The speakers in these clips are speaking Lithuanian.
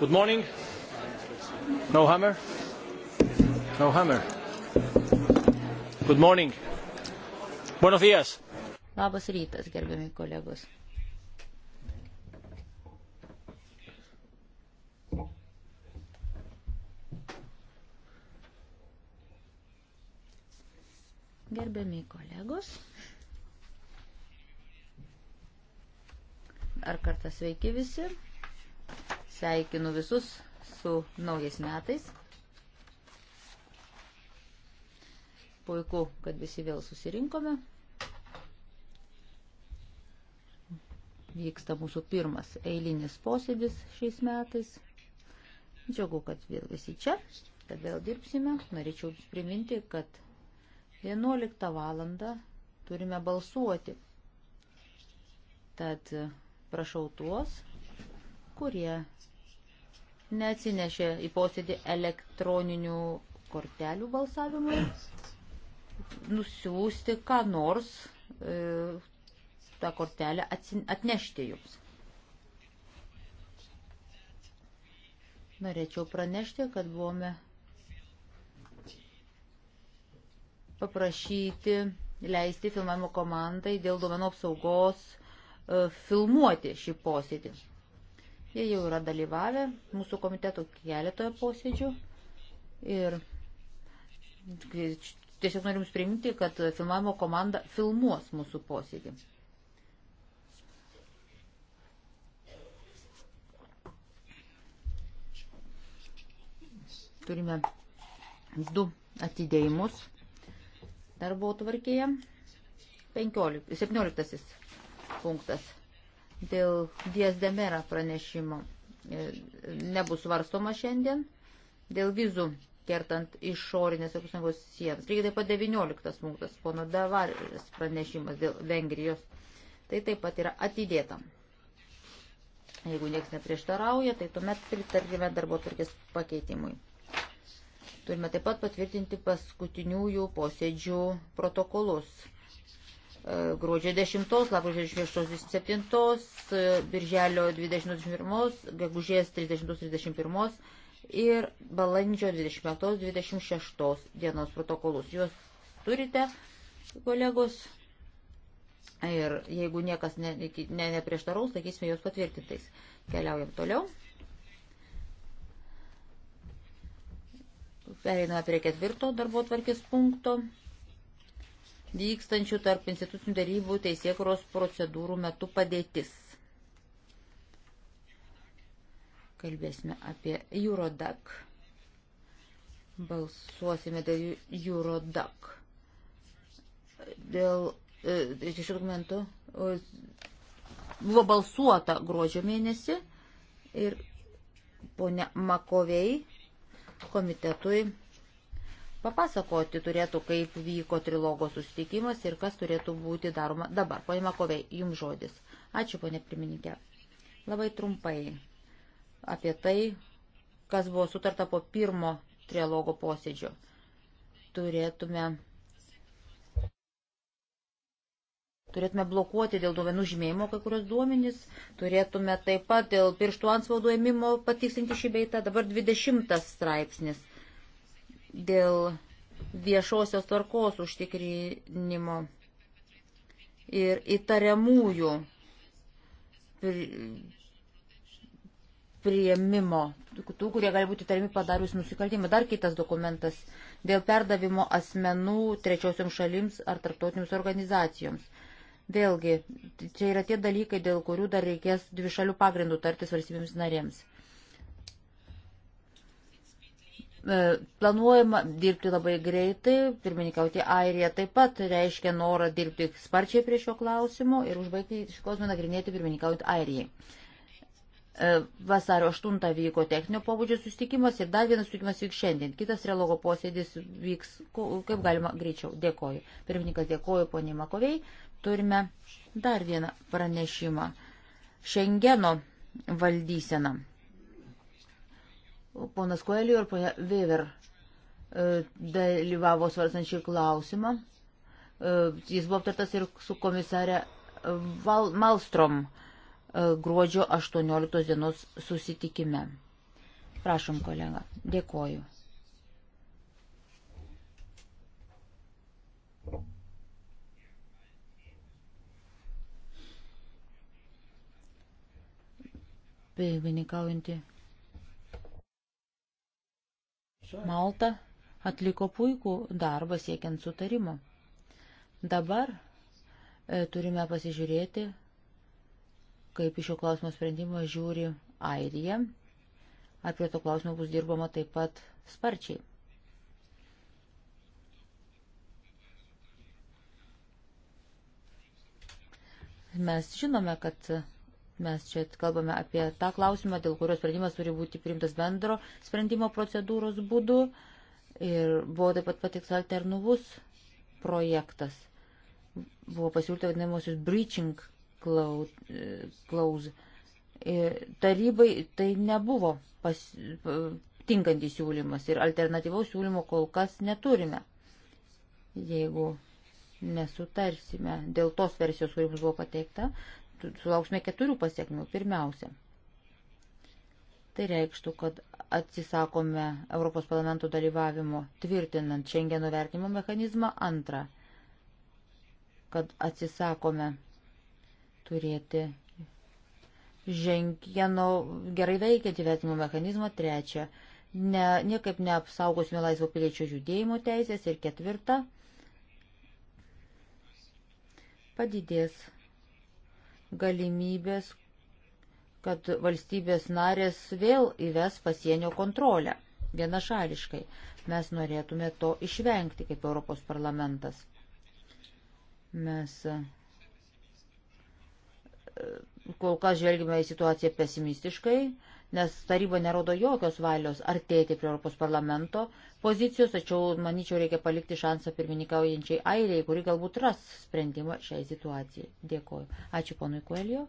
Good morning. No hammer? No hammer. Good morning. Buenos días. Labas rytas, gerbiami kolegos. Gerbiami kolegos. Ar kartą sveiki visi? Sveikinu visus su naujais metais. Puiku, kad visi vėl susirinkome. Vyksta mūsų pirmas eilinis posėdis šiais metais. Džiaugu, kad vėl visi čia, kad vėl dirbsime. Norėčiau jums priminti, kad 11 valandą turime balsuoti. Tad prašau tuos, kurie neatsinešė į posėdį elektroninių kortelių balsavimui, nusiųsti ką nors e, tą kortelę atnešti jums. Norėčiau pranešti, kad buvome paprašyti leisti filmavimo komandai dėl duomenų apsaugos e, filmuoti šį posėdį. Jie jau yra dalyvavę mūsų komiteto keletoje posėdžių ir tiesiog norim priminti, kad filmavimo komanda filmuos mūsų posėdį. Turime du atidėjimus darbo tvarkėje. 15, 17 punktas dėl Diezdemera pranešimo e, nebus svarstoma šiandien dėl vizų kertant išorinės Europos Sąjungos sienas. Lygiai taip pat 19 punktas, pono Davarės pranešimas dėl Vengrijos. Tai taip pat yra atidėta. Jeigu nieks neprieštarauja, tai tuomet pritarkime darbo tvarkės pakeitimui. Turime taip pat patvirtinti paskutiniųjų posėdžių protokolus. E, gruodžio 10, lapkričio 26-27, e, birželio 20-21, gegužės 30-31 ir balandžio 25-26 dienos protokolus. Juos turite, kolegos, ir jeigu niekas ne, ne, neprieštaraus, sakysime juos patvirtintais. Keliaujam toliau. Pereiname prie ketvirto darbo tvarkės punkto vykstančių tarp institucinių darybų teisėkuros procedūrų metu padėtis. Kalbėsime apie Eurodac. Balsuosime dėl Eurodac. Dėl e, iš argumentų buvo balsuota gruodžio mėnesį ir ponia Makovei komitetui papasakoti turėtų, kaip vyko trilogo susitikimas ir kas turėtų būti daroma dabar. Pone Makovei, jums žodis. Ačiū, ponė pirmininkė. Labai trumpai apie tai, kas buvo sutarta po pirmo trilogo posėdžio. Turėtume. Turėtume blokuoti dėl duomenų žymėjimo kai kurios duomenys, turėtume taip pat dėl pirštų anspaudų ėmimo patikslinti šį beitą. Dabar 20 straipsnis dėl viešosios tvarkos užtikrinimo ir įtariamųjų prieimimo, tų, kurie gali būti įtariami padarius nusikaltimą. Dar kitas dokumentas dėl perdavimo asmenų trečiosiams šalims ar tarptautiniams organizacijoms. Vėlgi, čia yra tie dalykai, dėl kurių dar reikės dvišalių pagrindų tartis valstybėms narėms. E, planuojama dirbti labai greitai, pirmininkauti Airija taip pat reiškia norą dirbti sparčiai prie šio klausimo ir užbaigti šį klausimą nagrinėti pirmininkaujant Airijai. E, vasario 8 vyko techninio pobūdžio sustikimas ir dar vienas sustikimas vyks šiandien. Kitas relogo posėdis vyks kaip galima greičiau. Dėkoju. Pirmininkas dėkoju poniai Makoviai. Turime dar vieną pranešimą. Šengeno valdysena. Ponas Koelio ir ponia Wever e, dalyvavo svarstant šį klausimą. E, jis buvo aptartas ir su komisarė Val Malstrom e, gruodžio 18 dienos susitikime. Prašom, kolega. Dėkoju. Pirmininkaujantį Malta atliko puikų darbą siekiant sutarimo. Dabar e, turime pasižiūrėti, kaip iš šio klausimo sprendimo žiūri Airija. Ar prie to klausimo bus dirbama taip pat sparčiai? Mes žinome, kad Mes čia kalbame apie tą klausimą, dėl kurio sprendimas turi būti priimtas bendro sprendimo procedūros būdu. Ir buvo taip pat patiks alternuvus projektas. Buvo pasiūlyta vadinamosius breaching clause. Tarybai tai nebuvo pas, tinkantis siūlymas ir alternatyvaus siūlymo kol kas neturime. Jeigu nesutarsime dėl tos versijos, kuri mums buvo pateikta, sulauksime keturių pasiekmių. Pirmiausia, tai reikštų, kad atsisakome Europos parlamento dalyvavimo tvirtinant Schengeno vertinimo mechanizmą. Antra, kad atsisakome turėti Schengeno gerai veikiantį vertinimo mechanizmą. Trečia, ne, niekaip neapsaugosime laisvo piliečio judėjimo teisės. Ir ketvirta, padidės galimybės, kad valstybės narės vėl įves pasienio kontrolę vienašališkai. Mes norėtume to išvengti kaip Europos parlamentas. Mes e, kol kas žvelgime į situaciją pesimistiškai, nes taryba nerodo jokios valios artėti prie Europos parlamento pozicijos, tačiau, manyčiau, reikia palikti šansą pirmininkaujančiai Airijai, kuri galbūt ras sprendimą šiai situacijai. Dėkoju. Ačiū ponui Kuelio.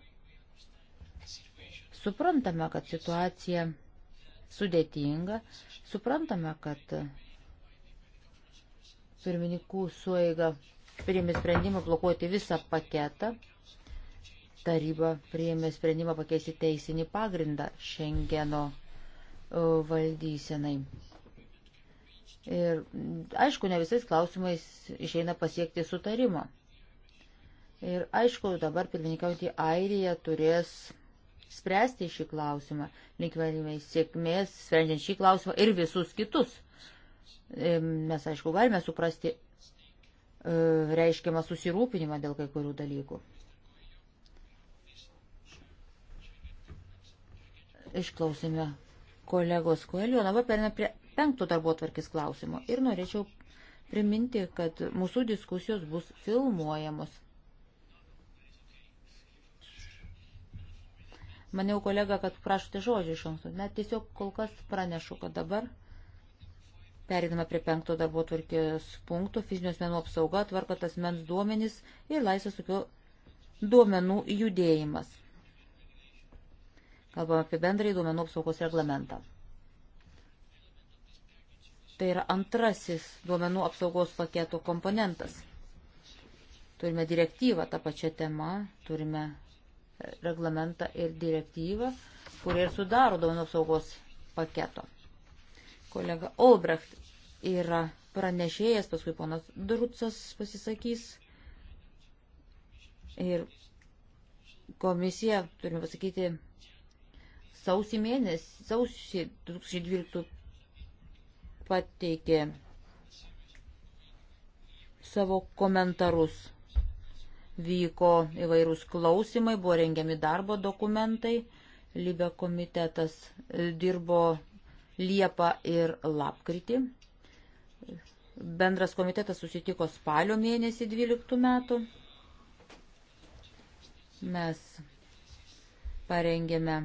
Suprantame, kad situacija sudėtinga, suprantame, kad pirmininkų suėga priėmė sprendimą blokuoti visą paketą taryba prieėmė sprendimą pakeisti teisinį pagrindą Šengeno e, valdysenai. Ir aišku, ne visais klausimais išeina pasiekti sutarimo. Ir aišku, dabar pirmininkiauti Airija turės spręsti šį klausimą. Linkime sėkmės, sprendžiant šį klausimą ir visus kitus. E, mes, aišku, galime suprasti e, reiškiamą susirūpinimą dėl kai kurių dalykų. Išklausime kolegos Koelio. Dabar perėmė prie penkto darbo tvarkės klausimo. Ir norėčiau priminti, kad mūsų diskusijos bus filmuojamos. Maniau, kolega, kad prašote žodžių iš anksto. Net tiesiog kol kas pranešu, kad dabar Periname prie penkto darbo tvarkės punkto - fizinio asmenų apsauga, tvarkot asmens duomenys ir laisvas tokių duomenų judėjimas. Kalbam apie bendrąjį duomenų apsaugos reglamentą. Tai yra antrasis duomenų apsaugos paketo komponentas. Turime direktyvą tą pačią temą, turime reglamentą ir direktyvą, kurie ir sudaro duomenų apsaugos paketo. Kolega Olbrecht yra pranešėjas, paskui ponas Drucas pasisakys. Ir komisija, turime pasakyti, sausį mėnesį, sausį 2012 pateikė savo komentarus. Vyko įvairūs klausimai, buvo rengiami darbo dokumentai, Libė komitetas e, dirbo Liepą ir lapkritį. Bendras komitetas susitiko spalio mėnesį 12 metų. Mes parengėme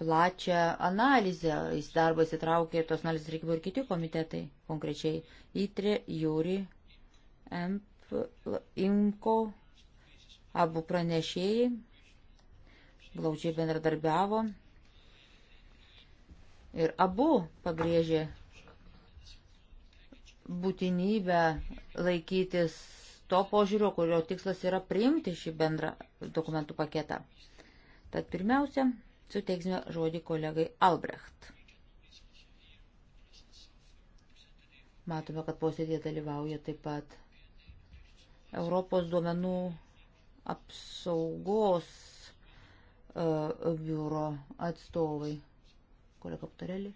plačią analizę, į darbą įsitraukė tos analizės reikia ir kiti komitetai, konkrečiai ITRE, JURI, IMKO, abu pranešėjai, glaudžiai bendradarbiavo ir abu pabrėžė būtinybę laikytis to požiūrio, kurio tikslas yra priimti šį bendrą dokumentų paketą. Tad pirmiausia, suteiksime žodį kolegai Albrecht. Matome, kad posėdėje dalyvauja taip pat Europos duomenų apsaugos uh, biuro atstovai, kolega Ptarelį,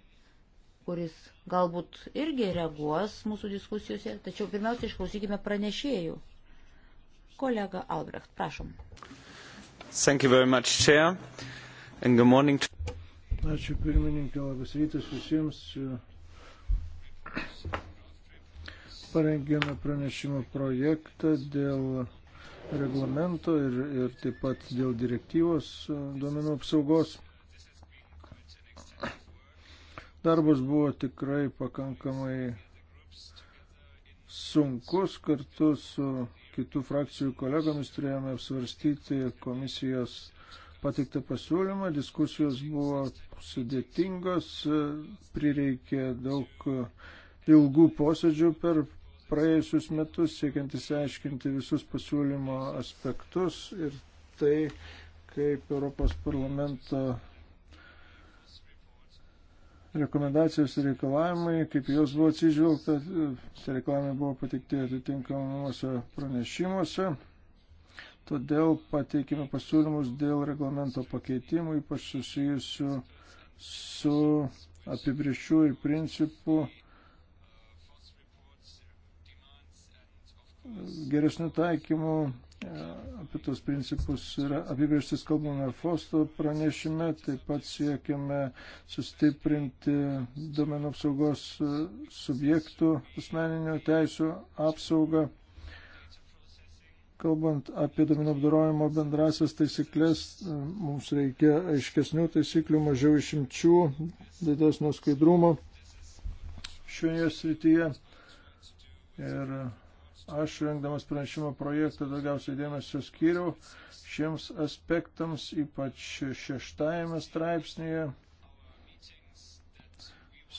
kuris galbūt irgi reaguos mūsų diskusijose, tačiau pirmiausia išklausykime pranešėjų. Kolega Albrecht, prašom. Thank you very much, Chair. Uh, and good morning. To... Ačiū pirmininkė, labas rytas visiems. Parengėme pranešimo projektą dėl reglamento ir, ir taip pat dėl direktyvos duomenų apsaugos. Darbas buvo tikrai pakankamai sunkus kartu su kitų frakcijų kolegomis turėjome apsvarstyti komisijos uh, pateiktą pasiūlymą. Diskusijos buvo sudėtingos, prireikė daug ilgų posėdžių per praėjusius metus, siekiant įsiaiškinti visus pasiūlymo aspektus ir tai, kaip Europos parlamento rekomendacijos ir reikalavimai, kaip jos buvo atsižvelgta, tie reikalavimai buvo pateikti atitinkamuose pranešimuose. Todėl pateikime pasiūlymus dėl reglamento pakeitimų, ypač susijusių su apibrišių ir principų geresnių taikymų. E, apie tos principus yra apibrieštis kalbame FOSTO pranešime, taip pat siekiame sustiprinti domenų apsaugos e, subjektų asmeninio teisų apsaugą. Kalbant apie duomenų apdorojimo bendrasias taisyklės, mums reikia aiškesnių taisyklių, mažiau išimčių, didesnio skaidrumo šioje srityje. Ir aš rengdamas pranešimo projektą daugiausiai dėmesio skyriau šiems aspektams, ypač šeštajame straipsnėje.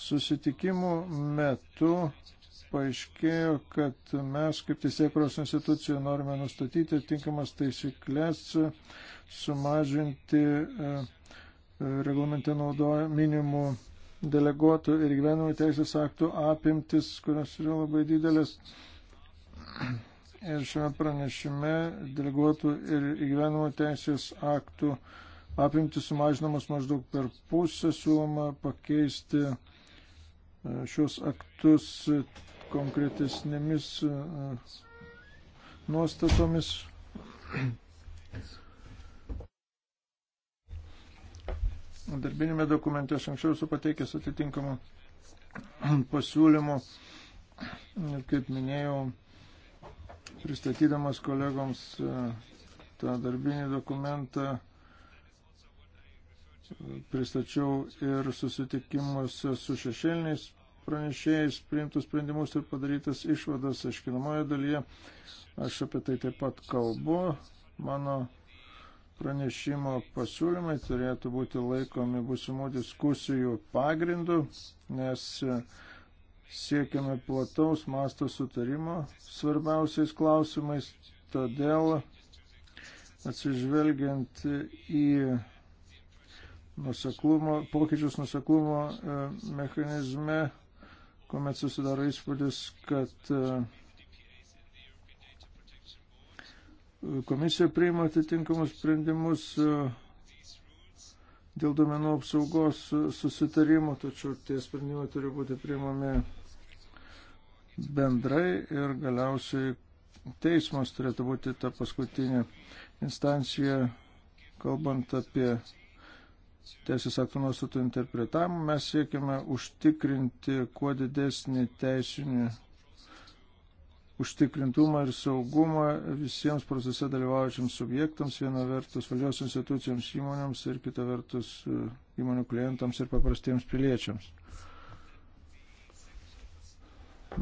Susitikimų metu paaiškėjo, kad mes kaip teisėkros institucija norime nustatyti tinkamas taisyklės, sumažinti e, e, reglamente naudoja minimų deleguotų ir gyvenimo teisės aktų apimtis, kurios yra labai didelės. Ir šiame pranešime deleguotų ir gyvenimo teisės aktų apimtis sumažinamas maždaug per pusę, siūloma pakeisti e, šios aktus konkretesnėmis e, nuostatomis. Darbinėme dokumente aš anksčiau esu pateikęs atitinkamą pasiūlymų ir kaip minėjau, pristatydamas kolegoms e, tą darbinį dokumentą, pristačiau ir susitikimus su šešėliniais pranešėjais priimtus sprendimus ir padarytas išvadas aiškinamoje dalyje. Aš apie tai taip pat kalbu. Mano pranešimo pasiūlymai turėtų būti laikomi būsimų diskusijų pagrindu, nes siekiame plataus masto sutarimo svarbiausiais klausimais, todėl atsižvelgiant į nusaklumo, pokyčius nusaklumo e, mechanizme kuomet susidaro įspūdis, kad e, komisija priima atitinkamus sprendimus e, dėl duomenų apsaugos susitarimų, tačiau tie sprendimai turi būti priimami bendrai ir galiausiai teismas turėtų būti ta paskutinė instancija, kalbant apie teisės aktų nuostatų interpretavimu. Mes siekime užtikrinti kuo didesnį teisinį užtikrintumą ir saugumą visiems procese dalyvaujančiams subjektams, viena vertus valdžios institucijoms įmonėms ir kita vertus e, įmonių klientams ir paprastiems piliečiams.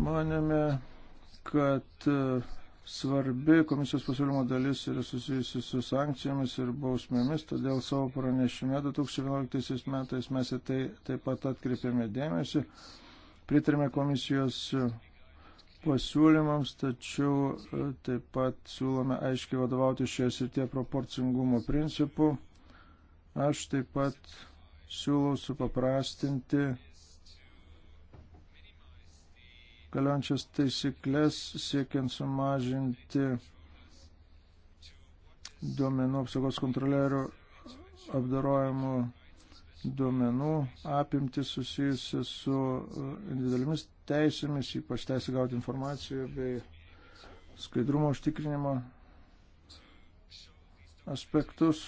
Manėme, kad e, svarbi komisijos pasiūlymo dalis yra susijusi su sankcijomis ir bausmėmis, todėl savo pranešime 2011 metais mes į tai taip pat atkreipėme dėmesį, pritarėme komisijos pasiūlymams, tačiau e, taip pat siūlome aiškiai vadovauti šioje srityje proporcingumo principu. Aš taip pat siūlau supaprastinti galiojančias taisyklės siekiant sumažinti duomenų apsaugos kontrolierių apdarojimų duomenų apimti susijusi su uh, individualimis teisėmis, ypač teisė gauti informaciją bei skaidrumo užtikrinimo aspektus.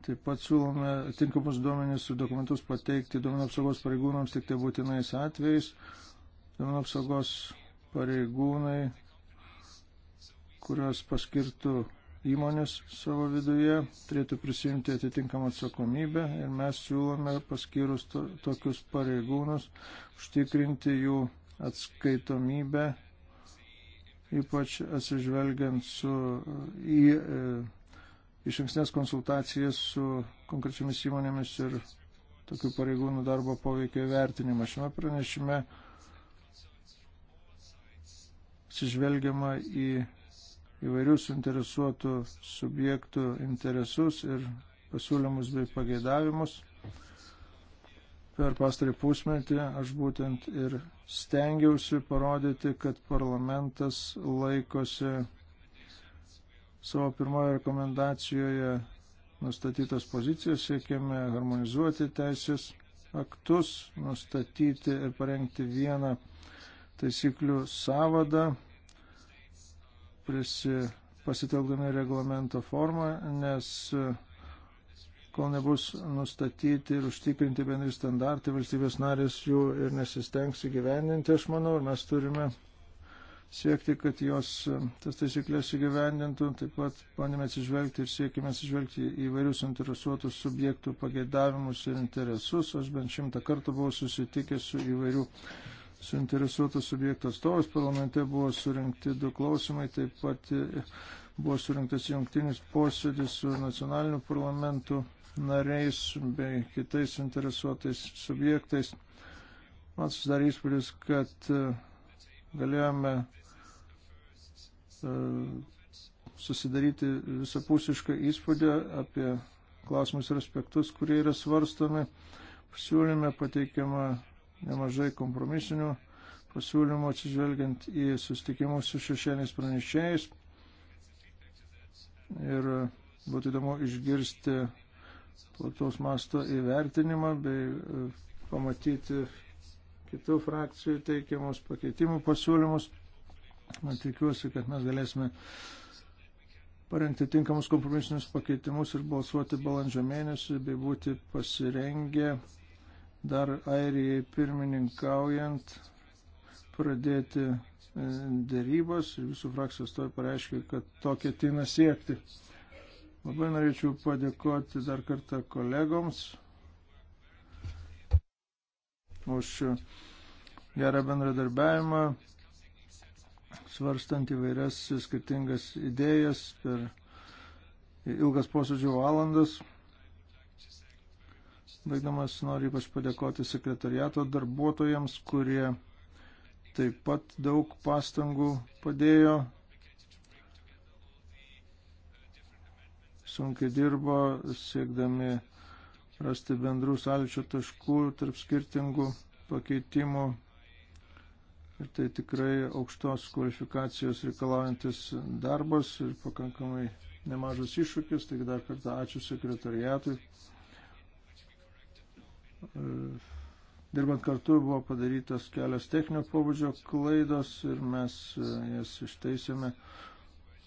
Taip pat siūlome tinkamus duomenys su dokumentus pateikti duomenų apsaugos pareigūnams tik tai būtinais atvejais. Duomenų apsaugos pareigūnai, kurios paskirtų įmonės savo viduje, turėtų prisimti atitinkamą atsakomybę ir mes siūlome paskirus to, tokius pareigūnus užtikrinti jų atskaitomybę, ypač atsižvelgiant su į. E, iš anksnės konsultacijas su konkrečiamis įmonėmis ir tokių pareigūnų darbo poveikio vertinimą. Šiame pranešime atsižvelgiama į įvairių suinteresuotų subjektų interesus ir pasiūlymus bei pageidavimus. Per pastarį pusmetį aš būtent ir stengiausi parodyti, kad parlamentas laikosi savo pirmoje rekomendacijoje nustatytas pozicijas, siekėme harmonizuoti teisės aktus, nustatyti ir parengti vieną taisyklių savadą, prisi, pasitelkdami reglamento formą, nes kol nebus nustatyti ir užtikrinti bendri standartai, valstybės narės jų ir nesistengs įgyvendinti, aš manau, ir mes turime siekti, kad jos e, tas taisyklės įgyvendintų. Taip pat bandėme atsižvelgti ir siekime atsižvelgti į vairius interesuotus subjektų pageidavimus ir interesus. Aš bent šimtą kartų buvau susitikęs su įvairių suinteresuotų subjektų atstovas. Parlamente buvo surinkti du klausimai, taip pat e, buvo surinktas jungtinis posėdis su nacionaliniu parlamentu nariais bei kitais interesuotais subjektais. Man susidarė įspūdis, kad e, galėjome E, susidaryti visapusišką įspūdį apie klausimus ir aspektus, kurie yra svarstomi. Pasiūlyme pateikiama nemažai kompromisinių pasiūlymų atsižvelgiant į susitikimus su šešėliais pranešėjais. Ir būtų įdomu išgirsti plataus masto įvertinimą bei e, pamatyti kitų frakcijų teikiamus pakeitimų pasiūlymus. Tikiuosi, kad mes galėsime parengti tinkamus kompromisinius pakeitimus ir balsuoti balandžio mėnesį, bei būti pasirengę dar Airijai pirmininkaujant pradėti e, dėrybas ir visų frakcijos toj pareiškia, kad tokia tina siekti. Labai norėčiau padėkoti dar kartą kolegoms už gerą bendradarbiavimą, svarstant įvairias skirtingas idėjas per ilgas posėdžių valandas. Baigdamas noriu ypač padėkoti sekretariato darbuotojams, kurie taip pat daug pastangų padėjo, sunkiai dirbo, siekdami rasti bendrų sąlyčio taškų tarp skirtingų pakeitimų Ir tai tikrai aukštos kvalifikacijos reikalaujantis darbas ir pakankamai nemažas iššūkis. Taigi dar kartą ačiū sekretariatui. E, dirbant kartu buvo padarytos kelios techninio pobūdžio klaidos ir mes e, jas išteisėme.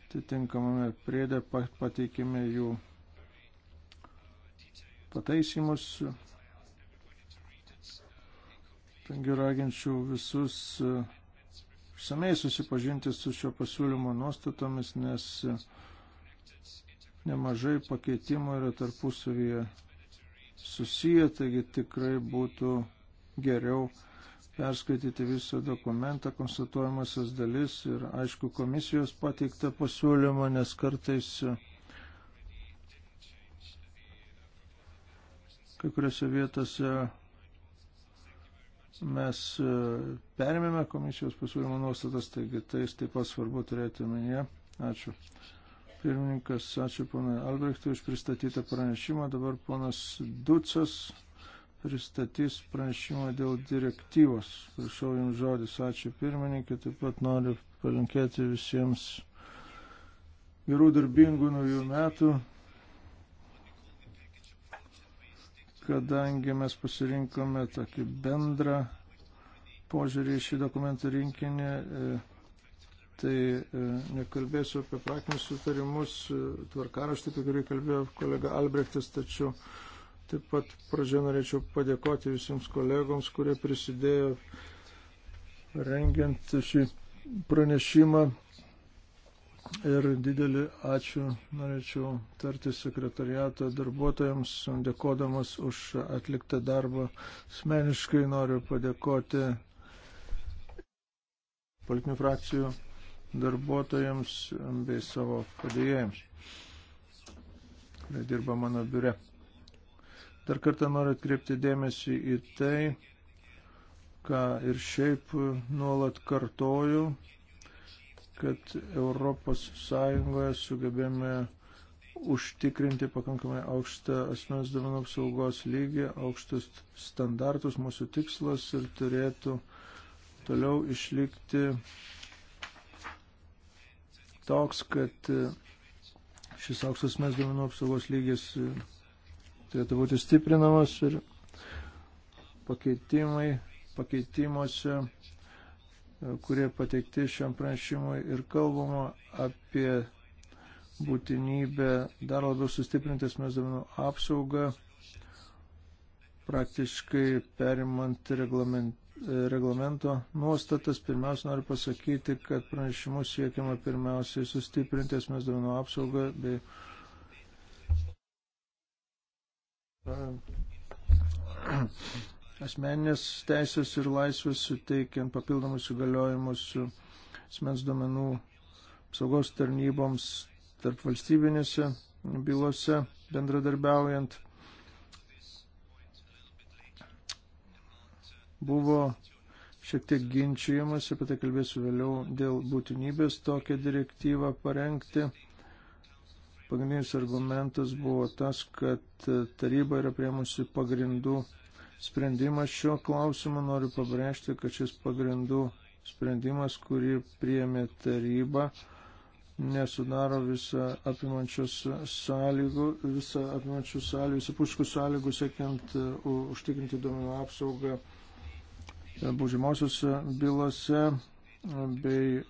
Atitinkamame priedė pateikėme jų pataisimus. Taigi raginčiau visus e, išsamei susipažinti su šio pasiūlymo nuostatomis, nes e, nemažai pakeitimų yra tarpusavyje susiję, taigi tikrai būtų geriau perskaityti visą dokumentą, konstatuojamasias dalis ir aišku komisijos pateiktą pasiūlymą, nes kartais e, kai kuriuose vietose mes e, perėmėme komisijos pasiūlymo nuostatas, taigi tai taip pat svarbu turėti omenyje. Ačiū. Pirmininkas, ačiū ponai Albrechtui už pristatytą pranešimą. Dabar ponas Ducas pristatys pranešimą dėl direktyvos. Prašau jums žodis. Ačiū pirmininkė. Taip pat noriu palinkėti visiems gerų darbingų naujų metų. kadangi mes pasirinkome tokį bendrą požiūrį į šį dokumentų rinkinį, e, tai e, nekalbėsiu apie praktinius sutarimus, e, tvarkaraštį, apie kurį kalbėjo kolega Albrechtas, tačiau taip pat pradžioje norėčiau padėkoti visiems kolegoms, kurie prisidėjo rengiant šį pranešimą ir didelį ačiū norėčiau tarti sekretariato darbuotojams, dėkodamas už atliktą darbą. Asmeniškai noriu padėkoti politinių frakcijų darbuotojams bei savo padėjėjams, kurie dirba mano biure. Dar kartą noriu atkreipti dėmesį į tai, ką ir šiaip nuolat kartoju, kad ES sugebėjome užtikrinti pakankamai aukštą asmens duomenų apsaugos lygį, aukštus standartus, mūsų tikslas ir turėtų toliau išlikti toks, kad šis aukštas asmens duomenų apsaugos lygis turėtų būti stiprinamas ir pakeitimai, pakeitimuose kurie pateikti šiam pranešimui ir kalbama apie būtinybę dar labiau sustiprinti asmens duomenų apsaugą, praktiškai perimant reglament, reglamento nuostatas. Pirmiausia, noriu pasakyti, kad pranešimus siekiama pirmiausiai sustiprinti asmens duomenų apsaugą bei asmeninės teisės ir laisvės, suteikiant papildomus įgaliojimus asmens duomenų apsaugos tarnyboms tarp valstybinėse bylose bendradarbiaujant. Buvo šiek tiek ginčiamas, apie tai kalbėsiu vėliau, dėl būtinybės tokią direktyvą parengti. Pagrindinis argumentas buvo tas, kad taryba yra priemusi pagrindų sprendimas šiuo klausimu. Noriu pabrėžti, kad šis pagrindų sprendimas, kurį priėmė taryba, nesudaro visą apimančius sąlygų, visą apimančių sąlygų, įsipuškų sąlygų, siekiant uh, užtikrinti duomenų apsaugą uh, baudžiamosiuose bylose uh, bei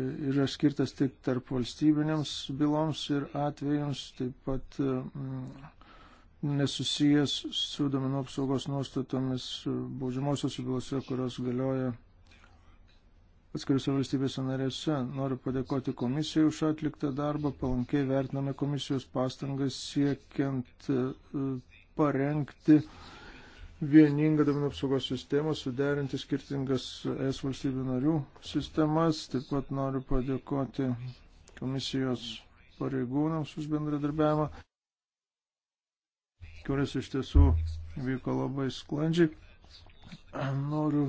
yra skirtas tik tarp valstybinėms byloms ir atvejams, taip pat mm, nesusijęs su domenų apsaugos nuostatomis baudžiamosios bylose, kurios galioja atskiriuose valstybėse narėse. Noriu padėkoti komisijai už atliktą darbą, palankiai vertiname komisijos pastangas siekiant e, parengti vieningą duomenų apsaugos sistemą, suderinti skirtingas es valstybių narių sistemas. Taip pat noriu padėkoti komisijos pareigūnams už bendradarbiavimą kuris iš tiesų vyko labai sklandžiai. Noriu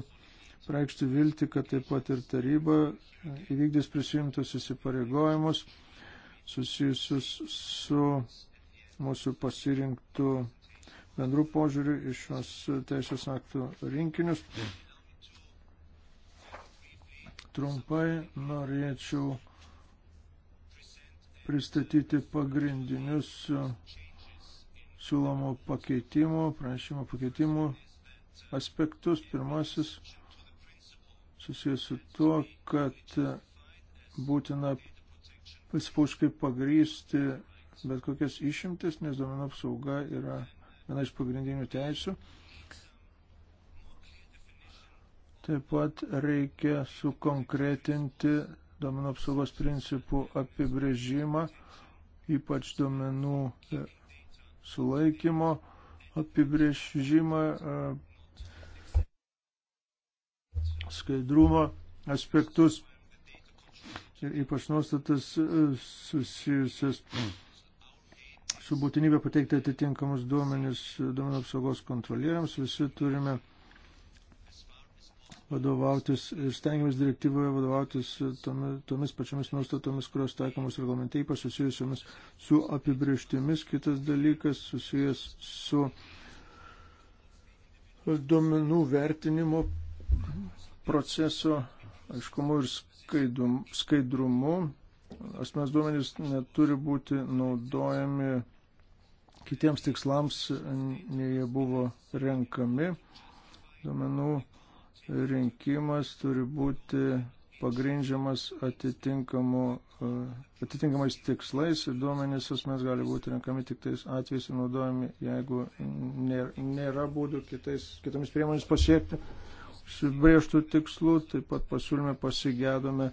praeikšti vilti, kad taip pat ir taryba įvykdys prisimtus įsipareigojimus susijusius su mūsų pasirinktų bendrų požiūrių iš šios teisės aktų rinkinius. Trumpai norėčiau pristatyti pagrindinius siūlomų pakeitimų, pranešimo pakeitimų aspektus. Pirmasis susijęs su tuo, kad būtina pasipauškai pagrysti bet kokias išimtis, nes duomenų apsauga yra viena iš pagrindinių teisų. Taip pat reikia sukonkretinti duomenų apsaugos principų apibrėžimą, ypač duomenų sulaikymo apibrėžimą, e, skaidrumo aspektus ir ypač nuostatas e, susijusias su būtinybė pateikti atitinkamus duomenis duomenų apsaugos kontrolieriams. Visi turime uh, vadovautis ir stengiamės direktyvoje vadovautis tomis, tomis pačiomis nuostatomis, kurios taikomos reglamente, ypač susijusiamis su apibrieštimis. Kitas dalykas susijęs su duomenų vertinimo proceso aiškumu ir skaidum, skaidrumu. Asmens duomenys neturi būti naudojami kitiems tikslams, nei jie buvo renkami. Duomenų rinkimas turi būti pagrindžiamas e, atitinkamais tikslais ir duomenys asmens gali būti renkami tik tais atvejais ir naudojami, jeigu nėra, nėra būdų kitais, kitomis priemonėmis pasiekti užsibrėžtų tikslų. Taip pat pasiūlyme pasigėdome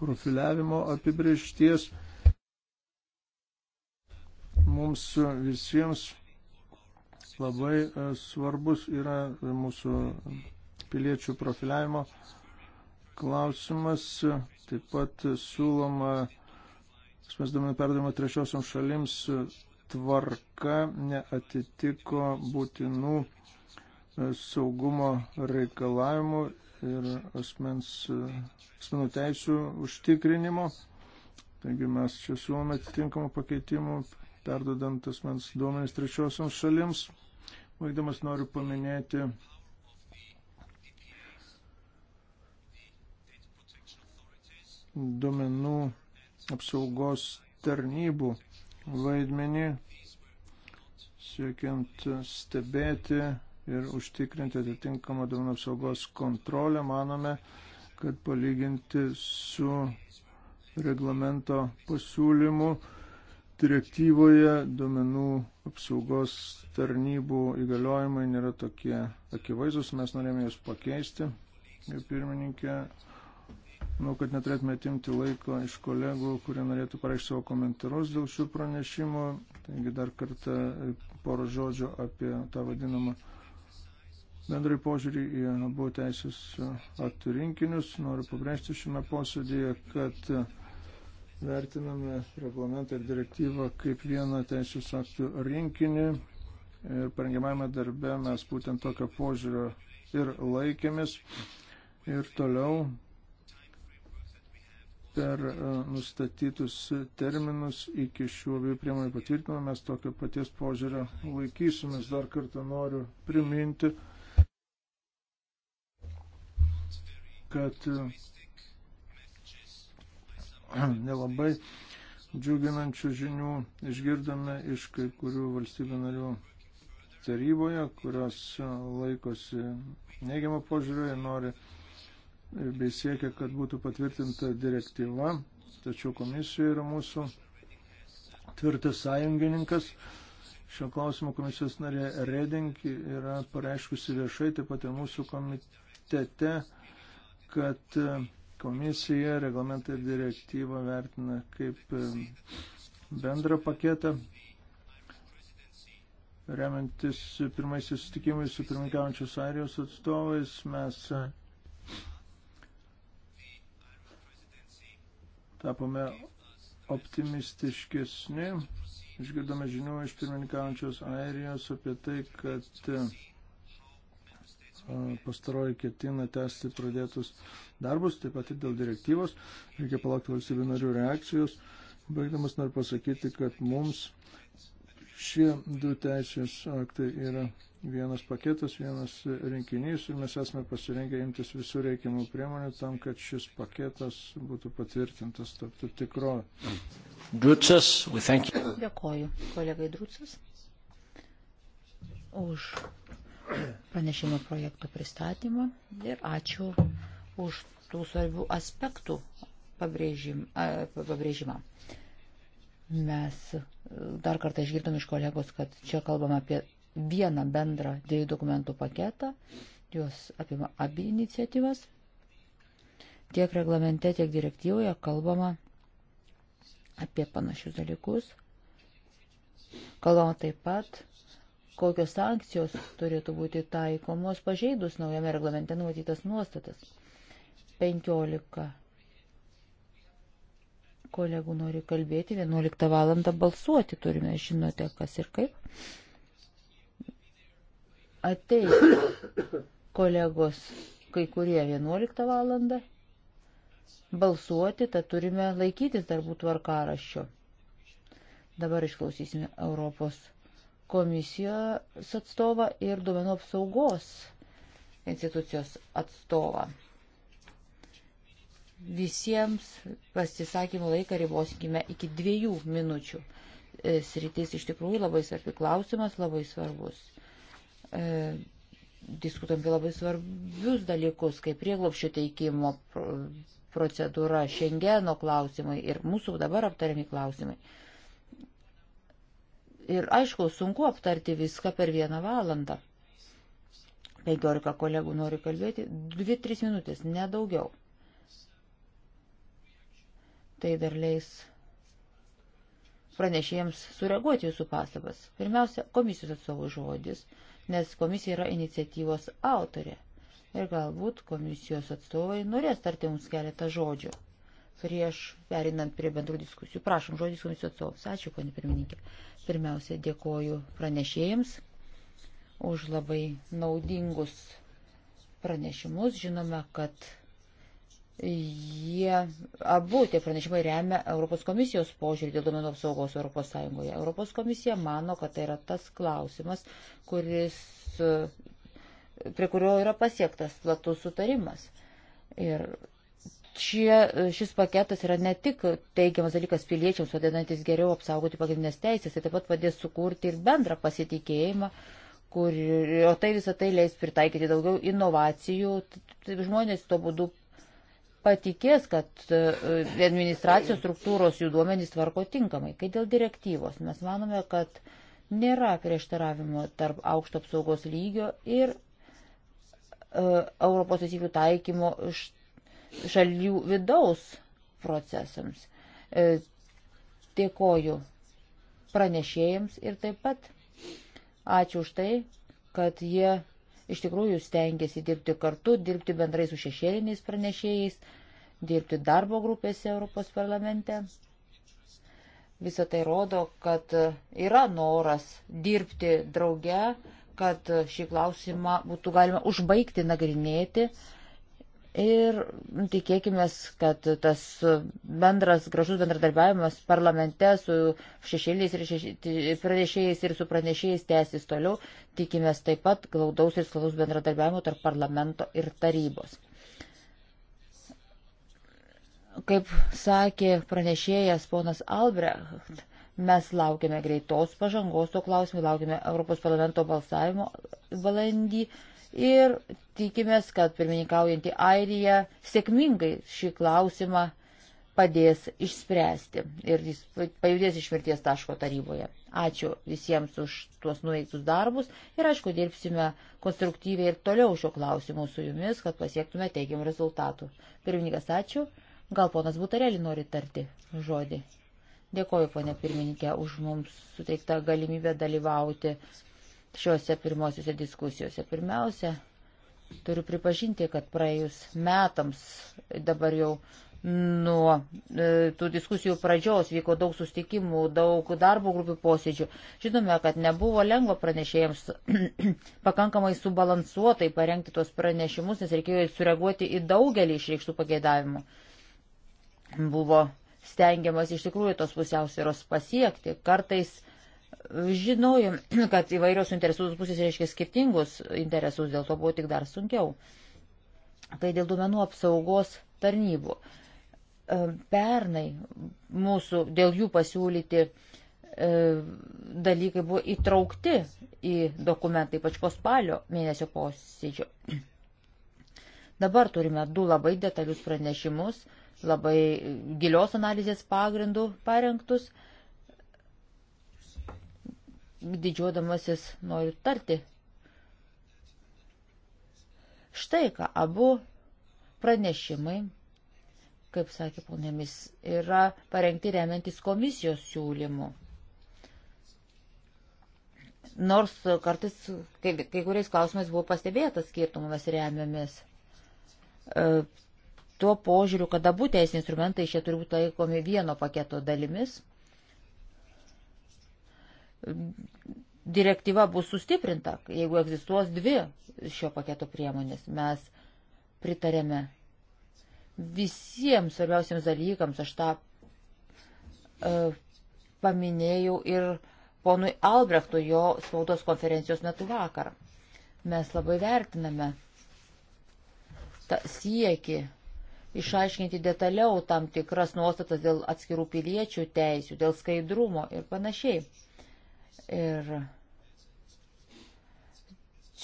profiliavimo apibriešties. Mums visiems labai e, svarbus yra mūsų piliečių profiliavimo klausimas. Taip pat siūloma asmens duomenų perdavimo trečiosiam šalims tvarka neatitiko būtinų e, saugumo reikalavimų ir asmens, e, asmenų teisų užtikrinimo. Taigi mes čia siūlome atitinkamų pakeitimų, perdodant asmens duomenys trečiosiams šalims. Vaigdamas noriu paminėti duomenų apsaugos tarnybų vaidmenį, siekiant stebėti ir užtikrinti atitinkamą duomenų apsaugos kontrolę, manome, kad palyginti su reglamento pasiūlymu direktyvoje duomenų apsaugos tarnybų įgaliojimai nėra tokie akivaizdus, mes norėjome juos pakeisti. Ir pirmininkė, Manau, kad neturėtume atimti laiko iš kolegų, kurie norėtų pareikšti savo komentarus dėl šių pranešimų. Taigi dar kartą porą žodžių apie tą vadinamą bendrai požiūrį į abu teisės aktų rinkinius. Noriu pabrėžti šiame posėdėje, kad vertiname reglamentą ir direktyvą kaip vieną teisės aktų rinkinį. Ir parengiamame darbe mes būtent tokio požiūrio ir laikėmės. Ir toliau per e, nustatytus terminus iki šių abiejų priemonių patvirtinimo mes tokio paties požiūrio laikysimės. Dar kartą noriu priminti, kad e, nelabai džiuginančių žinių išgirdome iš kai kurių valstybių narių taryboje, kurios e, laikosi neigiamą požiūrį ir nori bei siekia, kad būtų patvirtinta direktyva, tačiau komisija yra mūsų tvirtas sąjungininkas. Šio klausimo komisijos narė Reding yra pareiškusi viešai, taip pat ir mūsų komitete, kad e, komisija reglamentą ir direktyvą vertina kaip e, bendrą paketą. Remiantis pirmaisiais susitikimais su pirmininkaujančios Airijos atstovais, mes e, tapome optimistiškesni. Išgirdome žinių iš pirmininkaujančios Airijos apie tai, kad pastaroji ketina tęsti pradėtus darbus, taip pat ir dėl direktyvos. Reikia palaukti valstybių narių reakcijos. Baigdamas noriu pasakyti, kad mums šie du teisės aktai yra vienas paketas, vienas rinkinys ir mes esame pasirengę imtis visų reikiamų priemonių tam, kad šis paketas būtų patvirtintas, taptų tikrovę. Drucas, we thank you. Dėkoju, kolegai Drucas, už pranešimo projekto pristatymą ir ačiū už tų svarbių aspektų pabrėžim, pabrėžimą. Mes e, dar kartą išgirdom iš kolegos, kad čia kalbam apie vieną bendrą dviejų dokumentų paketą, jos apima abi iniciatyvas. Tiek reglamente, tiek direktyvoje kalbama apie panašius dalykus. Kalbama taip pat, kokios sankcijos turėtų būti taikomos pažeidus naujame reglamente numatytas nuostatas. 15 kolegų nori kalbėti, 11 valandą balsuoti turime, žinote kas ir kaip ateis kolegos kai kurie 11 valandą balsuoti, tad turime laikytis darbų tvarkaraščio. Dabar išklausysime Europos komisijos atstovą ir duomenų apsaugos institucijos atstovą. Visiems pasisakymų laiką riboskime iki dviejų minučių. E, sritis iš tikrųjų labai svarbi klausimas, labai svarbus e, diskutuojam apie labai svarbius dalykus, kaip prieglopščio teikimo procedūra, šengeno klausimai ir mūsų dabar aptariami klausimai. Ir aišku, sunku aptarti viską per vieną valandą. 15 kolegų nori kalbėti, 2-3 minutės, nedaugiau. Tai dar leis pranešėjams sureaguoti jūsų pastabas. Pirmiausia, komisijos atstovų žodis nes komisija yra iniciatyvos autorė. Ir galbūt komisijos atstovai norės tarti mums keletą žodžių. Prieš perinant prie bendrų diskusijų, prašom žodis komisijos atstovams. Ačiū, ponė pirmininkė. Pirmiausia, dėkoju pranešėjams už labai naudingus pranešimus. Žinome, kad Jie abu tie pranešimai remia Europos komisijos požiūrį dėl domenų apsaugos Europos Sąjungoje. Europos komisija mano, kad tai yra tas klausimas, kuris, prie kurio yra pasiektas platus sutarimas. Ir šie, šis paketas yra ne tik teigiamas dalykas piliečiams, padedantis geriau apsaugoti pagrindinės teisės, tai taip pat padės sukurti ir bendrą pasitikėjimą kur, o tai visą tai leis pritaikyti daugiau inovacijų, žmonės tuo būdu patikės, kad e, administracijos struktūros jų duomenys tvarko tinkamai. Kai dėl direktyvos mes manome, kad nėra prieštaravimo tarp aukšto apsaugos lygio ir e, Europos taisyklių taikymo šalių vidaus procesams. E, dėkoju pranešėjams ir taip pat ačiū už tai, kad jie iš tikrųjų stengiasi dirbti kartu, dirbti bendrai su šešėliniais pranešėjais, dirbti darbo grupėse Europos parlamente. Visą tai rodo, kad yra noras dirbti drauge, kad šį klausimą būtų galima užbaigti nagrinėti Ir tikėkime, kad tas bendras gražus bendradarbiavimas parlamente su šešėliais ir šeši, pranešėjais ir su pranešėjais tęsis toliau. Tikime taip pat glaudaus ir slavaus bendradarbiavimo tarp parlamento ir tarybos. Kaip sakė pranešėjas ponas Albrecht, mes laukiame greitos pažangos, to klausimai laukiame Europos parlamento balsavimo balandį ir tikimės, kad pirmininkaujantį Airiją sėkmingai šį klausimą padės išspręsti ir jis pajudės iš mirties taško taryboje. Ačiū visiems už tuos nuveiktus darbus ir aišku dirbsime konstruktyviai ir toliau šio klausimu su jumis, kad pasiektume teigiamų rezultatų. Pirmininkas, ačiū. Gal ponas Butarelį nori tarti žodį? Dėkoju, ponė pirmininkė, už mums suteiktą galimybę dalyvauti šiuose pirmosiuose diskusijose. Pirmiausia, turiu pripažinti, kad praėjus metams dabar jau nuo e, tų diskusijų pradžios vyko daug sustikimų, daug darbo grupių posėdžių. Žinome, kad nebuvo lengva pranešėjams pakankamai subalansuotai parengti tuos pranešimus, nes reikėjo sureaguoti į daugelį išreikštų pageidavimų. Buvo stengiamas iš tikrųjų tos pusiausvėros pasiekti. Kartais Žinojom, kad įvairios interesus pusės reiškia skirtingus interesus, dėl to buvo tik dar sunkiau. Kai dėl duomenų apsaugos tarnybų. E, pernai mūsų dėl jų pasiūlyti e, dalykai buvo įtraukti į dokumentą, ypač po spalio mėnesio posėdžio. Dabar turime du labai detalius pranešimus, labai gilios analizės pagrindų parengtus didžiuodamasis noriu tarti. Štai ką, abu pranešimai, kaip sakė ponėmis, yra parengti remiantis komisijos siūlymu. Nors kartais kai, kai kuriais klausimais buvo pastebėtas skirtumų, mes remiamės e, tuo požiūriu, kad abu teisiniai instrumentai šie turi būti laikomi vieno paketo dalimis – direktyva bus sustiprinta, jeigu egzistuos dvi šio paketo priemonės. Mes pritarėme visiems svarbiausiams dalykams, aš tą uh, paminėjau ir ponui Albrechtu jo spaudos konferencijos metu vakar. Mes labai vertiname tą siekį išaiškinti detaliau tam tikras nuostatas dėl atskirų piliečių teisių, dėl skaidrumo ir panašiai. Ir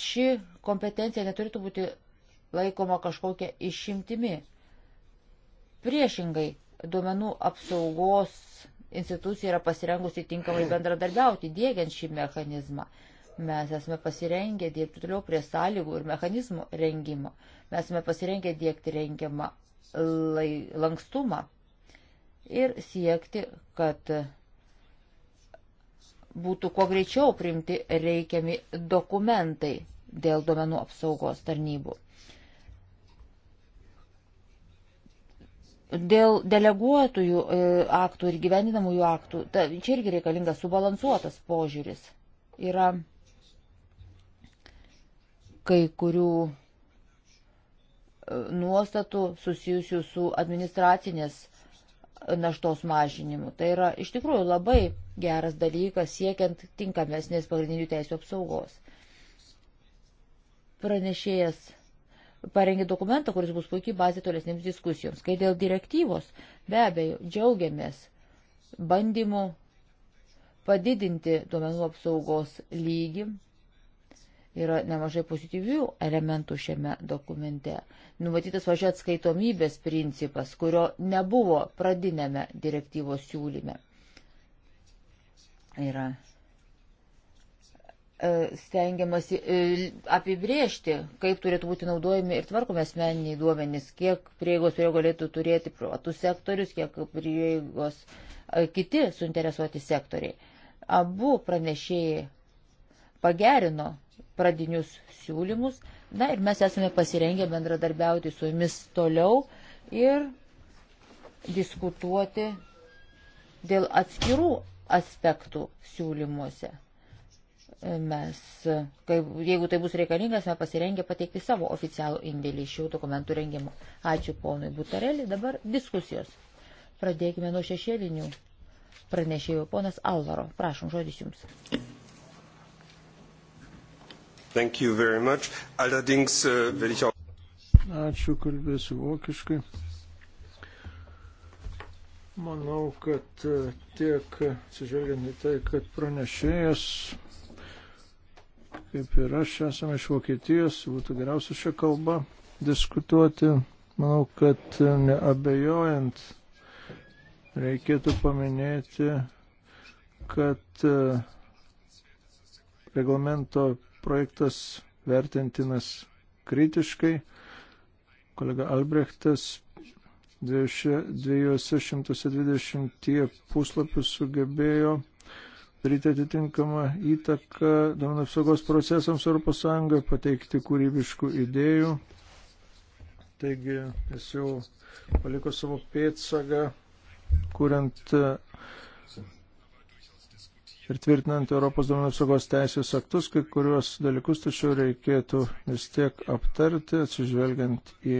ši kompetencija neturėtų būti laikoma kažkokia išimtimi. Priešingai, duomenų apsaugos institucija yra pasirengusi tinkamai bendradarbiauti, dėgiant šį mechanizmą. Mes esame pasirengę dirbti toliau prie sąlygų ir mechanizmų rengimo. Mes esame pasirengę dėkti rengiamą lai, lankstumą ir siekti, kad būtų kuo greičiau priimti reikiami dokumentai dėl duomenų apsaugos tarnybų. Dėl deleguotųjų e, aktų ir gyvendinamųjų aktų, ta, čia irgi reikalingas subalansuotas požiūris. Yra kai kurių e, nuostatų susijusių su administracinės naštos mažinimu. Tai yra iš tikrųjų labai geras dalykas siekiant tinkamesnės pagrindinių teisų apsaugos. Pranešėjas parengė dokumentą, kuris bus puikiai bazė tolesnėms diskusijoms. Kai dėl direktyvos, be abejo, džiaugiamės bandymu padidinti duomenų apsaugos lygį Yra nemažai pozityvių elementų šiame dokumente. Numatytas važiuoja atskaitomybės principas, kurio nebuvo pradinėme direktyvos siūlyme. Yra e, stengiamasi e, apibriežti, kaip turėtų būti naudojami ir tvarkomi asmeniniai duomenys, kiek prieigos prie jo galėtų turėti privatus sektorius, kiek prieigos e, kiti suinteresuoti sektoriai. Abu pranešėjai pagerino pradinius siūlymus. Na ir mes esame pasirengę bendradarbiauti su jumis toliau ir diskutuoti dėl atskirų aspektų siūlymuose. Mes, kaip, jeigu tai bus reikalingas, mes pasirengę pateikti savo oficialų indėlį iš šių dokumentų rengimo. Ačiū ponui Butarelį. Dabar diskusijos. Pradėkime nuo šešėlinių pranešėjų. Ponas Alvaro, prašom, žodis jums. Thank you very much. Allerdings uh, will ich auch. Ačiū, kalbėsiu vokiškai. Manau, kad e, tiek atsižvelgiant į tai, kad pranešėjas, kaip ir aš, esame iš Vokietijos, būtų geriausia šią kalbą diskutuoti. Manau, kad e, neabejojant reikėtų paminėti, kad e, reglamento projektas vertintinas kritiškai. Kolega Albrechtas 220 puslapių sugebėjo daryti atitinkamą įtaką duomenų apsaugos procesams Europos Sąjungoje, pateikti kūrybiškų idėjų. Taigi jis jau paliko savo pėtsaką, kuriant ir tvirtinant Europos duomenų apsaugos teisės aktus, kai kuriuos dalykus tačiau reikėtų vis tiek aptarti, atsižvelgiant į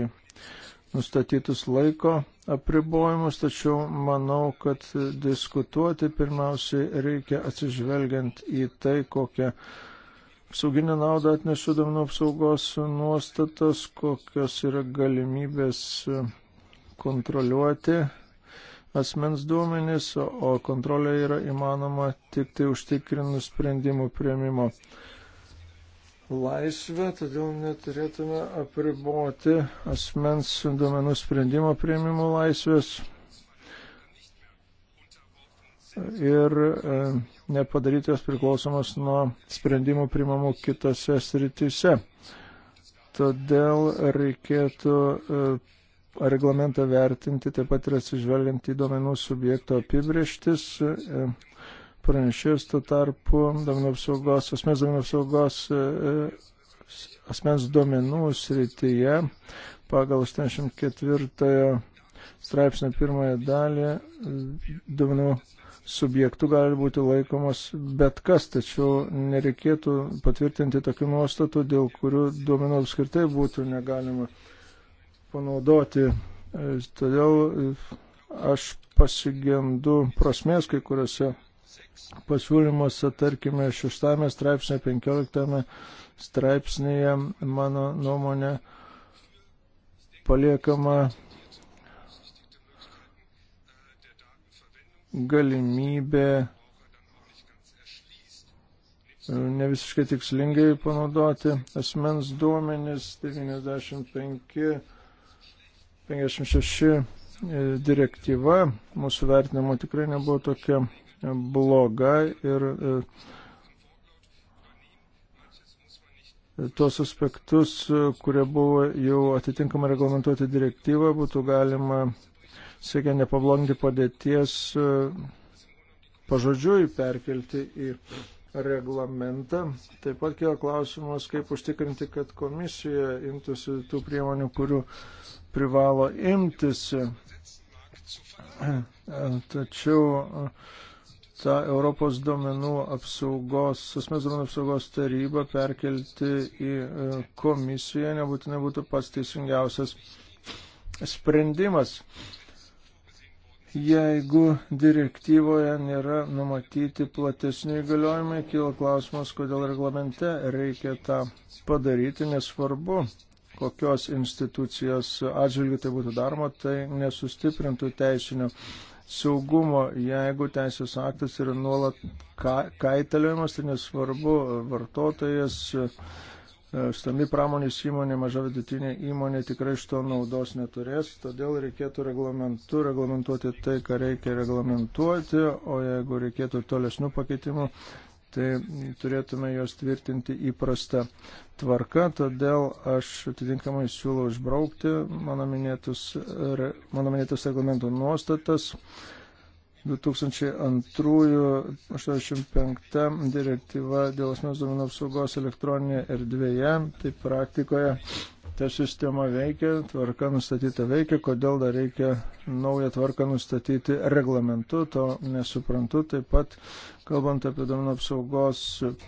nustatytus laiko apribojimus, tačiau manau, kad diskutuoti pirmiausiai reikia atsižvelgiant į tai, kokią apsauginę naudą atneša duomenų apsaugos nuostatos, kokios yra galimybės kontroliuoti asmens duomenys, o kontrolė yra įmanoma tik tai užtikrinus sprendimų prieimimo laisvę, todėl neturėtume apriboti asmens duomenų sprendimo prieimimo laisvės ir e, nepadaryti jos priklausomas nuo sprendimų priimamų kitose srityse. Todėl reikėtų e, reglamentą vertinti, taip pat ir atsižvelgiant į domenų subjekto apibrieštis. E, pranešėjus tuo tarpu domenų apsaugos, asmens domenų apsaugos, e, asmens domenų srityje pagal 84 straipsnio pirmąją dalį domenų subjektų gali būti laikomas bet kas, tačiau nereikėtų patvirtinti tokių nuostatų, dėl kurių duomenų apskritai būtų negalima panaudoti. E, todėl e, aš pasigendu prasmės kai kuriuose pasiūlymuose, tarkime, šeštame straipsnėje, penkioliktame straipsnėje, mano nuomonė, paliekama galimybė e, ne visiškai tikslingai panaudoti asmens duomenis 95 56 e, direktyva mūsų vertinimo tikrai nebuvo tokia bloga ir e, tuos aspektus, kurie buvo jau atitinkamai reglamentuoti direktyvą, būtų galima, siekia nepabloginti padėties, e, pažodžiui perkelti į reglamentą. Taip pat kėjo klausimas, kaip užtikrinti, kad komisija imtųsi tų priemonių, kurių privalo imtis. Tačiau ta Europos duomenų apsaugos, asmens duomenų apsaugos taryba perkelti į e, komisiją nebūtinai būtų pats teisingiausias sprendimas. Jeigu direktyvoje nėra numatyti platesni įgaliojimai, kyla klausimas, kodėl reglamente reikia tą padaryti, nesvarbu, kokios institucijos atžvilgių tai būtų daroma, tai nesustiprintų teisinio saugumo, jeigu teisės aktas yra nuolat ka kaitaliojamas, tai nesvarbu, vartotojas, stami pramonės įmonė, maža vidutinė įmonė tikrai iš to naudos neturės, todėl reikėtų reglamentu reglamentuoti tai, ką reikia reglamentuoti, o jeigu reikėtų tolesnių pakeitimų, tai turėtume juos tvirtinti įprastą tvarką, todėl aš atitinkamai siūlau išbraukti mano minėtus, mano minėtus reglamento nuostatas. 2002-85 direktyva dėl asmens duomenų apsaugos elektroninėje erdvėje, tai praktikoje ta sistema veikia, tvarka nustatyta veikia, kodėl dar reikia naują tvarką nustatyti reglamentu, to nesuprantu. Taip pat, kalbant apie duomenų apsaugos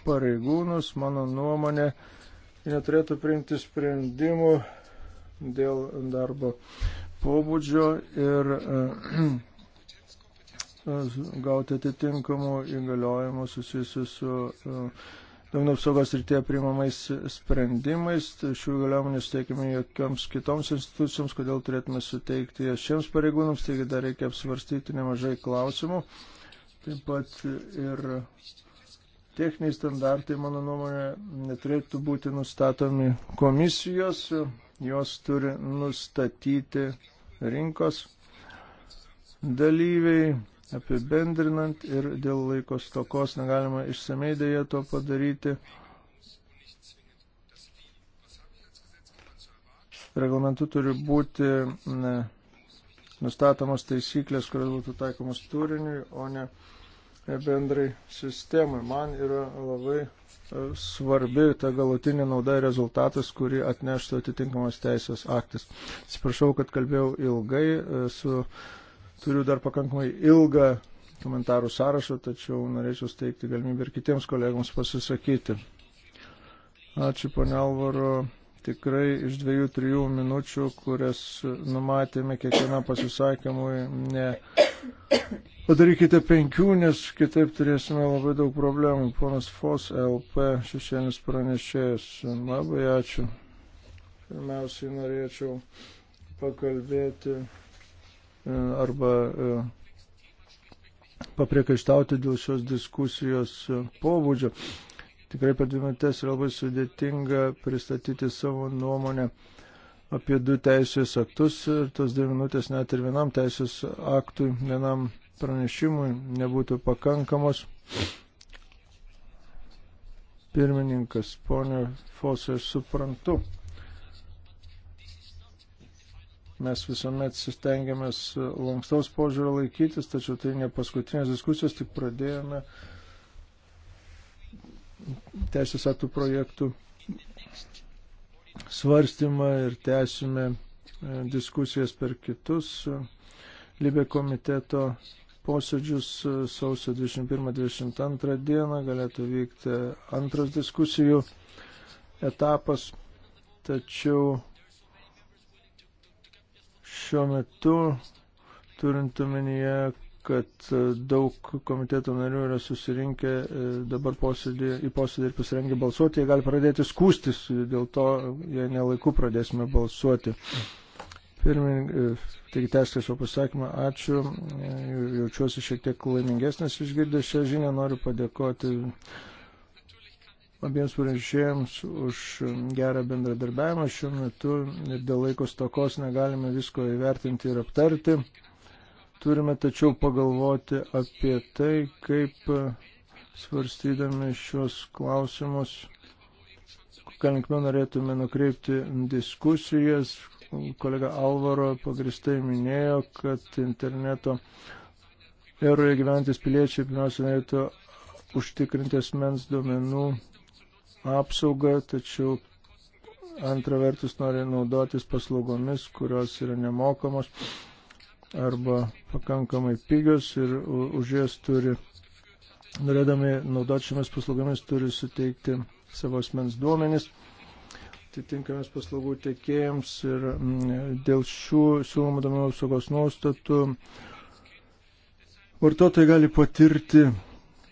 pareigūnus, mano nuomonė, neturėtų priimti sprendimų dėl darbo pobūdžio ir e, gauti atitinkamų įgaliojimų susijusių su. Uh, duomenų apsaugos rytėje priimamais sprendimais. Šių įgaliojimų nesuteikiame jokioms kitoms institucijoms, kodėl turėtume suteikti jas šiems pareigūnams, taigi dar reikia apsvarstyti nemažai klausimų. Taip pat ir techniniai standartai, mano nuomonė, neturėtų būti nustatomi komisijos, jos turi nustatyti rinkos dalyviai apibendrinant ir dėl laikos tokos negalima išsamei dėja to padaryti. Reglamentu turi būti ne, nustatomos taisyklės, kurios būtų taikomos turiniui, o ne bendrai sistemai. Man yra labai e, svarbi ta galutinė nauda ir rezultatas, kurį atneštų atitinkamas teisės aktas. Atsiprašau, kad kalbėjau ilgai e, su. Uh, Turiu dar pakankamai ilgą komentarų sąrašą, tačiau norėčiau steigti galimybę ir kitiems kolegams pasisakyti. Ačiū, ponia Alvaro. Tikrai iš dviejų, trijų minučių, kurias numatėme kiekvienam pasisakymui, ne. Padarykite penkių, nes kitaip turėsime labai daug problemų. Ponas Fos, LP, šešėlis pranešėjas. Labai ačiū. Pirmiausiai norėčiau pakalbėti E, arba e, papriekaištauti dėl šios diskusijos e, pobūdžio. Tikrai per dvi minutės yra labai sudėtinga pristatyti savo nuomonę apie du teisės aktus ir tos dvi minutės net ir vienam teisės aktui, vienam pranešimui nebūtų pakankamos. Pirmininkas, ponė Fosai, suprantu, Mes visuomet sustengiamės lankstaus požiūrio laikytis, tačiau tai ne paskutinės diskusijos, tik pradėjome teisės atų projektų svarstymą ir tęsime e, diskusijas per kitus e, Libė komiteto posėdžius e, sausio 21-22 dieną galėtų vykti antras diskusijų etapas, tačiau Šiuo metu, turint omenyje, kad e, daug komiteto narių yra susirinkę e, dabar posėdį, į posėdį ir pasirengę balsuoti, jie gali pradėti skūstis, dėl to e, jie nelaiku pradėsime balsuoti. Pirmininkai, taigi tęsti savo pasakymą, ačiū, jaučiuosi šiek tiek laimingesnis išgirdęs šią žinią, noriu padėkoti abiems pranešėjams už gerą bendradarbiavimą šiuo metu ir dėl laikos tokos negalime visko įvertinti ir aptarti. Turime tačiau pagalvoti apie tai, kaip svarstydami šios klausimus, kokią linkmę norėtume nukreipti diskusijas. Kolega Alvaro pagristai minėjo, kad interneto ir gyventis piliečiai pirmiausia norėtų užtikrinti asmens duomenų apsaugą, tačiau antra vertus nori naudotis paslaugomis, kurios yra nemokamos arba pakankamai pigios ir už jas turi, norėdami naudoti šiomis paslaugomis, turi suteikti savo asmens duomenis atitinkamiems paslaugų tiekėjams ir mm, dėl šių siūlomų domenų apsaugos nuostatų vartotojai gali patirti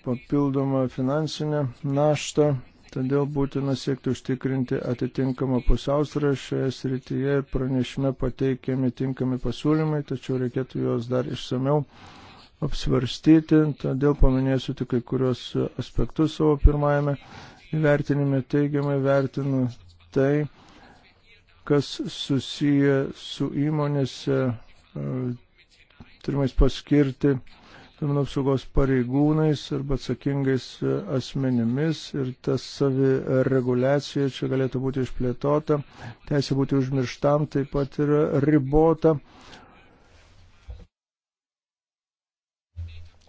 papildomą finansinę naštą Todėl būtina siekti užtikrinti atitinkamą pusiausvyrą šioje srityje ir pranešime pateikiami tinkami pasiūlymai, tačiau reikėtų juos dar išsameu apsvarstyti. Todėl paminėsiu tik kai kurios aspektus savo pirmajame įvertinime. Teigiamai vertinu tai, kas susiję su įmonėse e, turimais paskirti duomenų apsaugos pareigūnais arba atsakingais e, asmenimis ir tas savireguliacija čia galėtų būti išplėtota, teisė būti užmirštam taip pat yra ribota.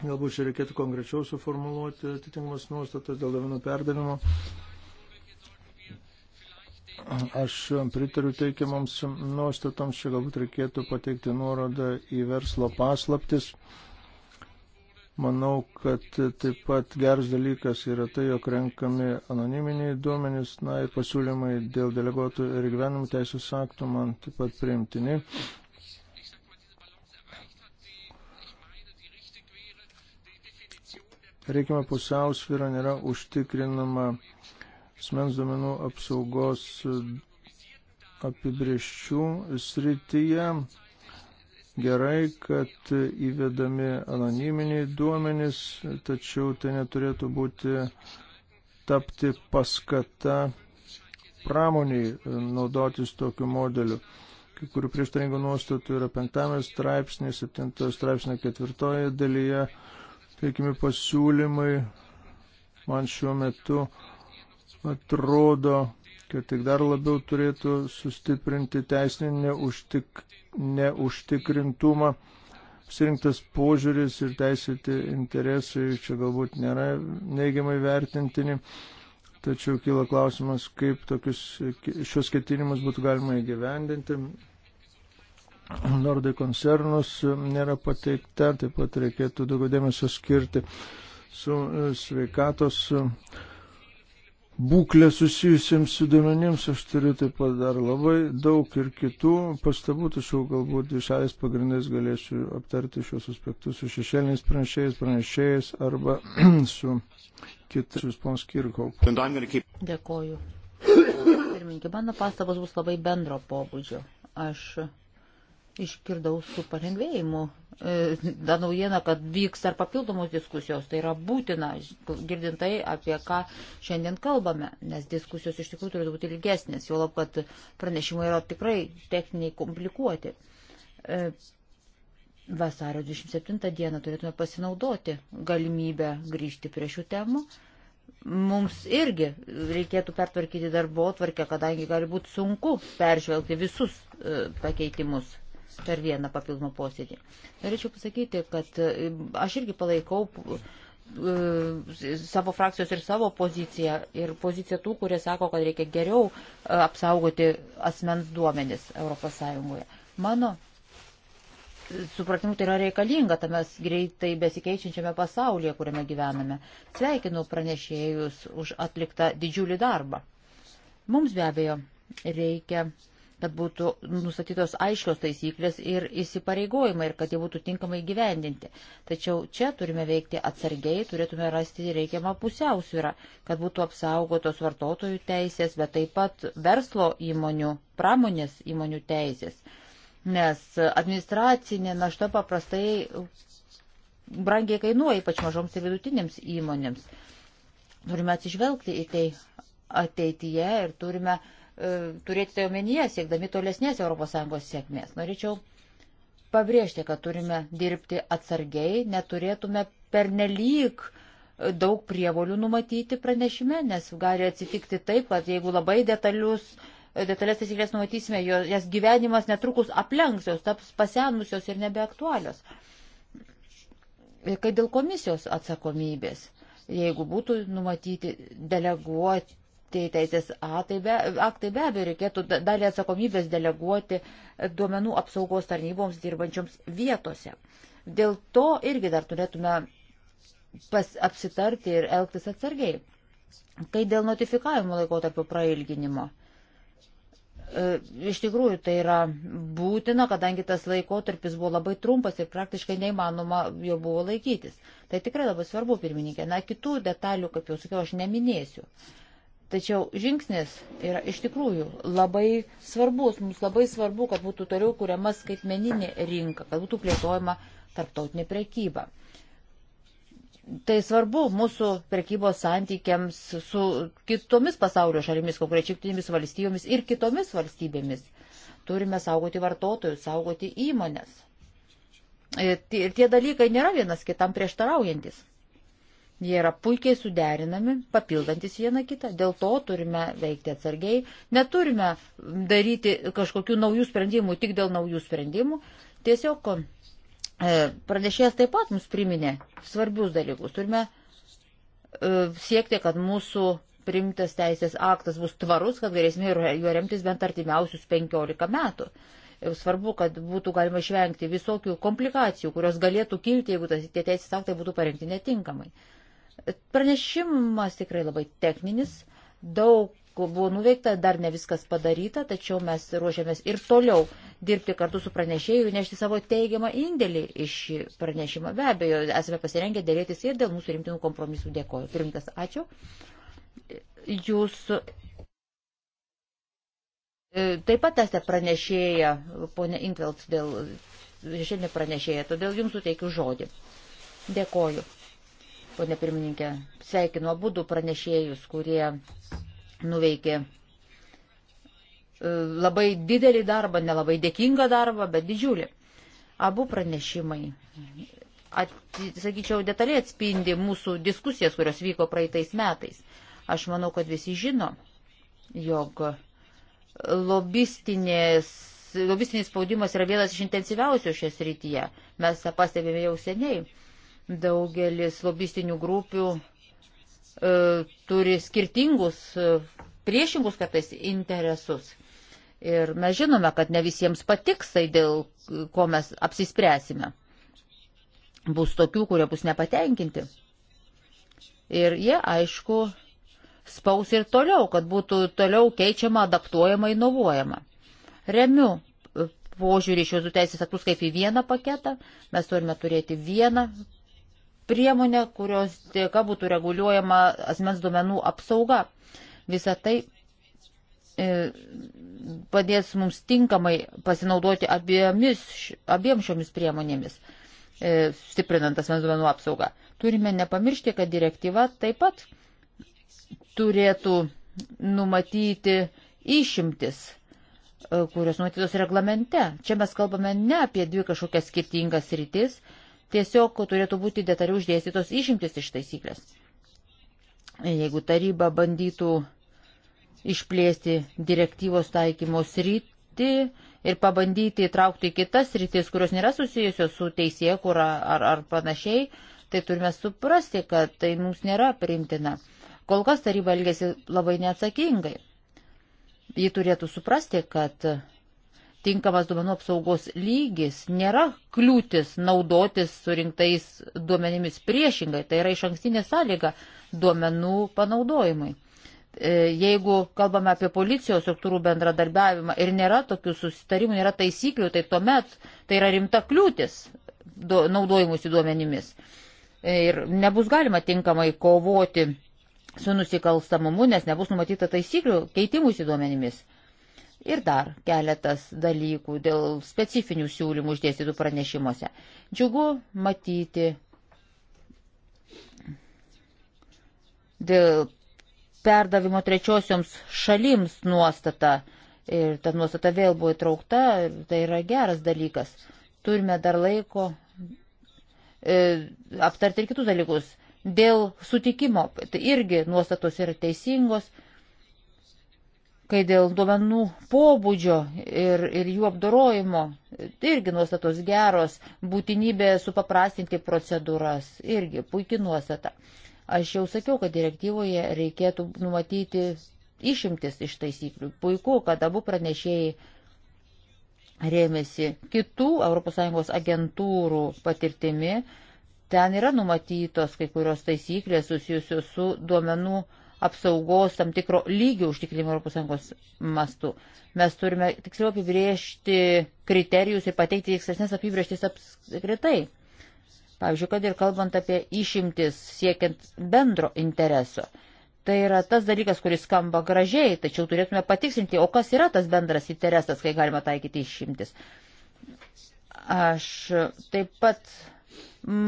Galbūt čia reikėtų konkrečiau suformuluoti atitinkamas nuostatas dėl duomenų perdavimo. Aš pritariu teikiamams nuostatoms, čia galbūt reikėtų pateikti nuorodą į verslo paslaptis. Manau, kad taip pat geras dalykas yra tai, jog renkami anoniminiai duomenys, na ir pasiūlymai dėl deleguotų ir gyvenimų teisės aktų man taip pat priimtini. Reikime pusiausvyrą nėra užtikrinama asmens duomenų apsaugos apibrieščių srityje gerai, kad įvedami anoniminiai duomenys, tačiau tai neturėtų būti tapti paskata pramoniai e, naudotis tokiu modeliu. Kai kurių prieštaringų nuostatų yra penktame straipsnė, septintojo straipsnė ketvirtoje dalyje. Teikimi pasiūlymai man šiuo metu atrodo, kad tik dar labiau turėtų sustiprinti teisinį neužtik neužtikrintumą. Surinktas požiūris ir teisėti interesai čia galbūt nėra neigiamai vertintini, tačiau kyla klausimas, kaip tokius, šios ketinimus būtų galima įgyvendinti. Nordai koncernus nėra pateikta, taip pat reikėtų daugiau dėmesio skirti su e, sveikatos. Uh, būklę susijusiems su duomenims. Aš turiu taip pat dar labai daug ir kitų pastabų, tačiau galbūt iš šalės pagrindais galėsiu aptarti šios aspektus su šešėliniais pranešėjais, pranešėjais arba su kitais pons Kirkau. Dėkoju. Pirminkė, mano pastabas bus labai bendro pobūdžio. Aš Iškirdau su palengvėjimu. E, da naujiena, kad vyks ar papildomos diskusijos, tai yra būtina, girdintai, apie ką šiandien kalbame, nes diskusijos iš tikrųjų turi būti ilgesnės, jau lab, kad pranešimai yra tikrai techniniai komplikuoti. E, vasario 27 dieną turėtume pasinaudoti galimybę grįžti prie šių temų mums irgi reikėtų pertvarkyti darbo atvarkę, kadangi gali būti sunku peržvelgti visus e, pakeitimus per vieną papildomą posėdį. Norėčiau pasakyti, kad e, aš irgi palaikau e, savo frakcijos ir savo poziciją ir poziciją tų, kurie sako, kad reikia geriau e, apsaugoti asmens duomenis ES. Mano supratimu, tai yra reikalinga tame greitai besikeičiančiame pasaulyje, kuriame gyvename. Sveikinu pranešėjus už atliktą didžiulį darbą. Mums be abejo reikia kad būtų nustatytos aiškios taisyklės ir įsipareigojimai ir kad jie būtų tinkamai gyvendinti. Tačiau čia turime veikti atsargiai, turėtume rasti reikiamą pusiausvyrą, kad būtų apsaugotos vartotojų teisės, bet taip pat verslo įmonių, pramonės įmonių teisės. Nes administracinė našta paprastai brangiai kainuoja, ypač mažoms ir vidutinėms įmonėms. Turime atsižvelgti į tai ateityje ir turime uh, E, turėti tai omenyje, siekdami tolesnės ES sėkmės. Norėčiau pabrėžti, kad turime dirbti atsargiai, neturėtume pernelyg daug prievolių numatyti pranešime, nes gali atsitikti taip, kad jeigu labai detalius, detalės taisyklės numatysime, jas gyvenimas netrukus aplenks, jos taps pasenusios ir nebeaktualios. Kai dėl komisijos atsakomybės, jeigu būtų numatyti deleguoti tai teisės aktai be, aktai be abejo reikėtų dalį atsakomybės deleguoti duomenų apsaugos tarnyboms dirbančioms vietose. Dėl to irgi dar turėtume pas, apsitarti ir elgtis atsargiai. Kai dėl notifikavimo laikotarpio prailginimo. E, iš tikrųjų, tai yra būtina, kadangi tas laikotarpis buvo labai trumpas ir praktiškai neįmanoma jo buvo laikytis. Tai tikrai labai svarbu, pirmininkė. Na, kitų detalių, kaip jau sakiau, aš neminėsiu. E, Tačiau žingsnis yra iš tikrųjų labai svarbus. Mums labai svarbu, kad būtų toliau kuriama skaitmeninė rinka, kad būtų plėtojama tarptautinė prekyba. Tai svarbu mūsų prekybos santykiams su kitomis pasaulio šalimis, konkrečiai kitomis valstybėmis ir kitomis valstybėmis. Turime saugoti vartotojus, saugoti įmonės. Ir tie dalykai nėra vienas kitam prieštaraujantis. Jie yra puikiai suderinami, papildantis vieną kitą, dėl to turime veikti atsargiai, neturime daryti kažkokių naujų sprendimų tik dėl naujų sprendimų. Tiesiog e, pranešėjas taip pat mums priminė svarbius dalykus. Turime e, siekti, kad mūsų primtas teisės aktas bus tvarus, kad galėsime juo remtis bent artimiausius 15 metų e, svarbu, kad būtų galima išvengti visokių komplikacijų, kurios galėtų kilti, jeigu tas, tie teisės aktai būtų parengti netinkamai. Pranešimas tikrai labai techninis, daug buvo nuveikta, dar ne viskas padaryta, tačiau mes ruošiamės ir toliau dirbti kartu su pranešėju ir nešti savo teigiamą indėlį iš pranešimą. Be abejo, esame pasirengę dėrėtis ir dėl mūsų rimtinų kompromisų. Dėkoju. Pirmtas, ačiū. Jūs e, taip pat esate pranešėja, ponė Inkvelds, dėl šiandien pranešėja, todėl jums suteikiu žodį. Dėkoju ponė pirmininkė. Sveikinu abudu pranešėjus, kurie nuveikė e, labai didelį darbą, nelabai dėkingą darbą, bet didžiulį. Abu pranešimai, at, sakyčiau, detaliai atspindi mūsų diskusijas, kurios vyko praeitais metais. Aš manau, kad visi žino, jog lobistinės lobistinis spaudimas yra vienas iš intensyviausių šią srityje. Mes tą pastebėjome jau seniai. Daugelis lobistinių grupių e, turi skirtingus, e, priešingus kartais interesus. Ir mes žinome, kad ne visiems patiks tai, dėl ko mes apsispręsime. Bus tokių, kurie bus nepatenkinti. Ir jie, aišku, spaus ir toliau, kad būtų toliau keičiama, adaptuojama, inovuojama. Remiu e, požiūrį šios du teisės aktus kaip į vieną paketą. Mes turime turėti vieną priemonę, kurios dėka būtų reguliuojama asmens duomenų apsauga. Visą tai e, padės mums tinkamai pasinaudoti abiemis, abiem šiomis priemonėmis, e, stiprinant asmens duomenų apsaugą. Turime nepamiršti, kad direktyva taip pat turėtų numatyti išimtis e, kurios numatytos reglamente. Čia mes kalbame ne apie dvi kažkokias skirtingas rytis, Tiesiog turėtų būti detaliau uždėstytos išimtis iš taisyklės. Jeigu taryba bandytų išplėsti direktyvos taikymo sritį ir pabandyti įtraukti kitas sritis, kurios nėra susijusios su teisėkura ar, ar panašiai, tai turime suprasti, kad tai mums nėra priimtina. Kol kas taryba elgėsi labai neatsakingai. Ji turėtų suprasti, kad tinkamas duomenų apsaugos lygis nėra kliūtis naudotis surinktais duomenimis priešingai, tai yra iš ankstinė sąlyga duomenų panaudojimui. E, jeigu kalbame apie policijos struktūrų bendradarbiavimą ir nėra tokių susitarimų, nėra taisyklių, tai tuomet tai yra rimta kliūtis naudojimusi duomenimis. E, ir nebus galima tinkamai kovoti su nusikalstamumu, nes nebus numatyta taisyklių keitimusi duomenimis. Ir dar keletas dalykų dėl specifinių siūlymų išdėstytų pranešimuose. Džiugu matyti dėl perdavimo trečiosioms šalims nuostata. Ir ta nuostata vėl buvo įtraukta, tai yra geras dalykas. Turime dar laiko e, aptarti ir kitus dalykus. Dėl sutikimo, tai irgi nuostatos yra teisingos kai dėl duomenų pobūdžio ir, ir jų apdorojimo irgi nuostatos geros, būtinybė supaprastinti procedūras irgi puikiai nuostata. Aš jau sakiau, kad direktyvoje reikėtų numatyti išimtis iš taisyklių. Puiku, kad abu pranešėjai rėmėsi kitų ES agentūrų patirtimi. Ten yra numatytos kai kurios taisyklės susijusios su duomenų apsaugos tam tikro lygio užtikrinimo ES mastu. Mes turime tiksliau apibriežti kriterijus ir pateikti tikslesnės apibriežtis apskritai. Pavyzdžiui, kad ir kalbant apie išimtis siekiant bendro intereso. Tai yra tas dalykas, kuris skamba gražiai, tačiau turėtume patiksinti, o kas yra tas bendras interesas, kai galima taikyti išimtis. Aš taip pat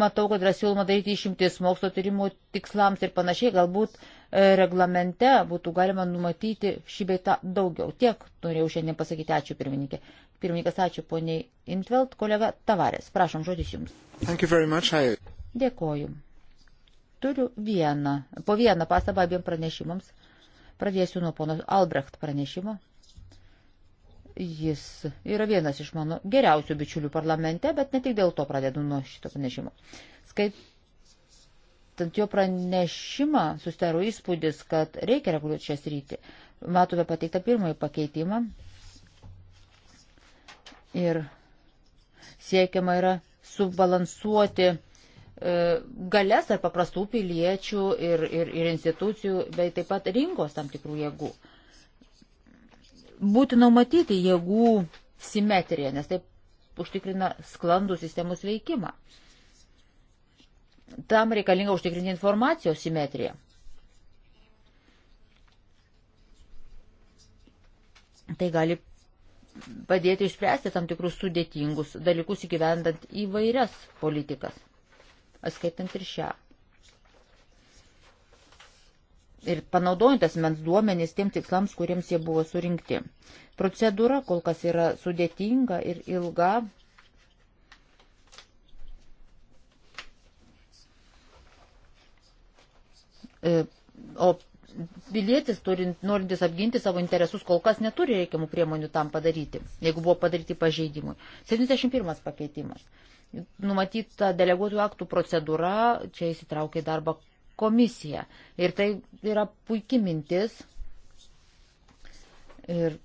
Matau, kad yra siūloma daryti išimtis mokslo tyrimų tikslams ir panašiai. Galbūt e, reglamente būtų galima numatyti šį beitą daugiau. Tiek norėjau šiandien pasakyti. Ačiū, pirmininkė. Pirmininkas, ačiū poniai Intveld. Kolega Tavarės, prašom, žodis jums. Much, I... Dėkoju. Turiu vieną, po vieną pastabą abiem pranešimams. Pradėsiu nuo pono Albrecht pranešimo. Jis yra vienas iš mano geriausių bičiulių parlamente, bet ne tik dėl to pradedu nuo šito pranešimo. Skaitant jo pranešimą, susidaro įspūdis, kad reikia reguliuoti šią sritį. Matome pateiktą pirmąjį pakeitimą ir siekiama yra subalansuoti e, galės ar paprastų piliečių ir, ir, ir institucijų, bei taip pat rinkos tam tikrų jėgų. E, būtina matyti jėgų simetriją, nes taip užtikrina sklandų sistemos veikimą. Tam reikalinga užtikrinti informacijos simetriją. Tai gali padėti išspręsti tam tikrus sudėtingus dalykus įgyvendant įvairias politikas, atskaitant ir šią ir panaudojant asmens duomenys tiem tikslams, kuriems jie buvo surinkti. Procedūra kol kas yra sudėtinga ir ilga. E, o pilietis, turint, norintis apginti savo interesus, kol kas neturi reikiamų priemonių tam padaryti, jeigu buvo padaryti pažeidimui. 71 pakeitimas. Numatyta deleguotų aktų procedūra, čia įsitraukia į darbą komisija. Ir tai yra puikia mintis. Ir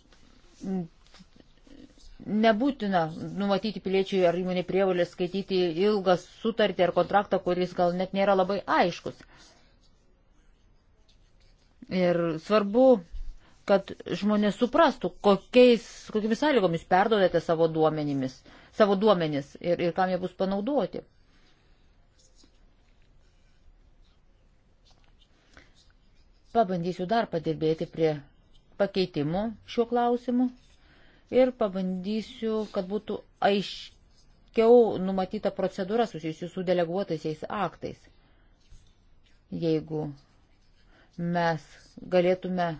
nebūtina numatyti piliečiui ar įmonė prievalė skaityti ilgą sutartį ar kontraktą, kuris gal net nėra labai aiškus. Ir svarbu, kad žmonės suprastų, kokiais, kokiamis sąlygomis perdodate savo duomenimis, savo duomenis ir, ir kam jie bus panaudoti. Pabandysiu dar padirbėti prie pakeitimų šiuo klausimu ir pabandysiu, kad būtų aiškiau numatyta procedūra susijusi su deleguotaisiais aktais. Jeigu mes galėtume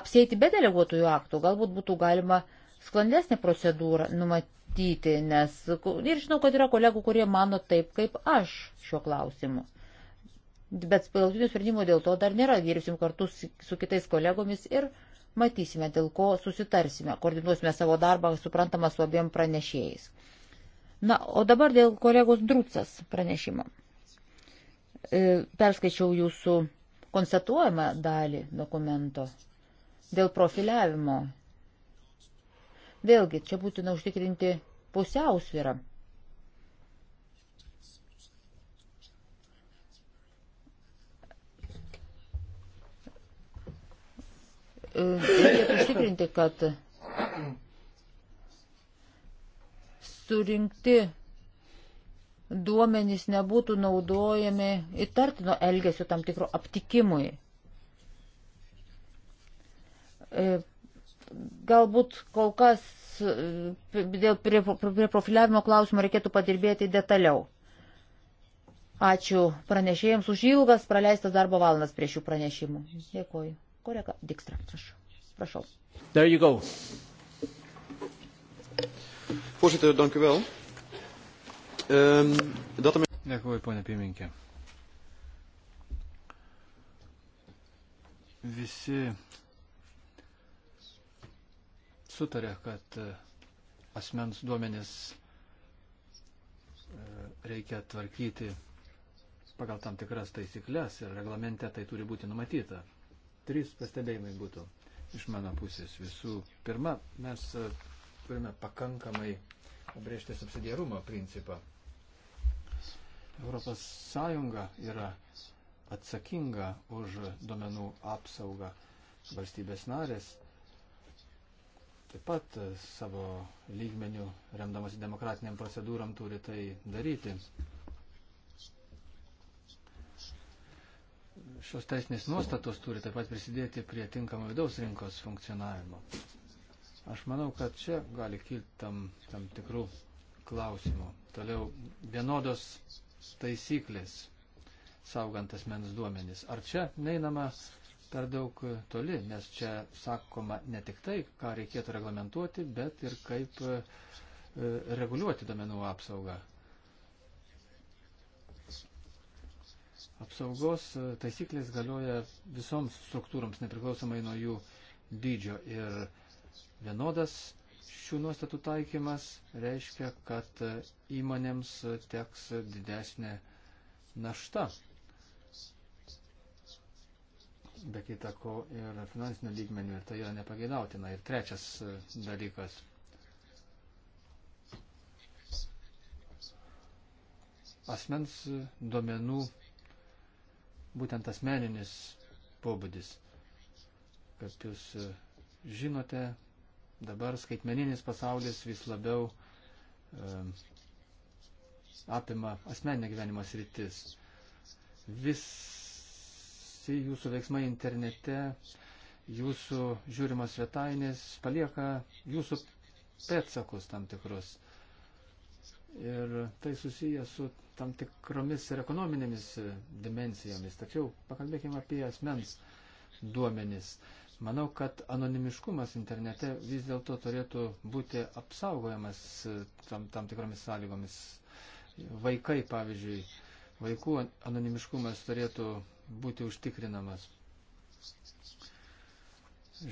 apsėti be deleguotųjų aktų, galbūt būtų galima sklandesnė procedūra numatyti, nes ir žinau, kad yra kolegų, kurie mano taip kaip aš šiuo klausimu bet galutinių sprendimų dėl to dar nėra. Dirbsim kartu su kitais kolegomis ir matysime, dėl ko susitarsime. Koordinuosime savo darbą, suprantama, su abiem pranešėjais. Na, o dabar dėl kolegos Drūcas pranešimo. E, perskaičiau jūsų konstatuojamą dalį dokumento dėl profiliavimo. Vėlgi, čia būtina užtikrinti pusiausvyrą reikia pastikrinti, kad surinkti duomenys nebūtų naudojami įtartino elgesio tam tikro aptikimui. E, galbūt kol kas e, dėl prie, prie profiliavimo klausimų reikėtų padirbėti detaliau. Ačiū pranešėjams už ilgas praleistas darbo valandas prie šių pranešimų. Dėkuoju. Kolega Dikstra, prašau. prašau. There you go. Voorzitter, dank u wel. Um, dat er... Dėkuoju, ponia Piminkė. Visi sutarė, kad e, asmens duomenis e, reikia tvarkyti pagal tam tikras taisyklės ir reglamente tai turi būti numatyta. Trys pastebėjimai būtų iš mano pusės. Visų pirma, mes e, turime pakankamai pabrėžti subsidiarumo principą. Europos Sąjunga yra atsakinga už duomenų apsaugą valstybės narės. Taip pat e, savo lygmenių, remdamas demokratiniam procedūram, turi tai daryti. šios teisinės nuostatos turi taip pat prisidėti prie tinkamo vidaus rinkos funkcionavimo. Aš manau, kad čia gali kilti tam, tam tikrų klausimų. Toliau vienodos taisyklės saugant asmens duomenis. Ar čia neinama per daug toli, nes čia sakoma ne tik tai, ką reikėtų reglamentuoti, bet ir kaip e, reguliuoti domenų apsaugą. apsaugos taisyklės galioja visoms struktūroms, nepriklausomai nuo jų dydžio. Ir vienodas šių nuostatų taikymas reiškia, kad įmonėms teks didesnė našta. Be kita ko ir finansinio lygmenių, ir tai yra nepageidautina. Ir trečias dalykas asmens duomenų būtent asmeninis pobūdis. Kaip jūs e, žinote, dabar skaitmeninis pasaulis vis labiau e, apima asmeninę gyvenimo sritis. Visi jūsų veiksmai internete, jūsų žiūrimos svetainės palieka jūsų pėtsakus tam tikrus ir tai susiję su tam tikromis ir ekonominėmis dimencijomis. Tačiau pakalbėkime apie asmens duomenis. Manau, kad anonimiškumas internete vis dėlto turėtų būti apsaugojamas e, tam, tam tikromis sąlygomis. Vaikai, pavyzdžiui, vaikų anonimiškumas turėtų būti užtikrinamas.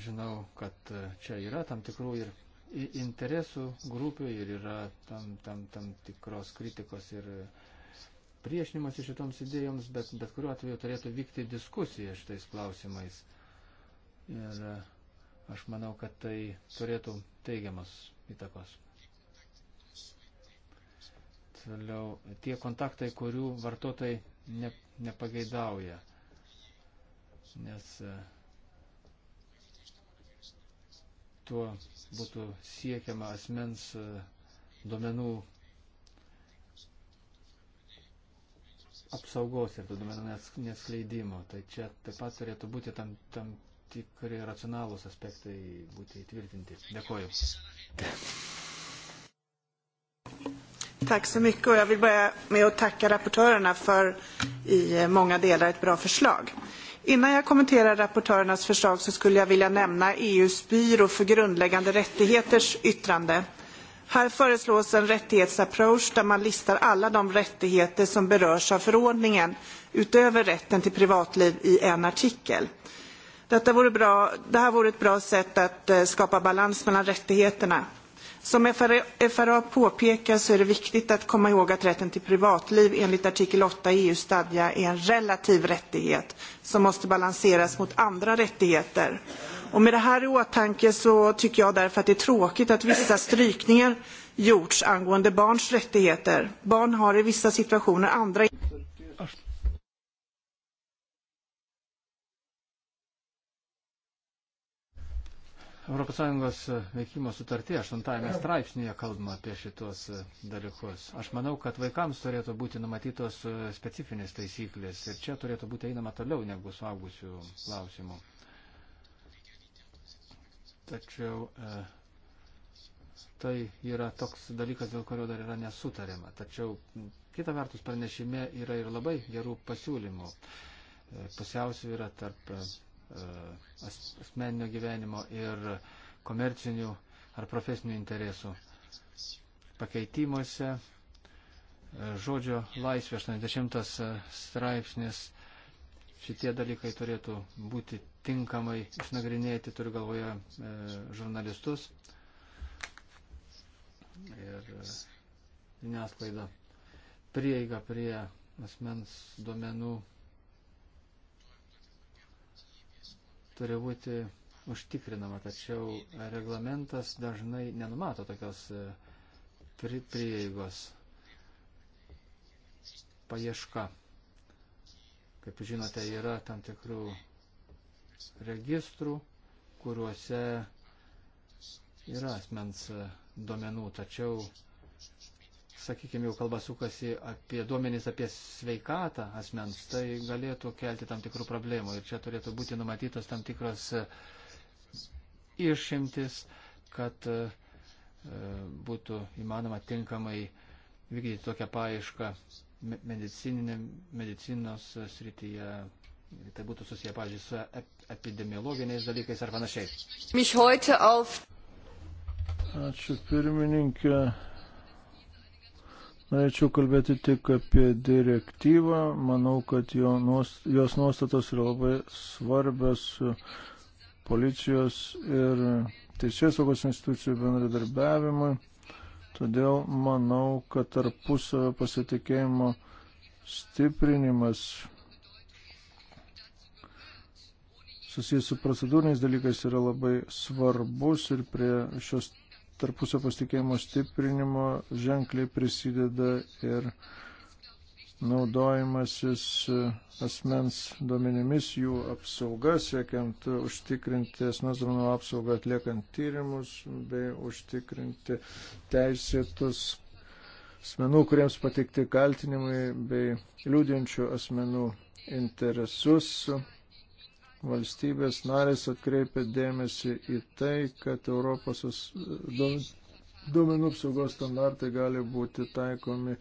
Žinau, kad e, čia yra tam tikrų ir interesų grupių ir yra tam, tam, tam tikros kritikos ir priešinimas šitoms idėjoms, bet, bet kuriuo atveju turėtų vykti diskusija šitais klausimais. Ir e, aš manau, kad tai turėtų teigiamas įtakos. Toliau tie kontaktai, kurių vartotojai ne, nepageidauja. Nes uh, Tuo būtų siekiama asmens e, duomenų apsaugos ir tų duomenų neskleidimo. Tai čia taip pat turėtų būti tam, tam tikri racionalūs aspektai būti įtvirtinti. Dėkoju. Tack så mycket och jag vill börja med att tacka rapportörerna för i många delar ett bra förslag. Innan jag kommenterar rapportörernas förslag så skulle jag vilja nämna EUs byrå för grundläggande rättigheters yttrande. Här föreslås en rättighetsapproach där man listar alla de rättigheter som berörs av förordningen utöver rätten till privatliv i en artikel. Detta vore bra, det här vore ett bra sätt att eh, skapa balans mellan rättigheterna. Som FRA påpekar så är det viktigt att komma ihåg att rätten till privatliv enligt artikel 8 i EUs stadga är en relativ rättighet som måste balanseras mot andra rättigheter. Och med det här i åtanke så tycker jag därför att det är tråkigt att vissa strykningar gjorts angående barns rättigheter. Barn har i vissa situationer andra... Aš ES e, veikimo sutartie 8 straipsnėje kalbama apie šitos e, dalykus. Aš manau, kad vaikams turėtų būti numatytos e, specifinės taisyklės ir čia turėtų būti einama toliau negu suaugusių klausimų. Tačiau e, tai yra toks dalykas, dėl kurio dar yra nesutarima. Tačiau kita vertus pranešime yra ir labai gerų pasiūlymų. E, pusiausvyrą tarp. E, E, asmeninio gyvenimo ir komercinių ar profesinių interesų. Pakeitimuose e, žodžio laisvė 80 e, straipsnis šitie dalykai turėtų būti tinkamai išnagrinėti, turiu galvoje e, žurnalistus ir žiniasklaidą. Prieiga prie asmens duomenų turi būti užtikrinama, tačiau reglamentas dažnai nenumato tokios e, pri, prieigos paieška. Kaip žinote, yra tam tikrų registrų, kuriuose yra asmens e, duomenų, tačiau sakykime, jau kalba sukasi apie duomenys apie sveikatą asmens, tai galėtų kelti tam tikrų problemų. Ir čia turėtų būti numatytos tam tikros e, išimtis, kad e, e, būtų įmanoma tinkamai vykdyti tokią paiešką medicinos srityje. Tai būtų susiję, pavyzdžiui, su epidemiologiniais dalykais ar panašiai. Ačiū pirmininkė. Norėčiau kalbėti tik apie direktyvą. Manau, kad jo nuost, jos nuostatos yra labai svarbios policijos ir teisės saugos institucijų bendradarbiavimui. Todėl manau, kad tarpusavio pasitikėjimo stiprinimas susijęs su procedūriniais dalykais yra labai svarbus ir prie šios tarpusio pasitikėjimo stiprinimo ženkliai prisideda ir naudojimasis asmens duomenimis, jų apsauga, siekiant užtikrinti asmens duomenų apsaugą atliekant tyrimus bei užtikrinti teisėtus asmenų, kuriems patikti kaltinimai bei liūdinčių asmenų interesus valstybės narės atkreipia dėmesį į tai, kad Europos duomenų apsaugos standartai gali būti taikomi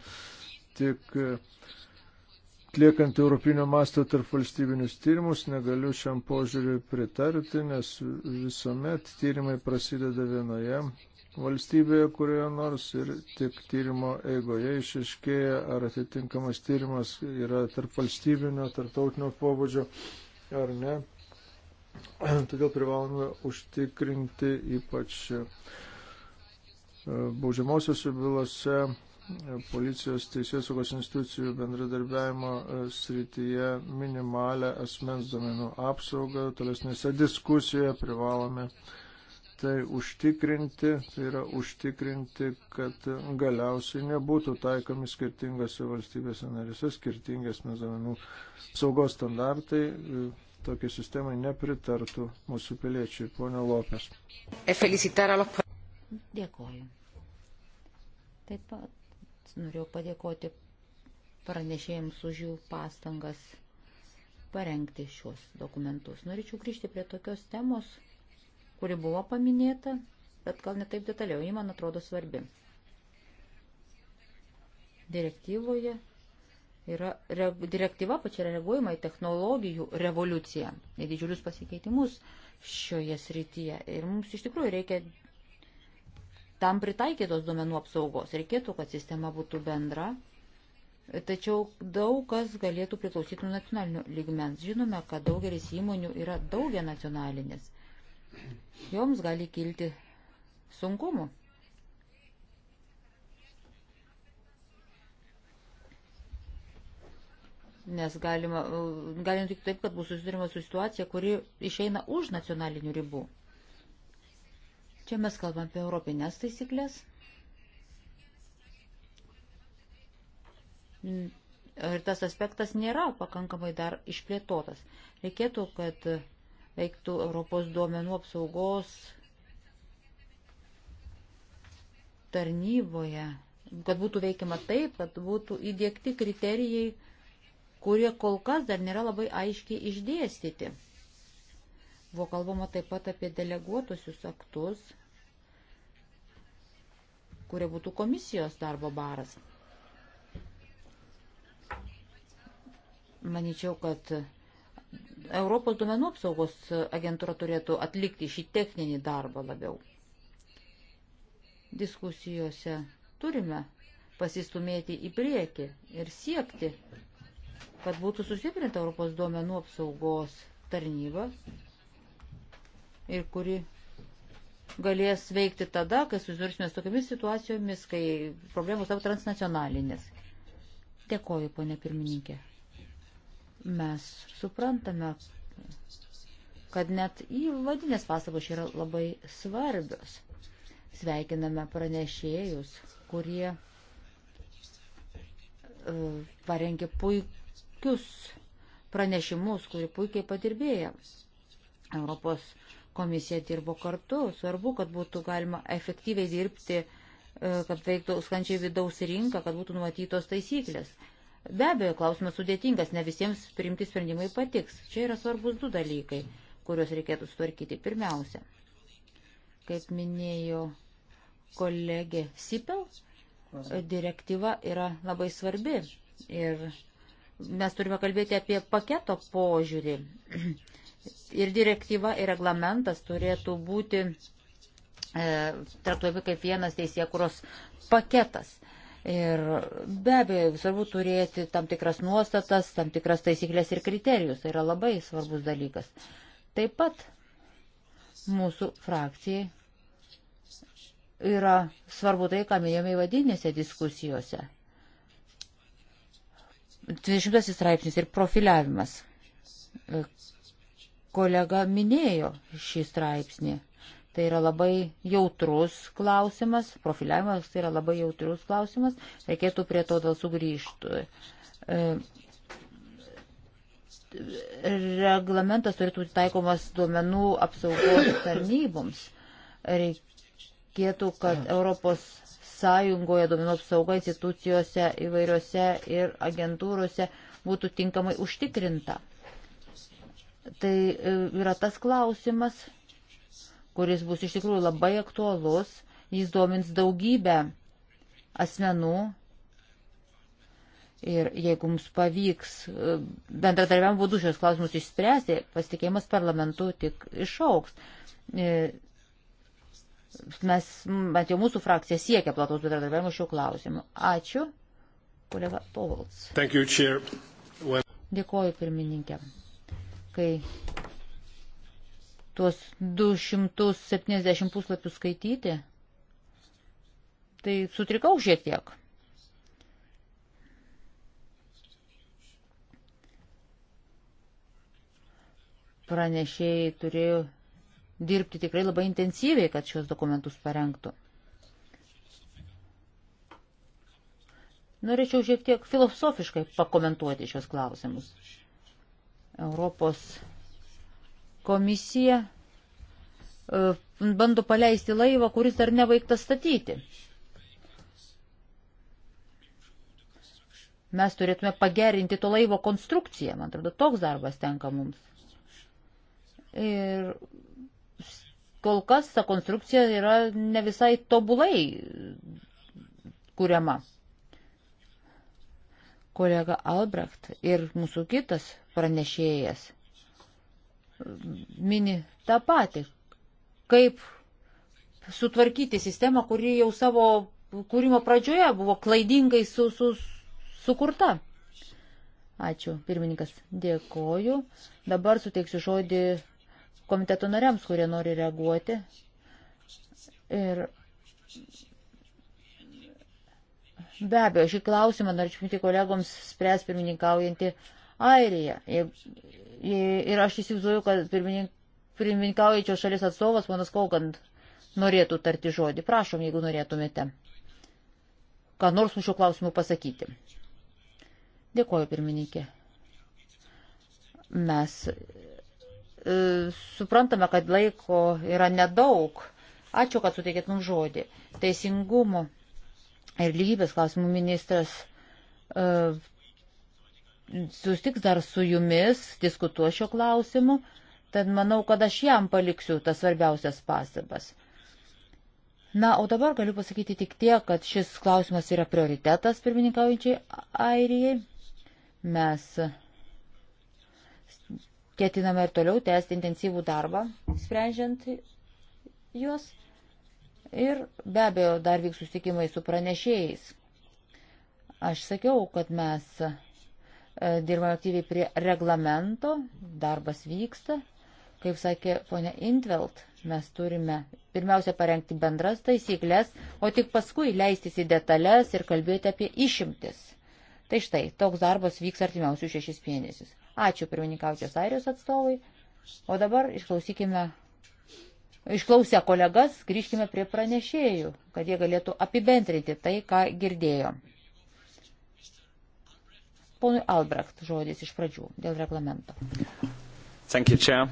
tik e, atliekant Europinio masto tarp valstybinius tyrimus, negaliu šiam požiūriui pritarti, nes visuomet tyrimai prasideda vienoje valstybėje, kurioje nors ir tik tyrimo eigoje išaiškėja, ar atitinkamas tyrimas yra tarp valstybinio, tarptautinio pobūdžio ar ne. Todėl privalome užtikrinti ypač e, baudžiamosiose bylose e, policijos teisės saugos institucijų bendradarbiavimo e, srityje minimalę asmens domenų apsaugą. Tolesnėse diskusijoje privalome tai užtikrinti, tai yra užtikrinti, kad galiausiai nebūtų taikomi skirtingose valstybėse narėse skirtingi asmens domenų saugos standartai tokiai sistemai nepritartų mūsų piliečiai. Pone Lopes. E Dėkoju. Taip pat noriu padėkoti pranešėjams už jų pastangas parengti šios dokumentus. Norėčiau grįžti prie tokios temos, kuri buvo paminėta, bet gal netaip detaliau, ji man atrodo svarbi. Direktyvoje yra re, direktyva pačia reaguojama į technologijų revoliuciją, į didžiulius pasikeitimus šioje srityje. Ir mums iš tikrųjų reikia tam pritaikytos duomenų apsaugos. Reikėtų, kad sistema būtų bendra. Tačiau daug kas galėtų priklausyti nuo nacionalinio lygmens. Žinome, kad daugelis įmonių yra daugia nacionalinės. Joms gali kilti sunkumų. nes galima, galima tik taip, kad bus susidurima su situacija, kuri išeina už nacionalinių ribų. Čia mes kalbam apie europinės taisyklės. Ir tas aspektas nėra pakankamai dar išplėtotas. Reikėtų, kad veiktų Europos duomenų apsaugos tarnyboje, kad būtų veikiama taip, kad būtų įdėkti kriterijai kurie kol kas dar nėra labai aiškiai išdėstyti. Buvo kalbama taip pat apie deleguotusius aktus, kurie būtų komisijos darbo baras. Manyčiau, kad Europos duomenų apsaugos agentūra turėtų atlikti šį techninį darbą labiau. Diskusijose turime pasistumėti į priekį ir siekti kad būtų sustiprinta Europos duomenų apsaugos tarnyba ir kuri galės veikti tada, kai susidursime su tokiamis situacijomis, kai problemos tapo transnacionalinės. Dėkoju, ponė pirmininkė. Mes suprantame, kad net įvadinės pastabos yra labai svarbios. Sveikiname pranešėjus, kurie e, parengė puikų puikius pranešimus, kuri puikiai padirbėjo. Europos komisija dirbo kartu. Svarbu, kad būtų galima efektyviai dirbti, e, kad veiktų skančiai vidaus rinka, kad būtų numatytos taisyklės. Be abejo, klausimas sudėtingas, ne visiems priimti sprendimai patiks. Čia yra svarbus du dalykai, kuriuos reikėtų sutvarkyti. Pirmiausia, kaip minėjo kolegė Sipel, direktyva yra labai svarbi ir mes turime kalbėti apie paketo požiūrį. Ir direktyva, ir reglamentas turėtų būti e, traktuojami kaip vienas teisėkuros paketas. Ir be abejo, svarbu turėti tam tikras nuostatas, tam tikras taisyklės ir kriterijus. Tai yra labai svarbus dalykas. Taip pat mūsų frakcijai yra svarbu tai, ką minėjome įvadinėse diskusijose. 20 straipsnis ir profiliavimas. E, Kolega minėjo šį straipsnį. Tai yra labai jautrus klausimas, profiliavimas tai yra labai jautrus klausimas, reikėtų prie to dėl sugrįžtų. E, Reglamentas turėtų būti taikomas duomenų apsaugos tarnyboms. Reikėtų, kad mm. Europos Sąjungoje, duomenų apsauga institucijose įvairiose ir agentūrose būtų tinkamai užtikrinta. Tai e, yra tas klausimas, kuris bus iš tikrųjų labai aktuolus, jis domins daugybę asmenų. Ir jeigu mums pavyks e, bendradarbiavimo būdu šios klausimus išspręsti, pasitikėjimas parlamentu tik išauks. E, mes, bent jau mūsų frakcija siekia plataus bendradarbiavimo šiuo klausimu. Ačiū, kolega Povalds. When... Dėkoju pirmininkė. Kai tuos 270 puslapių skaityti, tai sutrikau šiek tiek. Pranešėjai turėjo dirbti tikrai labai intensyviai, kad šios dokumentus parengtų. Norėčiau šiek tiek filosofiškai pakomentuoti šios klausimus. Europos komisija e, bando paleisti laivą, kuris dar nebaigtas statyti. Mes turėtume pagerinti to laivo konstrukciją, man atrodo, toks darbas tenka mums. Ir kol kas ta konstrukcija yra ne visai tobulai kuriama. Kolega Albrecht ir mūsų kitas pranešėjas mini tą patį, kaip sutvarkyti sistemą, kuri jau savo kūrimo pradžioje buvo klaidingai su, su, sukurta. Ačiū, pirmininkas, dėkoju. Dabar suteiksiu žodį komiteto nariams, kurie nori reaguoti. Ir be abejo, šį klausimą norėčiau minti kolegoms spręs pirmininkaujantį Airiją. Ir aš įsivaizduoju, kad pirmininkaujantį pirmininkaujančios šalies atstovas, manas Kaugand, norėtų tarti žodį. Prašom, jeigu norėtumėte, ką nors už šių klausimų pasakyti. Dėkuoju, pirmininkė. Mes E, suprantame, kad laiko yra nedaug. Ačiū, kad suteikėt mums žodį. Teisingumo ir lygybės klausimų ministras uh, sustiks dar su jumis, diskutuo šio klausimu, tad manau, kad aš jam paliksiu tas svarbiausias pastabas. Na, o dabar galiu pasakyti tik tiek, kad šis klausimas yra prioritetas pirmininkaujančiai Airijai. Mes ketiname ir toliau tęsti intensyvų darbą, sprendžiant juos. Ir be abejo, dar vyks susitikimai su pranešėjais. Aš sakiau, kad mes e, dirbame aktyviai prie reglamento, darbas vyksta. Kaip sakė ponia Intveld, mes turime pirmiausia parengti bendras taisyklės, o tik paskui leistis į detalės ir kalbėti apie išimtis. Tai štai, toks darbas vyks artimiausius šešis mėnesius. Ačiū pirmininkaučios Airijos atstovui. O dabar išklausykime, išklausę kolegas, grįžkime prie pranešėjų, kad jie galėtų apibendrinti tai, ką girdėjo. Ponui Albrecht žodis iš pradžių dėl reglamento. Thank you, Chair.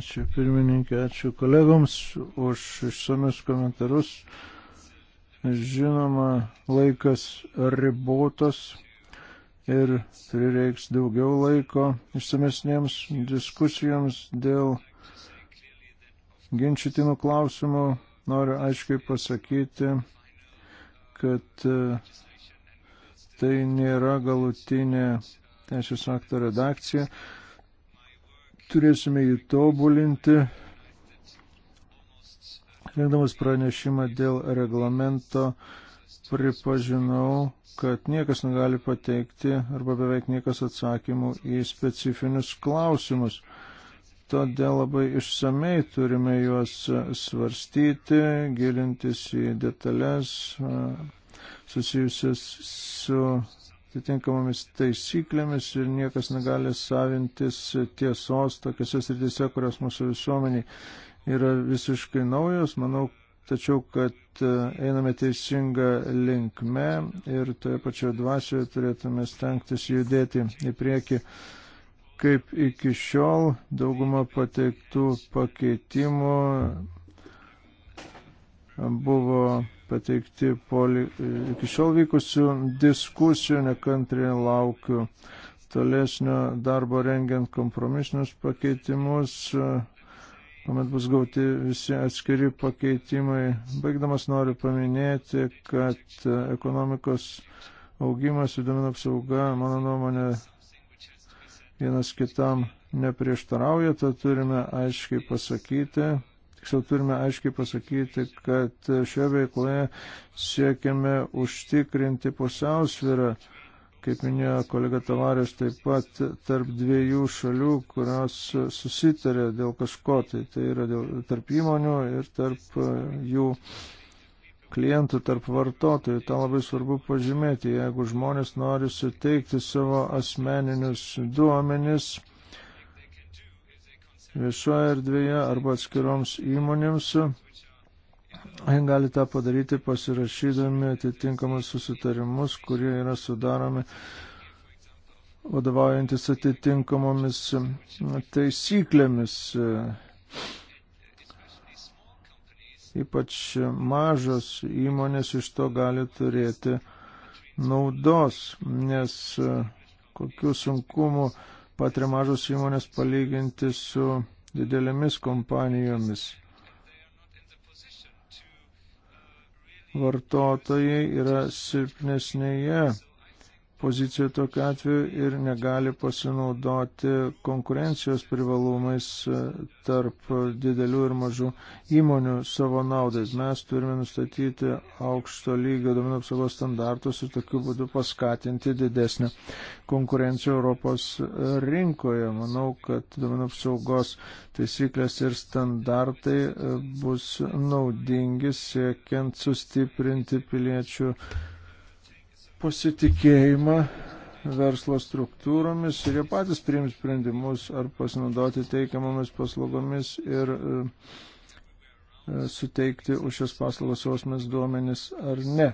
Ačiū pirmininkė, ačiū kolegoms už išsamius komentarus. Žinoma, laikas ribotas ir prireiks daugiau laiko išsamesniems diskusijoms dėl ginčytinų klausimų. Noriu aiškiai pasakyti, kad e, tai nėra galutinė teisės akto redakcija. Turėsime jį tobulinti, rengdamas pranešimą dėl reglamento pripažinau, kad niekas negali pateikti arba beveik niekas atsakymų į specifinius klausimus. Todėl labai išsamei turime juos svarstyti, gilintis į detalės susijusias su atitinkamomis taisyklėmis ir niekas negali savintis tiesos tokiuose srityse, kurios mūsų visuomeniai yra visiškai naujos. Manau, tačiau kad e, einame teisinga linkme ir toje pačioje dvasioje turėtume stengtis judėti į priekį. Kaip iki šiol dauguma pateiktų pakeitimų buvo pateikti po e, iki šiol vykusių diskusijų, nekantriai laukiu tolesnio darbo rengiant kompromisinius pakeitimus kuomet bus gauti visi atskiri pakeitimai. Baigdamas noriu paminėti, kad ekonomikos augimas ir duomenų apsauga, mano nuomonė, vienas kitam neprieštarauja, tą turime aiškiai pasakyti. Tiksliau turime aiškiai pasakyti, kad šioje veikloje siekiame užtikrinti pusiausvyrą kaip minėjo kolega Tavarės, taip pat tarp dviejų šalių, kurios susitarė dėl kažko, tai tai yra dėl, tarp įmonių ir tarp e, jų klientų, tarp vartotojų. Ta labai svarbu pažymėti, jeigu žmonės nori suteikti savo asmeninius duomenis viešoje erdvėje arba atskiroms įmonėms gali tą padaryti pasirašydami atitinkamus susitarimus, kurie yra sudaromi vadovaujantis atitinkamomis taisyklėmis. Ypač mažos įmonės iš to gali turėti naudos, nes kokių sunkumų patiria mažos įmonės palyginti su didelėmis kompanijomis. vartotojai yra silpnesnėje poziciją tokiu atveju ir negali pasinaudoti konkurencijos privalumais e, tarp didelių ir mažų įmonių savo naudai. Mes turime nustatyti aukšto lygio duomenų apsaugos standartus ir tokiu būdu paskatinti didesnį konkurenciją Europos rinkoje. Manau, kad duomenų apsaugos taisyklės ir standartai e, bus naudingi siekiant sustiprinti piliečių pasitikėjimą verslo struktūromis ir jie patys priims sprendimus ar pasinaudoti teikiamomis paslaugomis ir e, e, suteikti už šias paslaugas jausmės duomenis ar ne.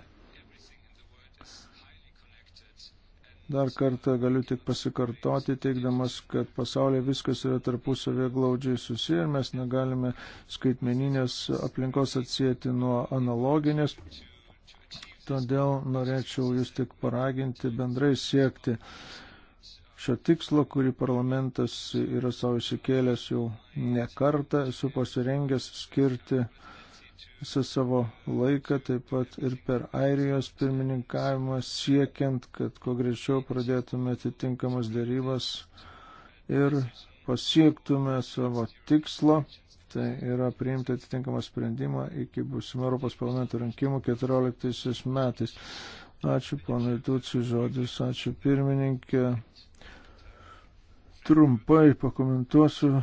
Dar kartą galiu tik pasikartoti, teikdamas, kad pasaulyje viskas yra tarpusavė glaudžiai susiję ir mes negalime skaitmeninės aplinkos atsijėti nuo analoginės. Todėl norėčiau jūs tik paraginti bendrai siekti šio tikslo, kurį parlamentas yra savo įsikėlęs jau ne kartą, esu pasirengęs skirti visą savo laiką, taip pat ir per Airijos pirmininkavimą, siekiant, kad kuo greičiau pradėtume atitinkamas dėrybas ir pasiektume savo tikslo tai yra priimti atitinkamą sprendimą iki būsimų Europos parlamento rinkimų 14 metais. Ačiū, ponai Tucijų žodis, ačiū pirmininkė. Trumpai pakomentuosiu.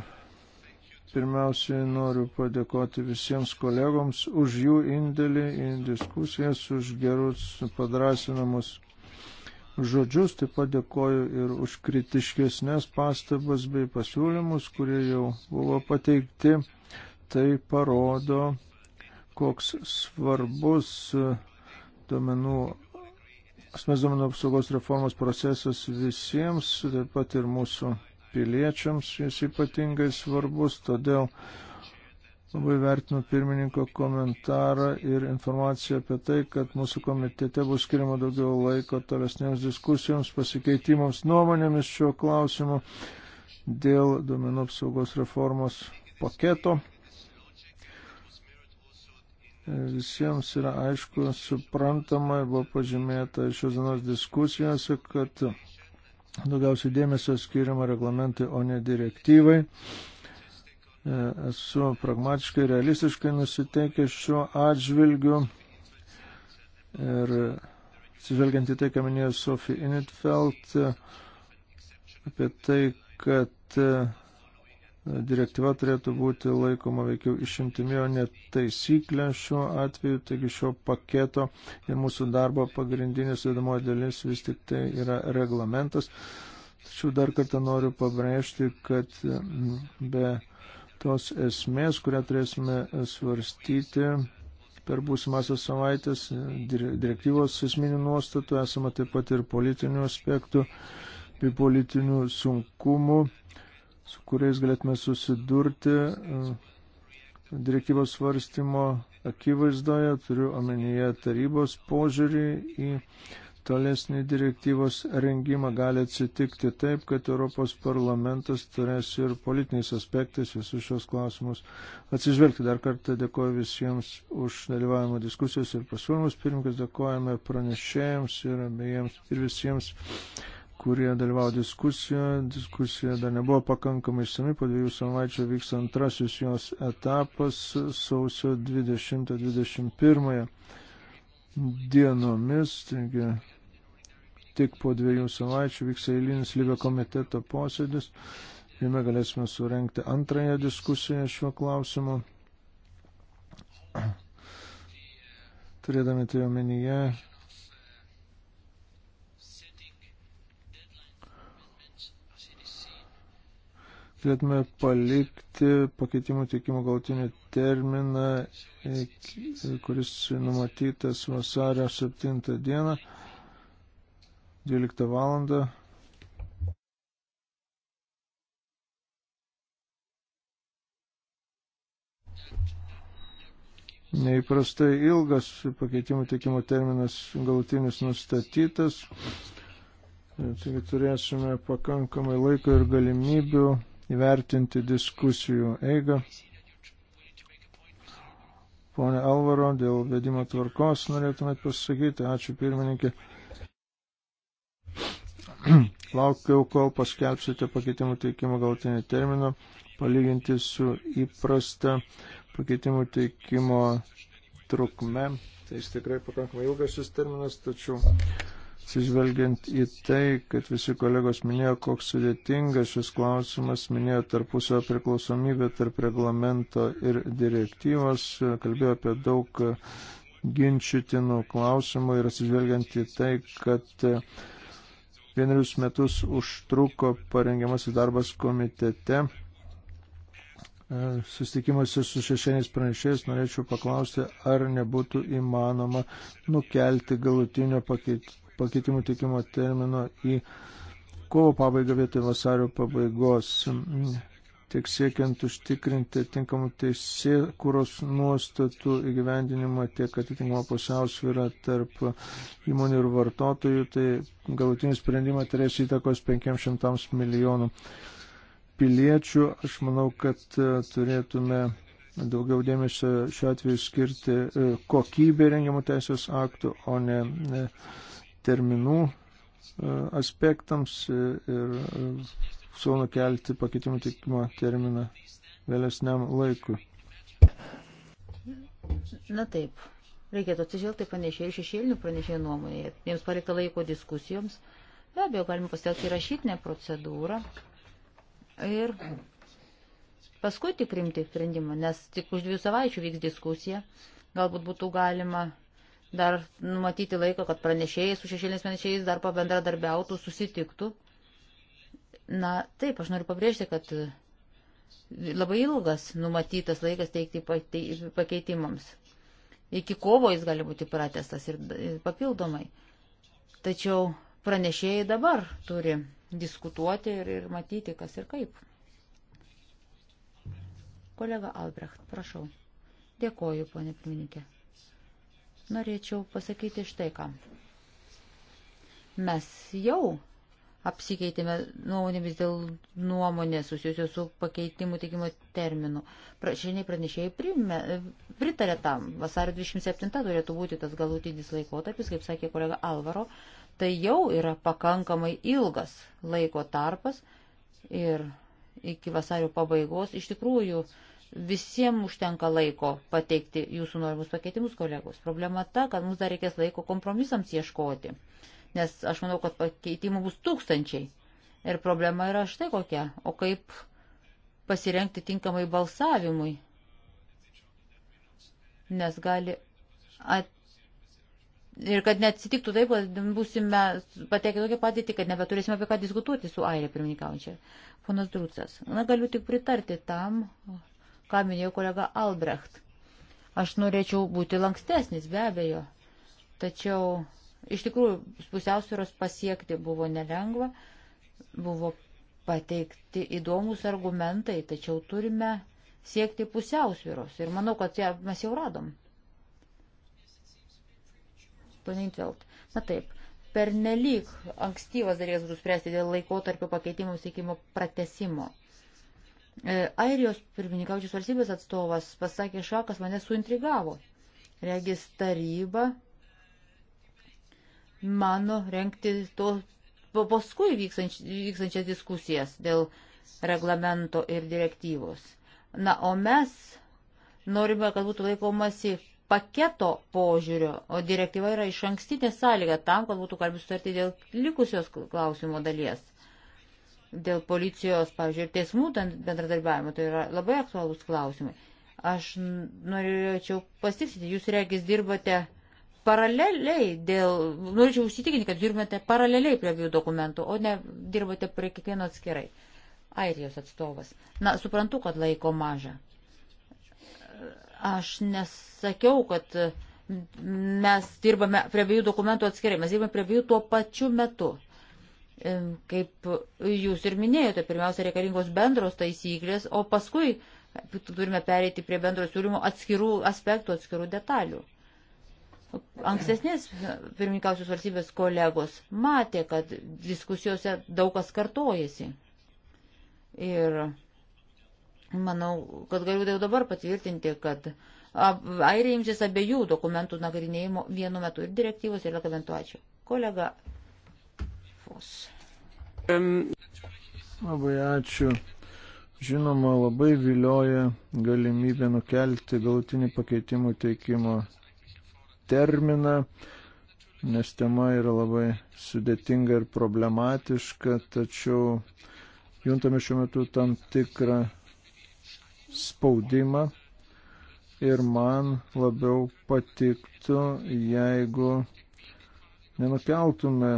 Pirmiausiai noriu padėkoti visiems kolegoms už jų indėlį į diskusijas, už gerus padrasinamus žodžius, taip pat dėkoju ir už kritiškesnės pastabas bei pasiūlymus, kurie jau buvo pateikti. Tai parodo, koks svarbus e, duomenų, asmens duomenų apsaugos reformos procesas visiems, taip pat ir mūsų piliečiams jis ypatingai svarbus, todėl Labai vertinu pirmininko komentarą ir informaciją apie tai, kad mūsų komitete bus skiriama daugiau laiko tolesnėms diskusijoms, pasikeitimams nuomonėmis šiuo klausimu dėl duomenų apsaugos reformos paketo. Visiems yra aišku, suprantama, buvo pažymėta šios dienos diskusijose, kad daugiausiai dėmesio skiriama reglamentai, o ne direktyvai. E, esu pragmatiškai realistiškai nusiteikęs šiuo atžvilgiu ir atsižvelgiant į tai, ką minėjo Sofija Initfeld, apie tai, kad e, direktyva turėtų būti laikoma veikiau išimtimi, o ne taisyklė šiuo atveju, taigi šio paketo ir mūsų darbo pagrindinė sudėdamoji dalis vis tik tai yra reglamentas. Tačiau dar kartą noriu pabrėžti, kad be tos esmės, kurią turėsime svarstyti per būsimasias savaitės direktyvos esminių nuostatų, esama taip pat ir politinių aspektų bei politinių sunkumų, su kuriais galėtume susidurti e, direktyvos svarstymo akivaizdoje, turiu omenyje tarybos požiūrį į tolesnį direktyvos rengimą gali atsitikti taip, kad Europos parlamentas turės ir politiniais aspektais visus šios klausimus atsižvelgti. Dar kartą dėkoju visiems už dalyvavimą diskusijos ir pasiūlymus. Pirmkas dėkojame pranešėjams ir, abiems, ir visiems kurie dalyvavo diskusijoje. Diskusija dar nebuvo pakankamai išsami, po dviejų savaičių vyks antrasis jos etapas sausio 20-21 dienomis. Taigi tik po dviejų savaičių vyks eilinis lygio komiteto posėdis. Jame galėsime surenkti antrąją diskusiją šiuo klausimu. Turėdami tai omenyje, turėtume palikti pakeitimų teikimo galtinį terminą, kuris numatytas vasario 7 dieną. 12 valandą. Neįprastai ilgas pakeitimų teikimo terminas galutinis nustatytas. Taigi turėsime pakankamai laiko ir galimybių įvertinti diskusijų eigą. Pone Alvaro, dėl vedimo tvarkos norėtumėt pasakyti. Ačiū pirmininkė. Laukiau, kol paskelbsite pakeitimų teikimo galtinį terminą, palyginti su įprasta pakeitimų teikimo trukme. Tai jis tikrai pakankamai ilgas šis terminas, tačiau atsižvelgiant į tai, kad visi kolegos minėjo, koks sudėtingas šis klausimas, minėjo tarpusio priklausomybę tarp reglamento ir direktyvos, kalbėjo apie daug ginčytinų klausimų ir atsižvelgiant į tai, kad vienerius metus užtruko parengiamasis darbas komitete. E, sustikimuose su šešėniais pranešėjais norėčiau paklausti, ar nebūtų įmanoma nukelti galutinio pakeit, pakeitimų tikimo termino į kovo pabaigą vietoj vasario pabaigos tiek siekiant užtikrinti tinkamų teisė kūros nuostatų įgyvendinimą, tiek atitinkamą pusiausvyrą tarp įmonių ir vartotojų, tai galutinį sprendimą turės įtakos 500 milijonų piliečių. Aš manau, kad e, turėtume daugiau dėmesio šiuo atveju skirti e, kokybė rengiamų teisės aktų, o ne e, terminų aspektams ir siūlau nukelti pakeitimų tikimo terminą vėlesniam laikui. Na taip, reikėtų atsižvelgti pranešėjų šešėlinių pranešėjų nuomonėje. Jiems palikta laiko diskusijoms. Be abejo, galima pasitelkti rašytinę procedūrą ir paskui tik rimti sprendimą, nes tik už dviejų savaičių vyks diskusija. Galbūt būtų galima dar numatyti laiką, kad pranešėjai su šešėliniais pranešėjais dar pabendradarbiautų, susitiktų Na, taip, aš noriu pabrėžti, kad labai ilgas numatytas laikas teikti pakeitimams. Iki kovo jis gali būti pratestas ir papildomai. Tačiau pranešėjai dabar turi diskutuoti ir, ir matyti, kas ir kaip. Kolega Albrecht, prašau. Dėkoju, ponė pirmininkė. Norėčiau pasakyti štai ką. Mes jau apsikeitėme nuomonėmis dėl nuomonės susijusios su pakeitimu teikimo terminu. Prašiniai pranešėjai primė, pritarė tam. Vasario 27 turėtų būti tas galutinis laikotarpis, kaip sakė kolega Alvaro. Tai jau yra pakankamai ilgas laiko tarpas ir iki vasario pabaigos iš tikrųjų visiems užtenka laiko pateikti jūsų norimus pakeitimus, kolegos. Problema ta, kad mums dar reikės laiko kompromisams ieškoti. Uh, nes aš manau, kad pakeitimų bus tūkstančiai. Ir problema yra štai kokia, o kaip pasirengti tinkamai balsavimui, nes gali at... ir kad neatsitiktų taip, kad būsime patekę tokią patirtį, kad nebeturėsime apie ką diskutuoti su Airė pirmininkaujančia. Ponas Drūcas, na galiu tik pritarti tam, ką minėjo kolega Albrecht. Aš norėčiau būti lankstesnis, be abejo, tačiau Iš tikrųjų, pusiausvėros pasiekti buvo nelengva, buvo pateikti įdomus argumentai, tačiau turime siekti pusiausvėros ir manau, kad ją mes jau radom. Panintvelt. Na taip, per nelik ankstyvas dalykas bus spręsti dėl laikotarpio pakeitimų siekimo pratesimo. E, Airijos pirmininkaučius valstybės atstovas pasakė, šakas mane suintrigavo. Regis taryba mano renkti to po paskui vykstanč, vykstančias diskusijas dėl reglamento ir direktyvos. Na, o mes norime, kad būtų laikomasi paketo požiūrio, o direktyva yra iš ankstinė sąlyga tam, kad būtų galima sutarti dėl likusios klausimo dalies. Dėl policijos, pavyzdžiui, ir teismų bendradarbiavimo, tai yra labai aktualūs klausimai. Aš norėčiau pasitiksyti, jūs regis dirbate paraleliai dėl, norėčiau užsitikinti, kad dirbate paraleliai prie abiejų dokumentų, o ne dirbate prie kiekvieno atskirai. Airijos atstovas. Na, suprantu, kad laiko maža. Aš nesakiau, kad mes dirbame prie abiejų dokumentų atskirai, mes dirbame prie abiejų tuo pačiu metu. Kaip jūs ir minėjote, pirmiausia reikalingos bendros taisyklės, o paskui turime pereiti prie bendro siūlymo atskirų aspektų, atskirų detalių. Ankstesnės pirmininkausios valstybės kolegos matė, kad diskusijose daug kas kartojasi. Ir manau, kad galiu jau dabar patvirtinti, kad airiai imsis abiejų dokumentų nagrinėjimo vienu metu ir direktyvos ir reglamentų. Ačiū. Kolega Fos. Labai ačiū. Žinoma, labai vilioja galimybė nukelti galutinį pakeitimų teikimo terminą, nes tema yra labai sudėtinga ir problematiška, tačiau juntame šiuo metu tam tikrą spaudimą ir man labiau patiktų, jeigu nenukeltume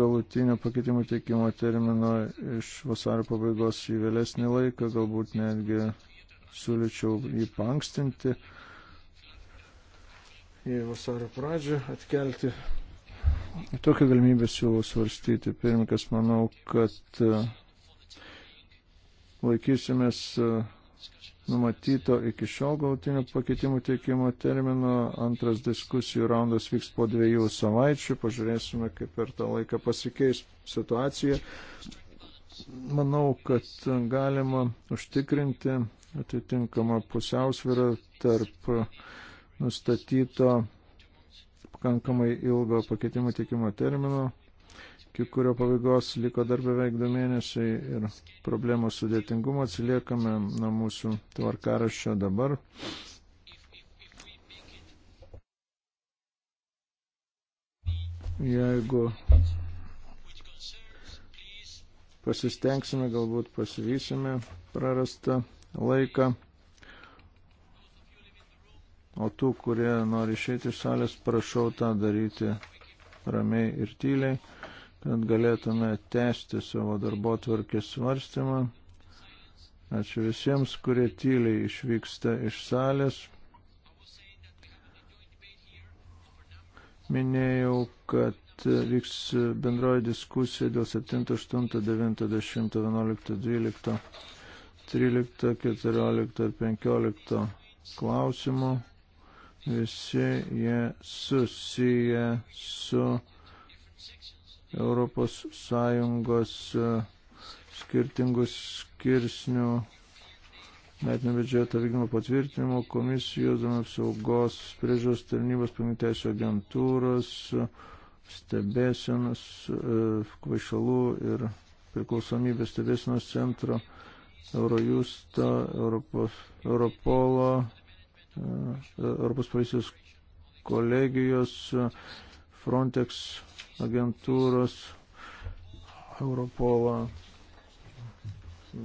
galutinio pakeitimo teikimo termino iš vasario pabaigos į vėlesnį laiką, galbūt netgi siūlyčiau jį pankstinti į vasario pradžią atkelti. Tokią galimybę siūlau svarstyti. Pirmininkas, manau, kad e, laikysimės e, numatyto iki šiol gautinių pakeitimų teikimo termino. Antras diskusijų raundas vyks po dviejų savaičių. Pažiūrėsime, kaip per tą laiką pasikeis situacija. Manau, kad galima užtikrinti atitinkamą pusiausvyrą tarp uh, nustatyto pakankamai ilgo pakeitimo teikimo termino, iki kurio pabaigos liko dar beveik du mėnesiai ir problemos sudėtingumo atsiliekame nuo mūsų tvarkaraščio dabar. Jeigu pasistengsime, galbūt pasivysime prarastą laiką. O tų, kurie nori išėti iš salės, prašau tą daryti ramiai ir tyliai, kad galėtume tęsti savo darbo tvarkės svarstymą. Ačiū visiems, kurie tyliai išvyksta iš salės. Minėjau, kad vyks bendroji diskusija dėl 7, 8, 9, 10, 11, 12, 13, 14 ir 15 klausimų. Visi jie susiję su Europos Sąjungos e, skirtingų skirsnių metinio biudžeto vykdymo patvirtinimo komisijos, duomenų apsaugos, priežiūros tarnybos, paminteisio agentūros, stebėsienos, e, kvaišalų ir priklausomybės stebėsienos centro, Eurojusto, Europos, Europolo, Europos policijos kolegijos, Frontex agentūros, Europolo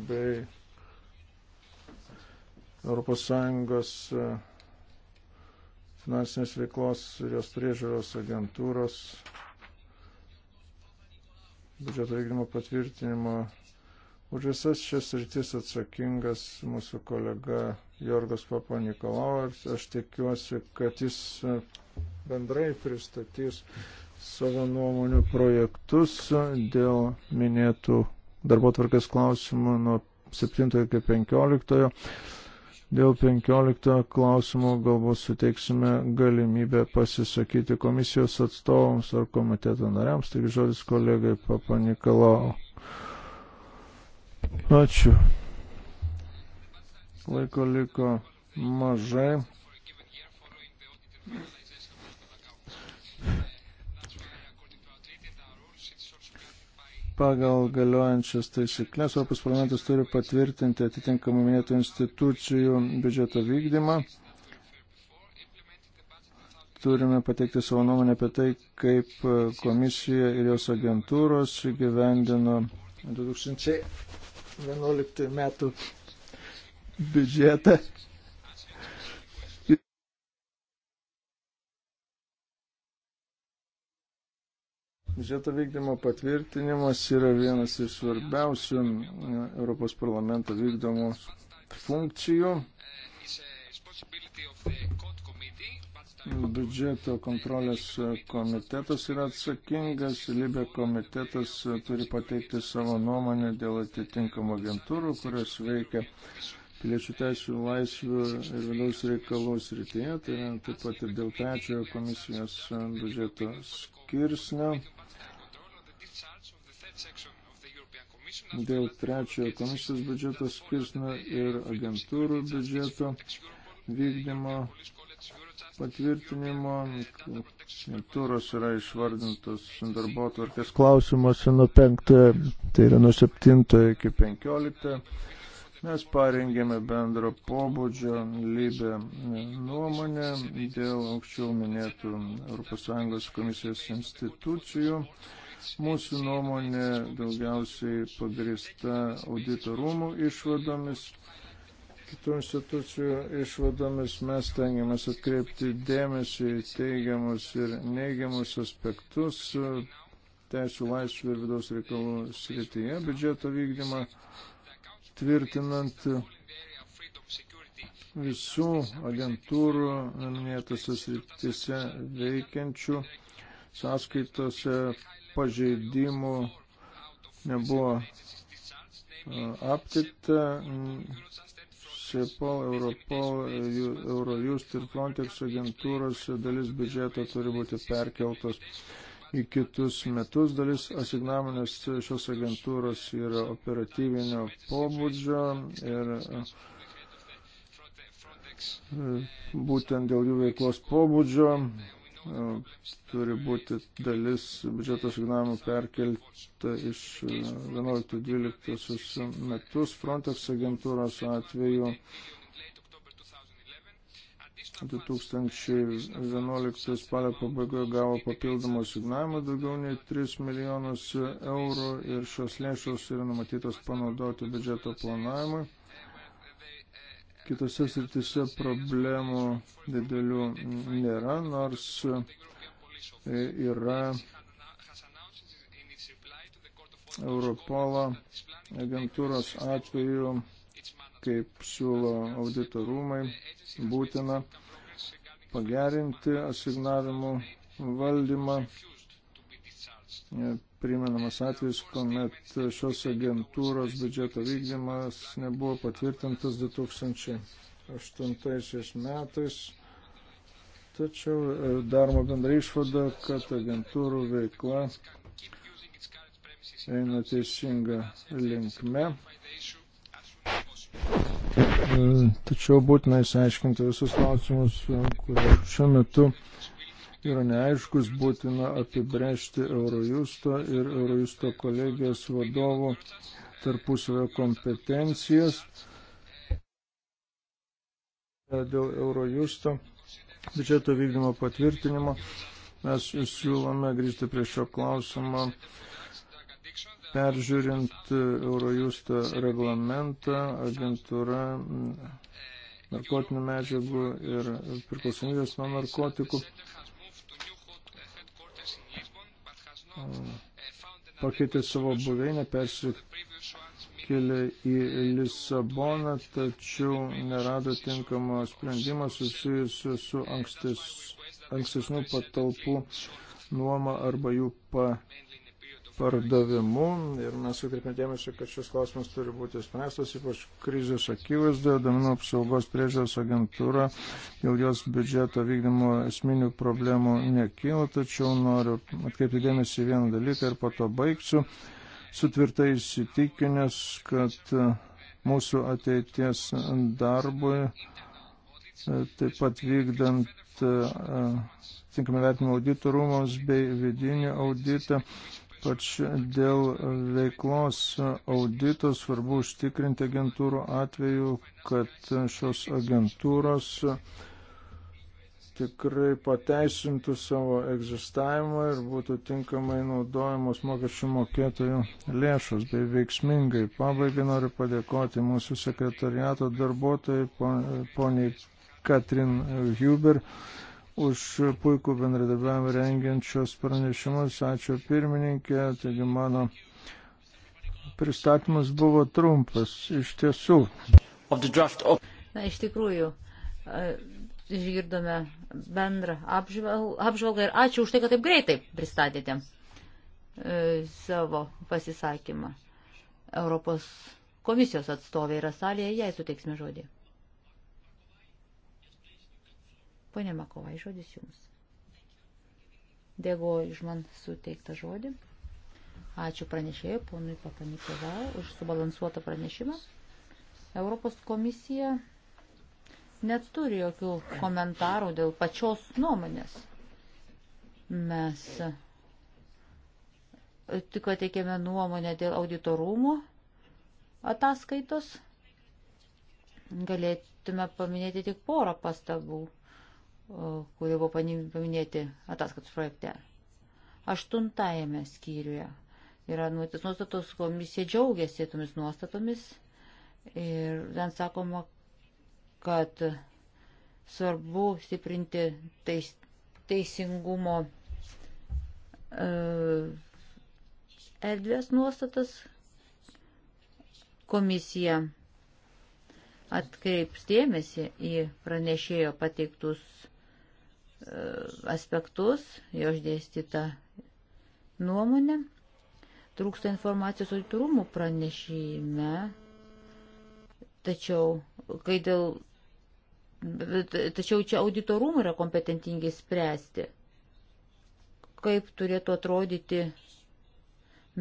bei Europos Sąjungos e, finansinės veiklos ir jos priežiūros agentūros biudžeto vykdymo patvirtinimo. Už visas šias rytis atsakingas mūsų kolega Jorgos Papanikolovas. Aš tikiuosi, kad jis e, bendrai pristatys savo nuomonių projektus dėl minėtų darbo tvarkės klausimų nuo 7 iki 15. Dėl 15 klausimų galbūt suteiksime galimybę pasisakyti komisijos atstovams ar komiteto nariams, taigi žodis kolegai Papanikolovas. Ačiū. Laiko liko mažai. Pagal galiojančias taisyklės Europos parlamentas turi patvirtinti atitinkamų minėtų institucijų biudžeto vykdymą. Turime pateikti savo nuomonę apie tai, kaip komisija ir jos agentūros įgyvendino 2011 metų biudžetą. Biudžeto vykdymo patvirtinimas yra vienas iš svarbiausių Europos parlamento vykdomų funkcijų. Biudžeto kontrolės komitetas yra atsakingas, Libė komitetas turi pateikti savo nuomonę dėl atitinkamų agentūrų, kurios veikia piliečių teisų laisvių ir vidaus reikalų srityje, tai yra taip pat ir dėl trečiojo komisijos biudžeto skirsnio. Dėl trečiojo komisijos biudžeto skirsnio ir agentūrų biudžeto vykdymo patvirtinimo. Agentūros yra išvardintos darbo tvarkės klausimuose nuo 5, tai yra nuo 7 iki 15 Mes parengėme bendro pobūdžio lybę nuomonę dėl aukščiau minėtų ES komisijos institucijų. Mūsų nuomonė daugiausiai pagrįsta auditorumų išvadomis. Kitų institucijų išvadomis mes tengiamės atkreipti dėmesį į teigiamus ir neigiamus aspektus teisų laisvių ir vidaus reikalų srityje biudžeto vykdymą tvirtinant visų agentūrų minėtose srityse veikiančių sąskaitose pažeidimų nebuvo aptikta. SEPOL, Europol, Eurojust ir Frontex agentūros dalis biudžeto turi būti perkeltos į kitus metus. Dalis asignavimų, nes šios agentūros yra operatyvinio pobūdžio ir e, būtent dėl jų veiklos pobūdžio e, turi būti dalis biudžeto asignavimų perkelta iš 11-12 e, metus Frontex agentūros atveju 2011 spalio pabaigoje gavo papildomų signavimų daugiau nei 3 milijonus eurų ir šios lėšos yra numatytos panaudoti biudžeto planavimui. Kitose sritise problemų didelių nėra, nors yra Europolo agentūros atveju, kaip siūlo auditorumai, būtina pagerinti asignavimų valdymą. Primenamas atvejs, kuomet šios agentūros biudžeto vykdymas nebuvo patvirtintas 2008 metais. Tačiau e, daroma bendra išvada, kad agentūrų veikla eina teisinga linkme Mm, tačiau būtina išsiaiškinti visus klausimus, kurie šiuo metu yra neaiškus, būtina apibrėžti Eurojusto ir Eurojusto kolegijos vadovų tarpusavio kompetencijas dėl Eurojusto biudžeto vykdymo patvirtinimo. Mes siūlome grįžti prie šio klausimo Peržiūrint Eurojusto reglamentą, agentūra narkotinių medžiagų ir priklausomybės nuo narkotikų pakeitė savo buveinę, persikėlė į Lisaboną, tačiau nerado tinkamo sprendimo susijusiu su ankstes, ankstesnių patalpų nuoma arba jų pa pardavimu ir mes atkreipėme dėmesį, kad šis klausimas turi būti spręstas, ypač krizės akivaizdoje, domenų apsaugos priežiūros agentūra, dėl jos biudžeto vykdymo esminių problemų nekyla, tačiau noriu atkreipti dėmesį vieną dalyką ir po to baigsiu, sutvirtai įsitikinęs, kad mūsų ateities darbui, e, taip pat vykdant e, e, tinkamai vertinimo auditorumams bei vidinį auditą ypač dėl veiklos audito svarbu užtikrinti agentūrų atveju, kad šios agentūros tikrai pateisintų savo egzistavimą ir būtų tinkamai naudojamos mokesčių mokėtojų lėšos bei veiksmingai. Pabaigai noriu padėkoti mūsų sekretariato darbuotojai, poniai Katrin Huber. Po už puikų bendradarbiavimą rengiančios pranešimus. Ačiū pirmininkė, taigi mano pristatymas buvo trumpas iš tiesų. Na, iš tikrųjų, išgirdome bendrą apžvalgą ir ačiū už tai, kad taip greitai pristatėte e, savo pasisakymą. Europos komisijos atstovė yra salėje, jai suteiksime žodį. Pone Makovai, žodis jums. Dėkuoju iš man suteiktą žodį. Ačiū pranešėjai, ponui Papanikova, už subalansuotą pranešimą. Europos komisija neturi jokių komentarų dėl pačios nuomonės. Mes e, tik ateikėme nuomonę dėl auditorumų ataskaitos. Galėtume paminėti tik porą pastabų kurie buvo paminėti ataskaitos projekte. Aštuntajame skyriuje yra nuotis nuostatos, komisija džiaugiasi tomis nuostatomis ir ten sakoma, kad svarbu stiprinti teis, teisingumo e, erdvės nuostatas. Komisija atkreips dėmesį į pranešėjo pateiktus aspektus, jo išdėstytą nuomonę. Trūksta informacijos auditorumų pranešime, tačiau, kai dėl, tačiau čia auditorumų yra kompetentingi spręsti, kaip turėtų atrodyti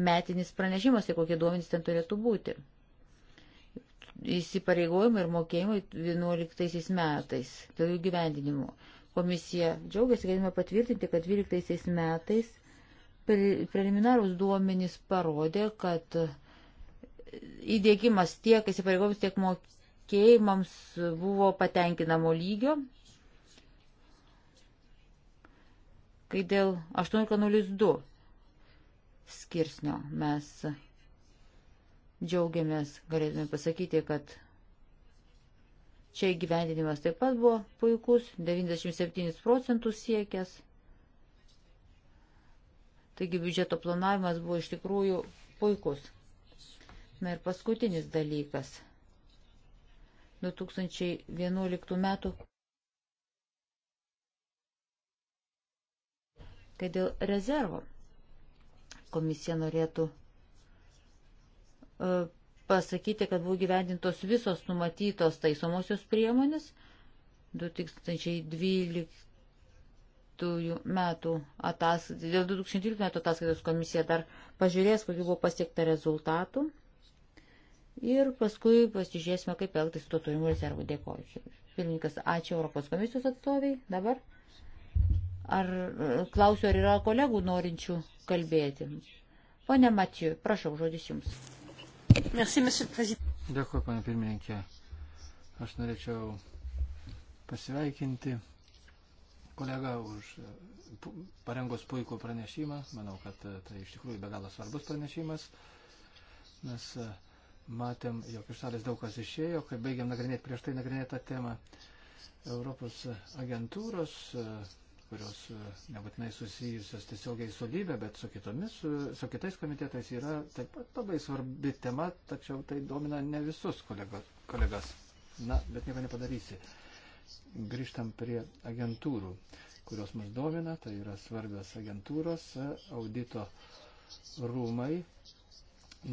metinis pranešimas ir kokie duomenys ten turėtų būti. Įsipareigojimai ir mokėjimai 11 metais dėl jų gyvendinimo. Komisija džiaugiasi, galime patvirtinti, kad 12 metais preliminarūs duomenys parodė, kad įdėkimas tiek įsipareigoms, tiek mokėjimams buvo patenkinamo lygio, kai dėl 8.02 skirsnio mes džiaugiamės, galėtume pasakyti, kad Čia įgyvendinimas taip pat buvo puikus, 97 procentus siekęs. Taigi biudžeto planavimas buvo iš tikrųjų puikus. Na ir paskutinis dalykas. 2011 metų, kai dėl rezervo komisija norėtų e, pasakyti, kad buvo gyvendintos visos numatytos taisomosios priemonės 2012 metų ataskaitos, dėl 2012 metų ataskaitos komisija dar pažiūrės, kokiu buvo pasiekta rezultatų ir paskui pasižiūrėsime, kaip elgtis su to turimu rezervu. Dėkoju. Pirmininkas, ačiū Europos komisijos atstoviai. Dabar ar klausiu, ar yra kolegų norinčių kalbėti. Pone Matiju, prašau, žodis jums. Dėkui, panė pirmininkė. Aš norėčiau pasveikinti kolegą už e, parengus puikų pranešimą. Manau, kad e, tai iš tikrųjų be galo svarbus pranešimas. Mes e, matėm, jog iš salės daug kas išėjo, kai baigiam nagrinėti prieš tai nagrinėtą temą. Europos agentūros kurios e, nebūtinai susijusios tiesiogiai su lybė, bet su, kitomis, su, e, su kitais komitetais yra taip pat labai svarbi tema, tačiau tai domina ne visus kolegos, kolegas. Na, bet nieko nepadarysi. Grįžtam prie agentūrų, kurios mus domina, tai yra svarbios agentūros, e, audito rūmai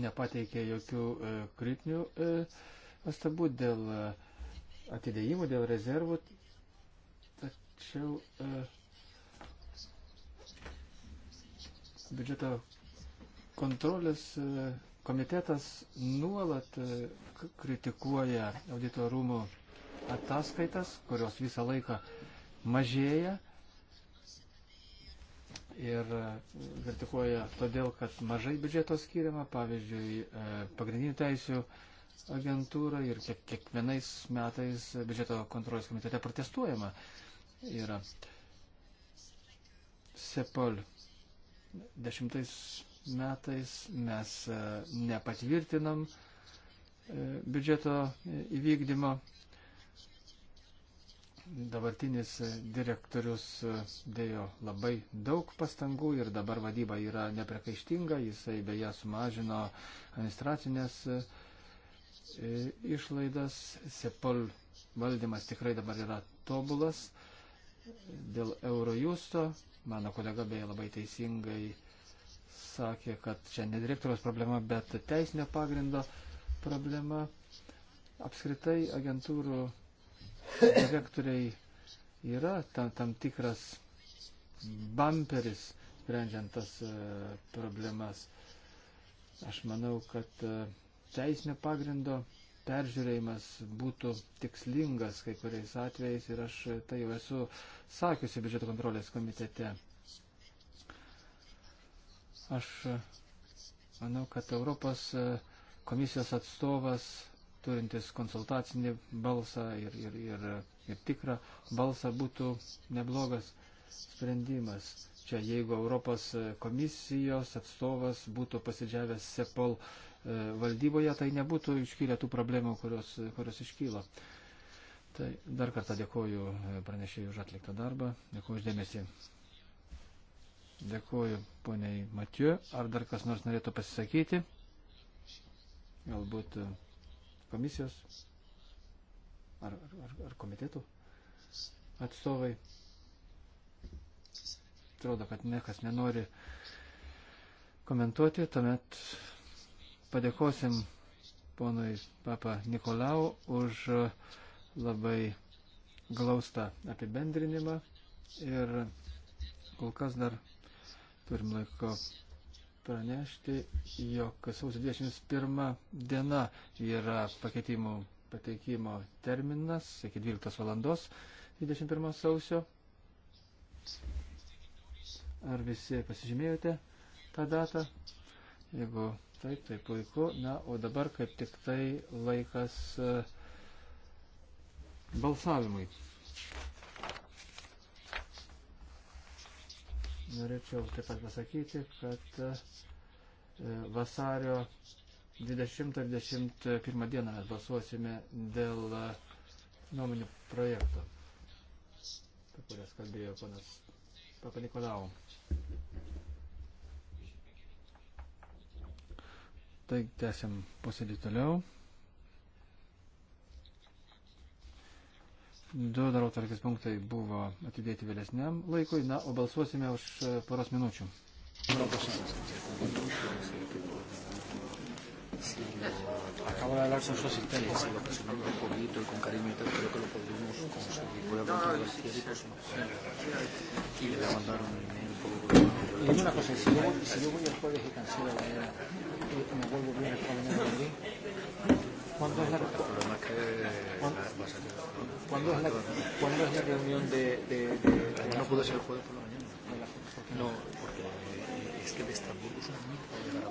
nepateikė jokių e, kritinių e, pastabų dėl atidėjimų, dėl rezervų, tačiau e, biudžeto kontrolės e, komitetas nuolat e, kritikuoja auditorumų ataskaitas, kurios visą laiką mažėja ir e, kritikuoja todėl, kad mažai biudžeto skiriama, pavyzdžiui, pagrindinių teisių agentūra ir kiek, kiekvienais metais biudžeto kontrolės komitete protestuojama yra Sepol Dešimtais metais mes e, nepatvirtinam e, biudžeto įvykdymo. Dabartinis direktorius e, dėjo labai daug pastangų ir dabar vadyba yra neprekaištinga. Jisai beje sumažino administracinės išlaidas. Sepol valdymas tikrai dabar yra tobulas. Dėl Eurojusto Mano kolega beje labai teisingai sakė, kad čia ne direktoriaus problema, bet teisinio pagrindo problema. Apskritai agentūrų direktoriai yra tam, tam tikras bumperis sprendžiantas e, problemas. Aš manau, kad e, teisinio pagrindo peržiūrėjimas būtų tikslingas kai kuriais atvejais ir aš tai jau esu sakiusi biudžeto kontrolės komitete. Aš manau, kad Europos e, komisijos atstovas, turintis konsultacinį balsą ir, ir, ir, ir tikrą balsą, būtų neblogas sprendimas. Čia jeigu Europos komisijos atstovas būtų pasidžiavęs SEPOL e, valdyboje, tai nebūtų iškylę tų problemų, kurios, kurios iškyla. Tai dar kartą dėkoju e, pranešėjai už atliktą darbą, dėkoju už dėmesį. Dėkoju poniai Matiu. Ar dar kas nors norėtų pasisakyti? Galbūt e, komisijos ar, ar, ar komitetų atstovai atrodo, kad niekas nenori komentuoti, tuomet padėkosim ponui Papa Nikolau už labai glaustą apibendrinimą ir kol kas dar turim laiko pranešti, jog sausio 21 diena yra pakeitimų pateikimo terminas iki 12 valandos 21 sausio. Ar visi pasižymėjote tą datą? Jeigu taip, tai puiku. Na, o dabar kaip tik tai laikas e, balsavimui. Norėčiau taip pat pasakyti, kad e, vasario 20-21 dieną mes balsuosime dėl e, nuomonių projekto, apie kurias kalbėjo panas Papa Nikolau. Tai tęsiam posėdį toliau. Du darau tvarkės punktai buvo atidėti vėlesniam laikui, na, o balsuosime už poros minučių. Europos Sąjungos. Acabo de hablar con su asistente, si lo presionamos un poquito y con cariño y tal, creo que lo podremos conseguir. Voy a hablar con García y con su Y le voy a mandar un email un poco. Y dime una cosa, si yo, si yo voy el jueves y cancelo la era, eh, ¿me vuelvo bien el jueves a Madrid? ¿Cuándo es la, problema es que ¿cuándo, la, vas a quedar, ¿cuándo, es la, ¿Cuándo es la reunión de...? de, de, de no pude ser el jueves por la mañana. No, porque es que de Estambul es una micro de la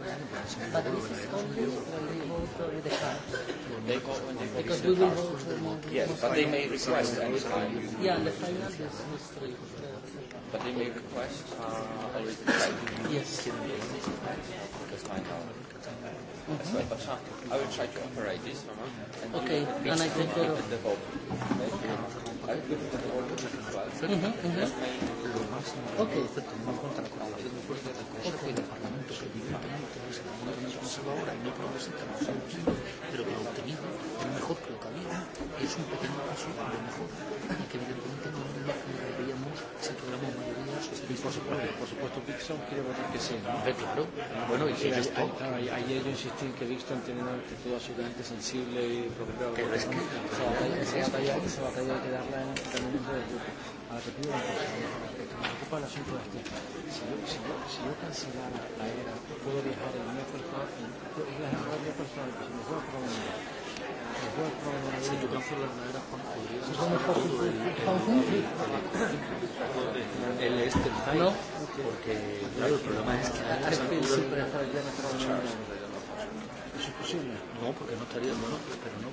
But this is obvious when we vote with the cards. They go, when they vote because we will vote remotely. Yes, but they may request any time. Yeah, and the final is this three. But they may request uh, a request. Yes. Because mine are. Mm-hmm. I will try to operate this one. And okay, and I take care of the hope. I will put the order as well. Mm-hmm, mm-hmm. Okay. Okay solo ahora y no por las internaciones, pero que lo obtenido es mejor que lo que había. Y es un pequeño paso de mejor, y que evidentemente no es lo que deberíamos si tuviéramos mayoría socialista. Y por supuesto, por supuesto Dixon quiere votar que sí, ¿no? Hombre, claro. Bueno, y si esto... Claro, ayer yo insistí en que Dixon tiene una actitud absolutamente sensible y preocupada. Pero es que... Esa batalla, esa batalla hay que darla en el momento del grupo. A ver, te pido una cosa, porque me preocupa el asunto este. Si yo, si yo, si yo cancelara la era, puedo viajar el miércoles por el miércoles por el jueves por la mañana. El jueves por la mañana. Si yo cancelara la era, Juan, podría ser el este, el Jairo, porque claro, el problema es que la era se ha Eso es posible. No, porque no estaría, bueno, pero no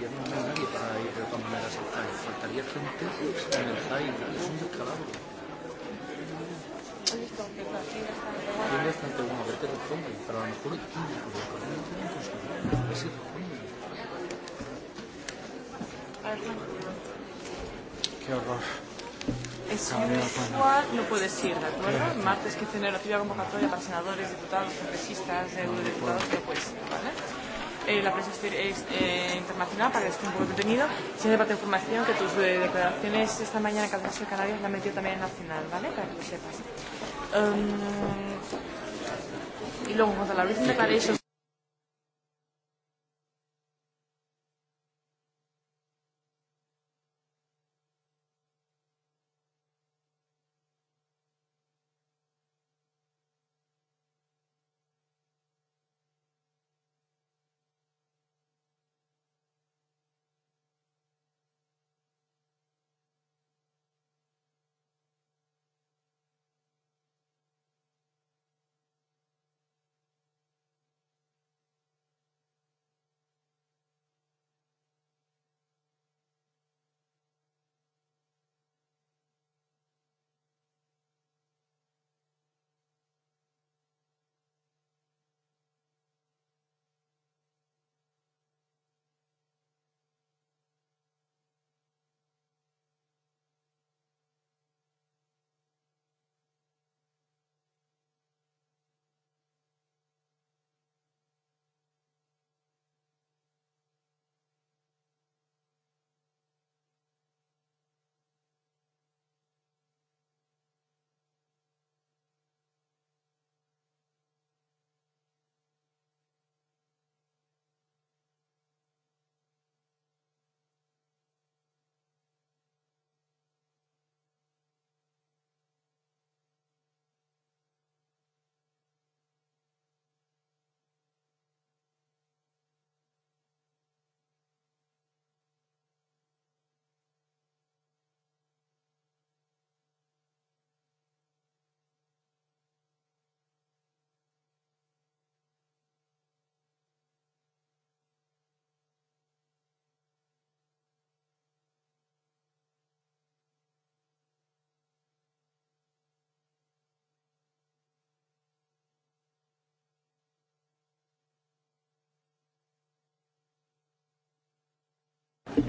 gobierno no hay nadie para ir de todas maneras al CAE. Faltaría gente en el CAE. Es un descalabro. Tiene bastante bueno, a ver qué responden, pero a lo mejor el público de la no tienen considerado. A ver si responden. Qué horror. Es mensual, no puedes ir, ¿de acuerdo? El martes 15 de enero tuve convocatoria para senadores, diputados, congresistas, eurodiputados, no puedes ir, ¿vale? eh, la prensa ex, eh, eh, internacional para que esté un poco detenido. Si hay parte de información que tus eh, declaraciones esta mañana que has de Canarias la han metido también en Nacional, ¿vale? Para que lo sepas. Um, y luego, en cuanto a la Recent Declaration...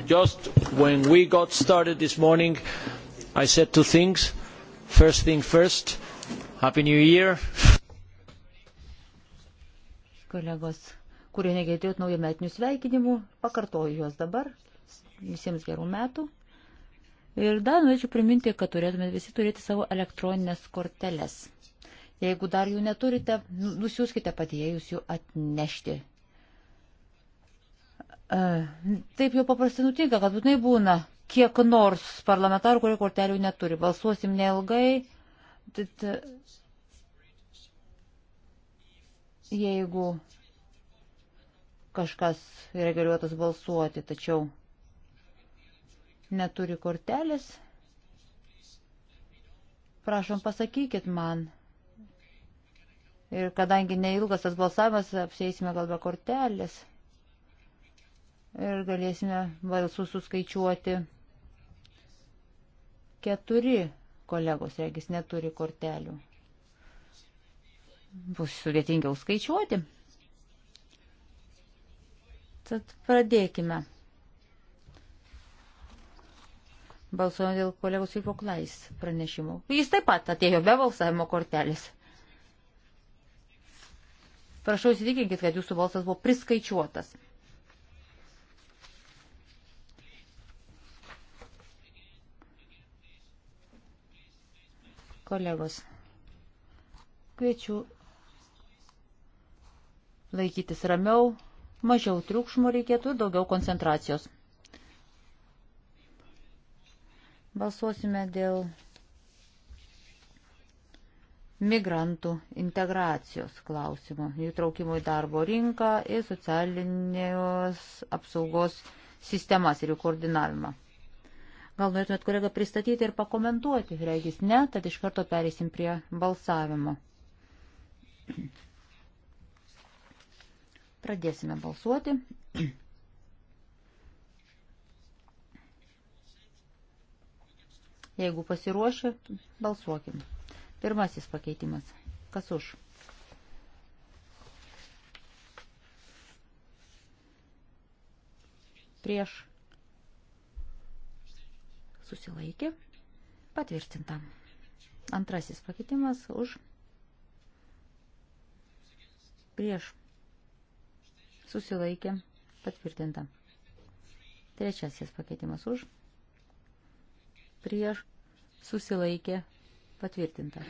just when we got started this morning, I said two things. First thing first, Happy New Year. Kolegos, kurie negirdėjot naujametinių sveikinimų, pakartoju juos dabar. Visiems gerų metų. Ir dar norėčiau priminti, kad turėtume visi turėti savo elektroninės korteles. Jeigu dar jų neturite, nu, nusiųskite padėjus jų atnešti E, taip jau paprastai nutinka, kad būtinai būna kiek nors parlamentarų, kurie kortelių neturi. Balsuosim neilgai. Tad, e, jeigu kažkas reguliuotas balsuoti, tačiau neturi kortelės, prašom pasakykit man. Ir kadangi neilgas tas balsavimas, apsėsime gal be kortelės ir galėsime balsus suskaičiuoti. Keturi kolegos, regis, neturi kortelių. Bus sudėtingiau skaičiuoti. Tad pradėkime. Balsuojant dėl kolegos Vilko Klais pranešimų. Jis taip pat atėjo be balsavimo kortelės. Prašau įsitikinkit, kad jūsų balsas buvo priskaičiuotas. Kolegos, kviečiu laikytis ramiau, mažiau triukšmų reikėtų ir daugiau koncentracijos. Balsuosime dėl migrantų integracijos klausimo, jų traukimo į darbo rinką ir socialinės apsaugos sistemas ir jų koordinavimą. Gal norėtumėt kolega pristatyti ir pakomentuoti, regis ne, tad iš karto perėsim prie balsavimo. Pradėsime balsuoti. Jeigu pasiruošę, balsuokim. Pirmasis pakeitimas. Kas už? Prieš susilaikė, patvirtinta. Antrasis pakeitimas už prieš susilaikė, patvirtinta. Trečiasis pakeitimas už prieš susilaikė, patvirtinta.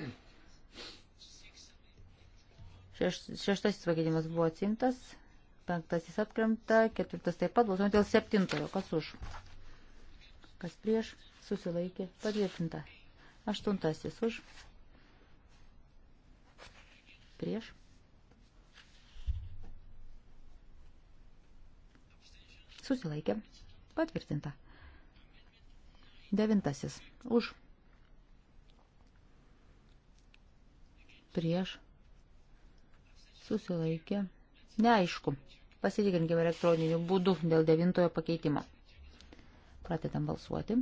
Šeš, šeštasis pakeitimas buvo atsimtas, penktasis atkrenta, ketvirtas taip pat, balsuojant dėl septintojo, kas už, kas prieš, susilaikė patvirtinta. Aštuntasis už prieš. Susilaikė patvirtinta. Devintasis už prieš susilaikė neaišku. Pasitikrinkime elektroniniu būdu dėl devintojo pakeitimo. Pratėtam balsuoti.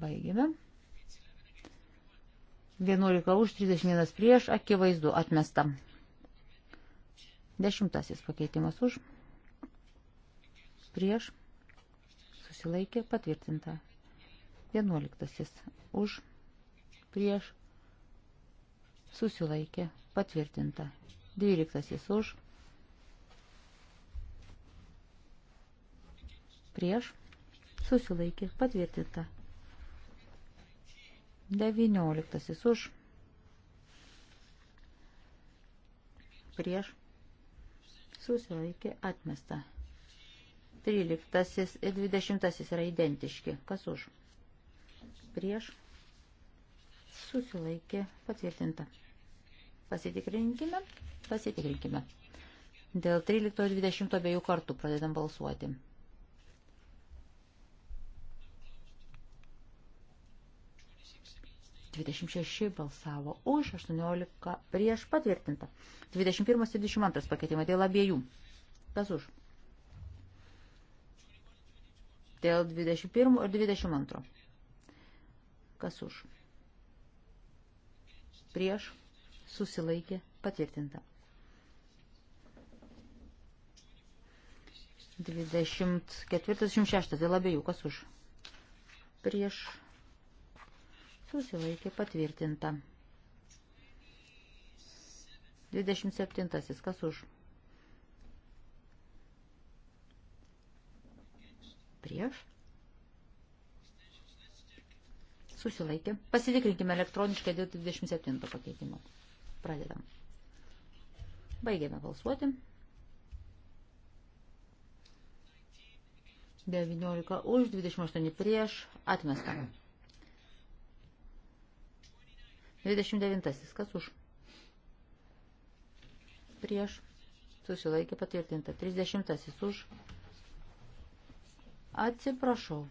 Baigėme. 11 už 31 prieš, akivaizdu, atmesta. Dešimtasis pakeitimas už. Prieš. Susilaikė, patvirtinta. Vienuoliktasis už. Prieš. Susilaikė, patvirtinta. Dvyliktasis už. Prieš. Susilaikė, patvirtinta. 19 už. Prieš. Susilaikė atmesta. 13 ir 20 yra identiški. Kas už? Prieš. Susilaikė patvirtinta. Pasitikrinkime. Pasitikrinkime. Dėl 13 ir 20 abiejų kartų pradedam balsuoti. 26 balsavo už, 18 prieš patvirtinta. 21 ir 22 pakeitimai dėl abiejų. Kas už? Dėl 21 ir 22. Kas už? Prieš susilaikė patvirtinta. 24-26 dėl abiejų. Kas už? Prieš susilaikė patvirtinta. 27. Kas už? Prieš. Susilaikė. Pasitikrinkime elektroniškai dėl 27 pakeitimo. Pradedam. Baigėme balsuoti. 19 už, 28 prieš, atmestame. 29. Kas už? Prieš. Susilaikė patvirtinta. 30. Už. Atsiprašau,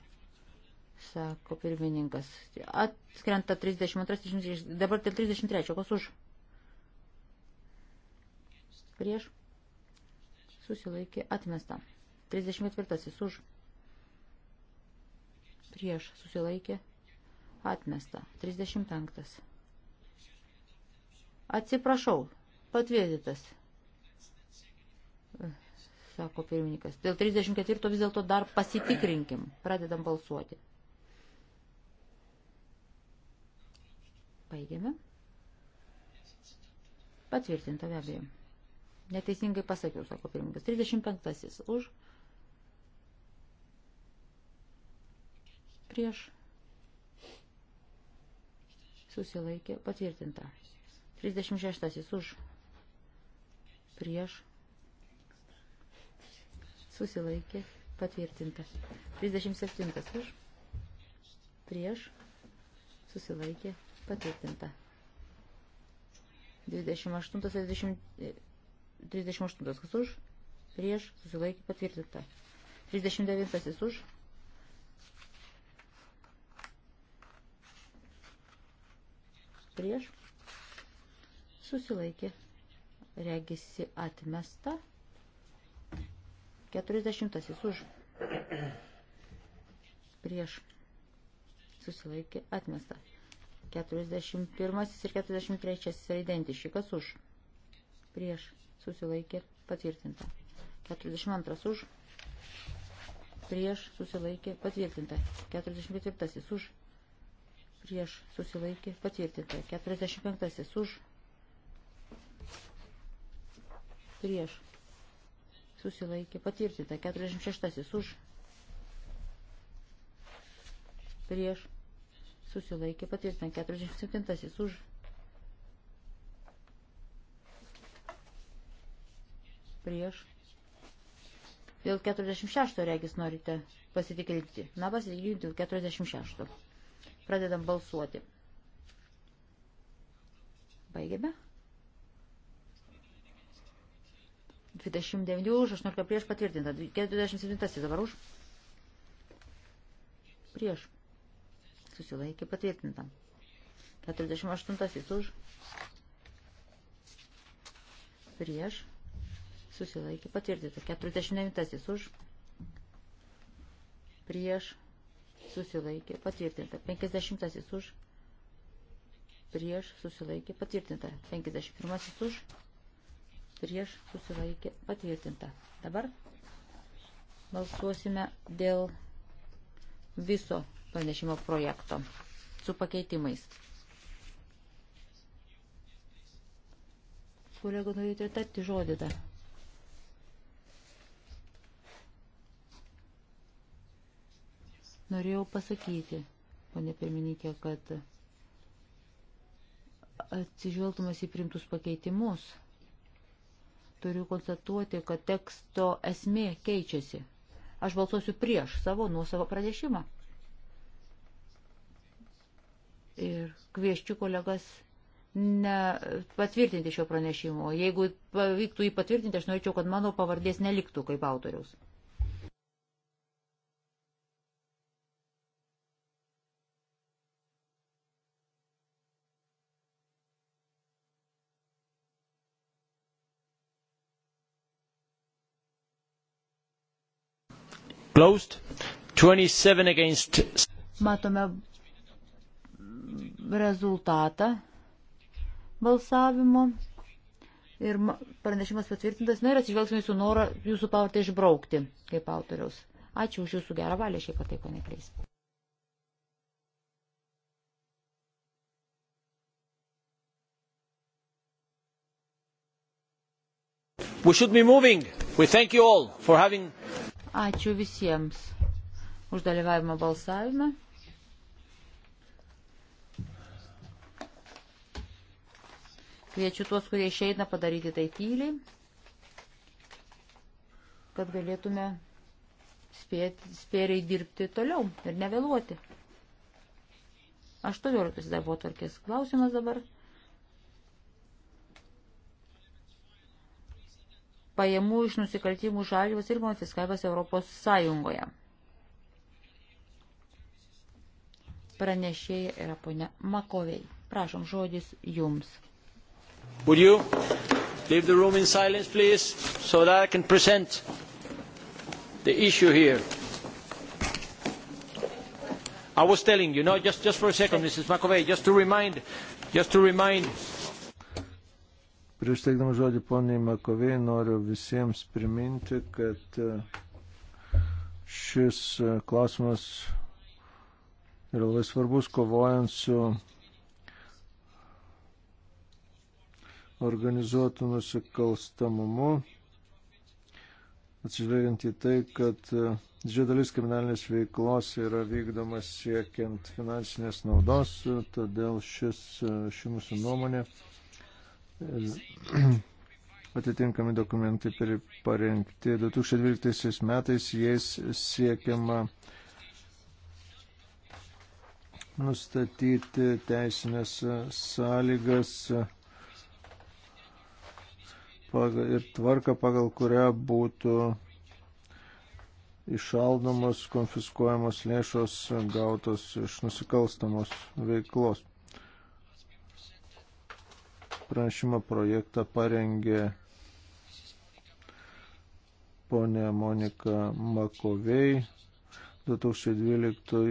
sako pirmininkas. Atskrenta 32, 33. Dabar dėl 33. Kas už? Prieš. Susilaikė atmesta. 34. Už. Prieš. Susilaikė atmesta. 35. Atsiprašau, patvirtintas, sako pirmininkas. Dėl 34 vis dėlto dar pasitikrinkim, pradedam balsuoti. Baigiame. Patvirtinta be abejo. Neteisingai pasakiau, sako pirmininkas. 35 už. Prieš. Susilaikė. Patvirtinta. 36 už prieš susilaikė patvirtinta. 37 už prieš susilaikė patvirtinta. 28 30, 38 kas už prieš susilaikė patvirtinta. 39 už prieš susilaikė, regisi atmesta. 40 už, prieš, susilaikė, atmesta. 41 ir 43 yra identiški, kas už, prieš, susilaikė, patvirtinta. 42 už, prieš, susilaikė, patvirtinta. 44 už, prieš, susilaikė, patvirtinta. 45 už, prieš, susilaikė, patvirtinta. prieš susilaikė patvirtinta 46 už prieš susilaikė patvirtinta 47 už prieš dėl 46 regis norite pasitikrinti na pasitikrinti dėl 46 pradedam balsuoti baigiame 29 už, 18 prieš patvirtinta. 47 dabar už. Prieš. Susilaikė patvirtinta. 48 už. Prieš. Susilaikė patvirtinta. 49 už. Prieš. Susilaikė patvirtinta. 50 už. Prieš. Susilaikė patvirtinta. 51 už prieš susilaikė patvirtinta. Dabar balsuosime dėl viso pranešimo projekto su pakeitimais. Kolego, norėtumėte tarti žodį dar? Norėjau pasakyti, ponė pirmininkė, kad atsižvelgtumas į primtus pakeitimus – turiu konstatuoti, kad teksto esmė keičiasi. Aš balsuosiu prieš savo nuosavą pranešimą. Ir kvieščiu kolegas ne patvirtinti šio pranešimo. Jeigu pavyktų jį patvirtinti, aš norėčiau, kad mano pavardės neliktų kaip autoriaus. Closed. 27 against. Matome rezultatą balsavimo. Ir pranešimas patvirtintas. Na ir atsižvelgsime jūsų norą jūsų pavardę išbraukti kaip autoriaus. Ačiū už jūsų gerą valią, šiaip ar taip, ponai Kleis. We should be moving. We thank you all for having Ačiū visiems už dalyvavimą balsavime. Kviečiu tuos, kurie išeina padaryti tai tyliai, kad galėtume spėti, spėriai dirbti toliau ir nevėluoti. 18 darbo tvarkės klausimas dabar. pajamų iš nusikaltimų žalimas ir konfiskavimas Europos Sąjungoje. Pranešėja yra ponia Makovei. Prašom žodis jums. Would you leave the room in silence, please, so that I can present the issue here? I was telling you, no, just, just for a second, Mrs. McAvey, just to remind, just to remind Prieš teikdama žodį poniai Makovei noriu visiems priminti, kad e, šis e, klausimas yra labai svarbus kovojant su organizuotų nusikalstamumu, atsižvelgiant į tai, kad e, didžioji dalis kriminalinės veiklos yra vykdomas siekiant finansinės naudos, todėl šis, ši mūsų nuomonė Atitinkami dokumentai parengti 2012 metais jais siekiama nustatyti teisinės sąlygas ir tvarką, pagal kurią būtų išaldomos, konfiskuojamos lėšos gautos iš nusikalstamos veiklos. Prašymą projektą parengė ponė Monika Makovei 2012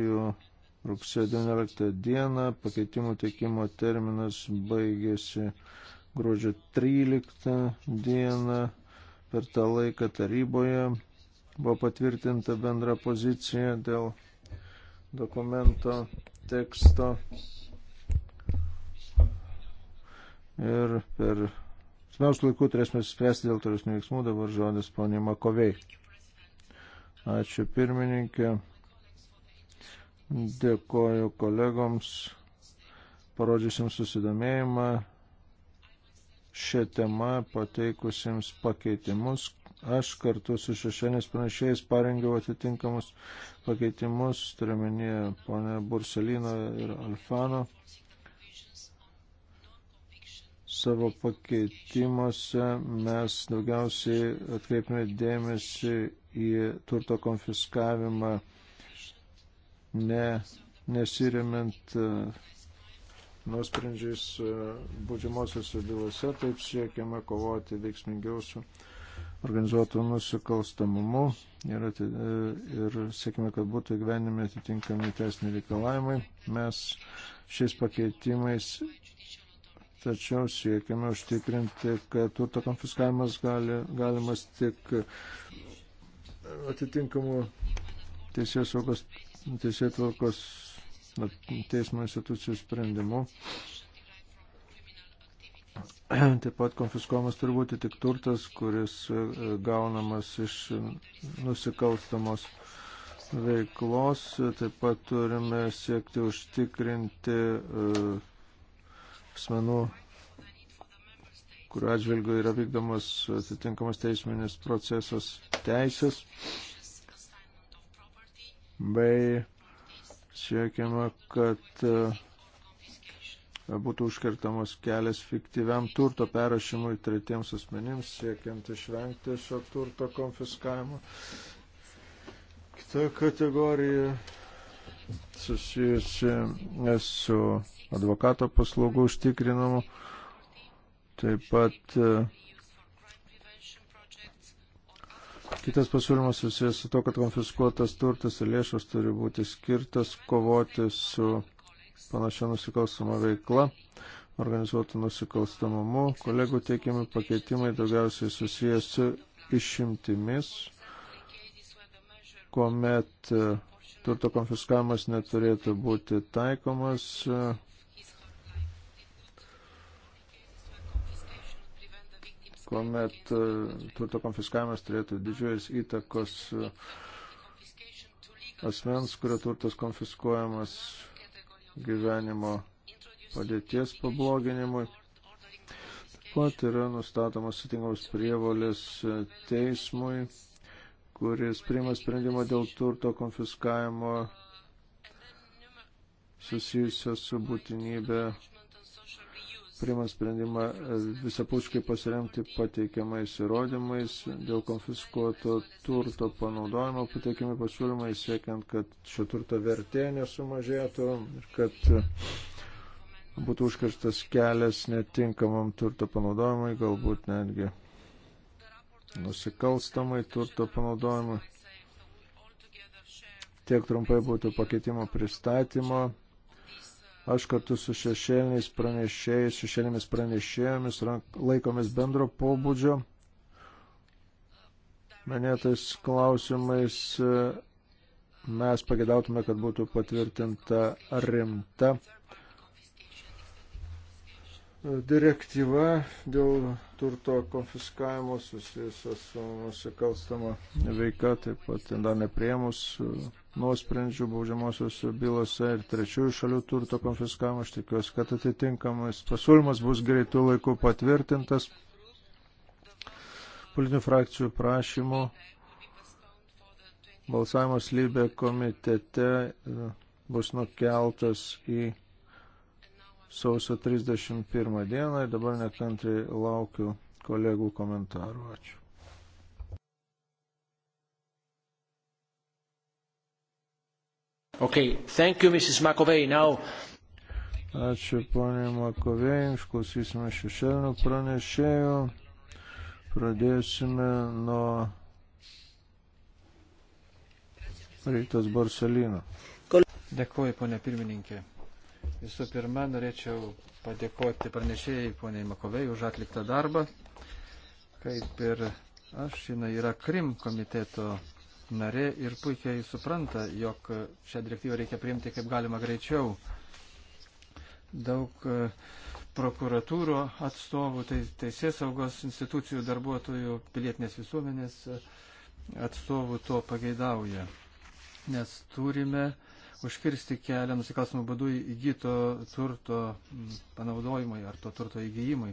rugsėjo 19 dieną. Pakeitimų teikimo terminas baigėsi gruodžio 13 dieną. Per tą laiką taryboje buvo patvirtinta bendra pozicija dėl dokumento teksto ir per smiausių laikų turėsime spręsti dėl tolesnių veiksmų. Dabar žodis ponė Makovei. Ačiū pirmininkė. Dėkoju kolegoms, parodžiusiems susidomėjimą šią temą pateikusiems pakeitimus. Aš kartu su šešėnės pranešėjais parengiau atitinkamus pakeitimus, turiuomenė ponė Burselino ir Alfano savo pakeitimuose mes daugiausiai atkreipime dėmesį į turto konfiskavimą, ne, nesiremiant e, nusprendžiais e, būdžiamosiose bylose, taip siekiame kovoti veiksmingiau su organizuotų nusikalstamumu ir, e, ir siekime, kad būtų gyvenime atitinkami teisiniai reikalavimai. Mes šiais pakeitimais tačiau siekime užtikrinti, kad turto konfiskavimas gali, galimas tik atitinkamų teisės saugos, teisės tvarkos teismo institucijų sprendimu. Taip pat konfiskuojamas turi būti tik turtas, kuris e, gaunamas iš nusikalstamos veiklos. Taip pat turime siekti užtikrinti uh, asmenų, kuriuo atžvilgiu yra vykdomas atitinkamas teisminis procesas teisės, bei siekiama, kad e, būtų užkertamas kelias fiktyviam turto perrašymui tretiems asmenims, siekiant išvengti šio turto konfiskavimo. Kita kategorija susijusi su advokato paslaugų užtikrinamų. Taip pat e, kitas pasiūlymas susijęs su to, kad konfiskuotas turtas ir lėšos turi būti skirtas kovoti su panašia nusikalstama veikla, organizuotų nusikalstamumu. Kolegų teikiami pakeitimai daugiausiai susijęs su išimtimis, kuomet e, turto konfiskavimas neturėtų būti taikomas, e, kuomet e, turto konfiskavimas turėtų didžiulės įtakos e, asmens, kurio turtas konfiskuojamas gyvenimo padėties pabloginimui. Pat yra nustatomos sutinkamos prievolės e, teismui, kuris priima sprendimą dėl turto konfiskavimo susijusios su būtinybė priimant sprendimą visapuškai pasiremti pateikiamais įrodymais dėl konfiskuoto turto panaudojimo pateikiami pasiūlymai siekiant, kad šio turto vertė nesumažėtų ir kad būtų užkirstas kelias netinkamam turto panaudojimui, galbūt netgi nusikalstamai turto panaudojimui. Tiek trumpai būtų pakeitimo pristatymo. Aš kartu su šešėliniais pranešėjais, šešėlinėmis pranešėjomis laikomės bendro pobūdžio. Minėtais klausimais e, mes pagėdautume, kad būtų patvirtinta rimta direktyva dėl turto konfiskavimo susijusio su nusikalstama veika, taip pat dar nepriemus e, nuosprendžių baudžiamosios bylose ir trečiųjų šalių turto konfiskavimo. Aš tikiuosi, kad atitinkamas pasiūlymas bus greitų laikų patvirtintas politinių frakcijų prašymų. Balsavimas lybė komitete e, bus nukeltas į sausio 31 dieną ir dabar nekantrai laukiu kolegų komentarų. Ačiū. Okay. Thank you, Mrs. McAvey. Now... Ačiū, ponė Makovėjai. Išklausysime šešėlinių pranešėjų. Pradėsime nuo Rytas Barcelino. Dėkuoju, ponė pirmininkė. Visų pirma, norėčiau padėkoti pranešėjai poniai Makovei už atliktą darbą. Kaip ir aš, jinai yra Krim komiteto narė ir puikiai supranta, jog šią direktyvą reikia priimti kaip galima greičiau. Daug e, prokuratūro atstovų, teisės saugos institucijų darbuotojų, pilietinės visuomenės e, atstovų to pageidauja. Nes turime užkirsti kelią nusikalstamų būdų įgyto turto panaudojimui ar to turto įgyjimui.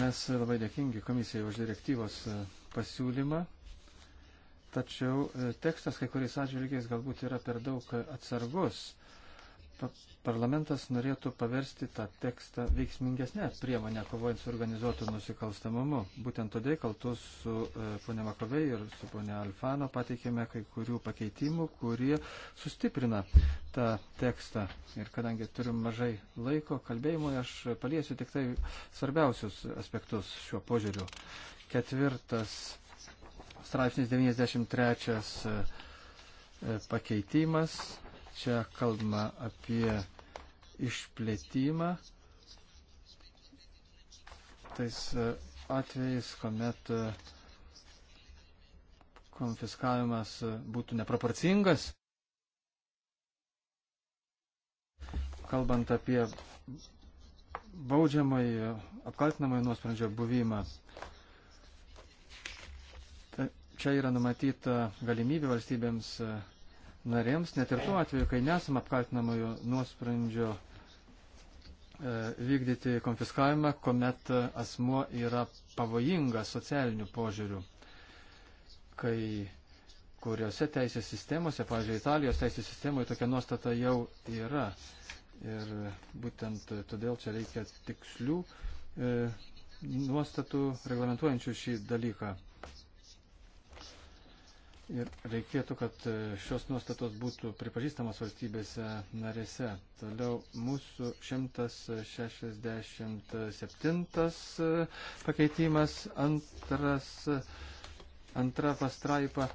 Mes labai dėkingi komisijai už direktyvos e, pasiūlymą, tačiau e, tekstas kai kuriais atžvilgiais galbūt yra per daug atsargus. Pa parlamentas norėtų paversti tą tekstą veiksmingesnę priemonę kovojant su organizuotu nusikalstamumu. Būtent todėl kaltus su e, ponė Makovei ir su ponė Alfano pateikėme kai kurių pakeitimų, kurie sustiprina tą tekstą. Ir kadangi turim mažai laiko kalbėjimui, aš paliesiu tik tai svarbiausius aspektus šiuo požiūriu ketvirtas straipsnis 93 e, e, pakeitimas. Čia kalbama apie išplėtimą. Tais e, atvejais, kuomet konfiskavimas būtų neproporcingas. Kalbant apie baudžiamai apkaltinamai nuosprendžio buvimą, čia yra numatyta galimybė valstybėms e, narėms, net ir tuo atveju, kai nesam apkaltinamojo nuosprendžio e, vykdyti konfiskavimą, kuomet asmuo yra pavojingas socialiniu požiūriu, kai kuriuose teisės sistemose, pavyzdžiui, Italijos teisės sistemoje tokia nuostata jau yra. Ir būtent todėl čia reikia tikslių e, nuostatų reglamentuojančių šį dalyką. Ir reikėtų, kad e, šios nuostatos būtų pripažįstamos valstybėse narėse. Toliau mūsų 167 e, pakeitimas, antras, antra pastraipa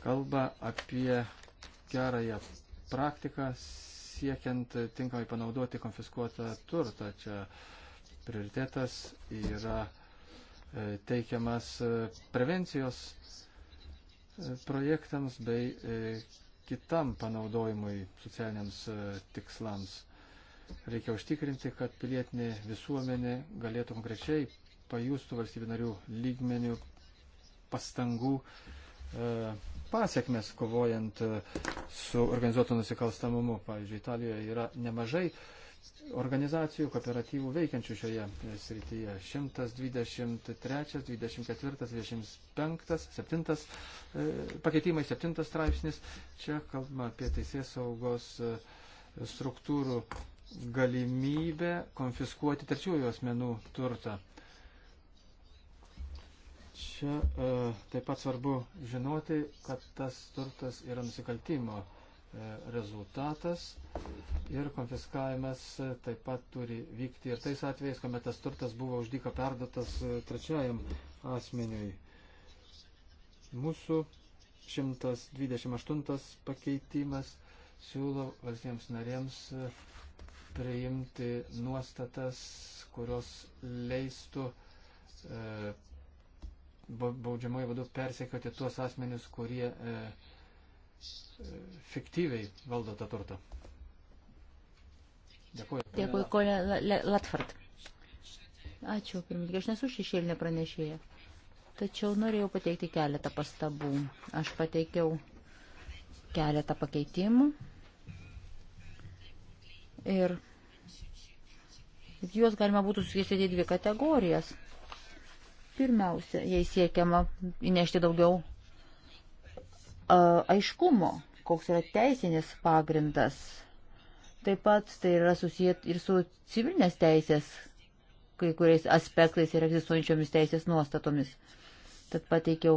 kalba apie gerąją praktiką siekiant tinkamai panaudoti konfiskuotą turtą. Čia prioritetas yra e, teikiamas prevencijos projektams bei e, kitam panaudojimui socialiniams e, tikslams. Reikia užtikrinti, kad pilietinė visuomenė galėtų konkrečiai pajustų valstybinarių lygmenių pastangų e, pasiekmes kovojant su organizuotu nusikalstamumu. Pavyzdžiui, Italijoje yra nemažai uh, organizacijų, kooperatyvų veikiančių šioje srityje. 123, 24, 25, 7, pakeitimai 7 straipsnis. Čia kalbama apie teisės saugos e, struktūrų galimybę konfiskuoti trečiųjų asmenų turtą. Čia e, taip pat svarbu žinoti, kad tas turtas yra nusikaltimo e, E, rezultatas ir konfiskavimas e, taip pat turi vykti ir tais atvejais, kuomet tas turtas buvo uždyka perdotas e, trečiajam asmeniui. Mūsų 128 pakeitimas siūlo valstybėms narėms priimti nuostatas, kurios leistų e, baudžiamoji vadu persekioti tuos asmenius, kurie e, fiktyviai valdo tą turtą. Dėkuoju. Dėkuoju, kolė Latford. Ačiū, pirmininkai, aš nesu šešėlinė pranešėja. Tačiau norėjau pateikti keletą pastabų. Aš pateikiau keletą pakeitimų. Ir juos galima būtų suskirstyti į dvi kategorijas. Pirmiausia, jei siekiama įnešti daugiau aiškumo, koks yra teisinis pagrindas. Taip pat tai yra susiję ir su civilinės teisės, kai kuriais aspektais ir egzistuojančiomis teisės nuostatomis. Tad pateikiau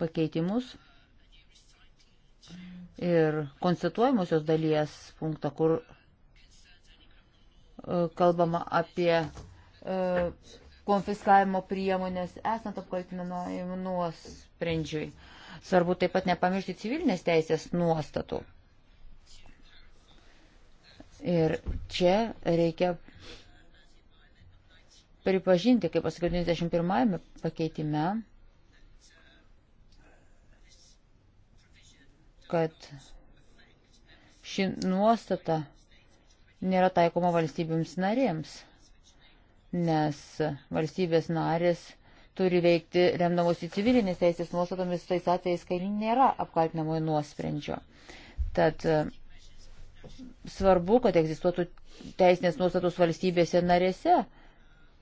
pakeitimus ir konstatuojamosios dalies punktą, kur e, kalbama apie e, konfiskavimo priemonės esant apkaltinimo nuosprendžiui. Nu, Svarbu taip pat nepamiršti civilinės teisės nuostatų. Ir čia reikia pripažinti, kaip pasakiau, 91 pakeitime, kad ši nuostata nėra taikoma valstybėms narėms, nes valstybės narės turi veikti remdamosi civilinės teisės nuostatomis tais atvejais, kai nėra apkaltinamojo nuosprendžio. Tad e, svarbu, kad egzistuotų teisinės nuostatos valstybėse narėse,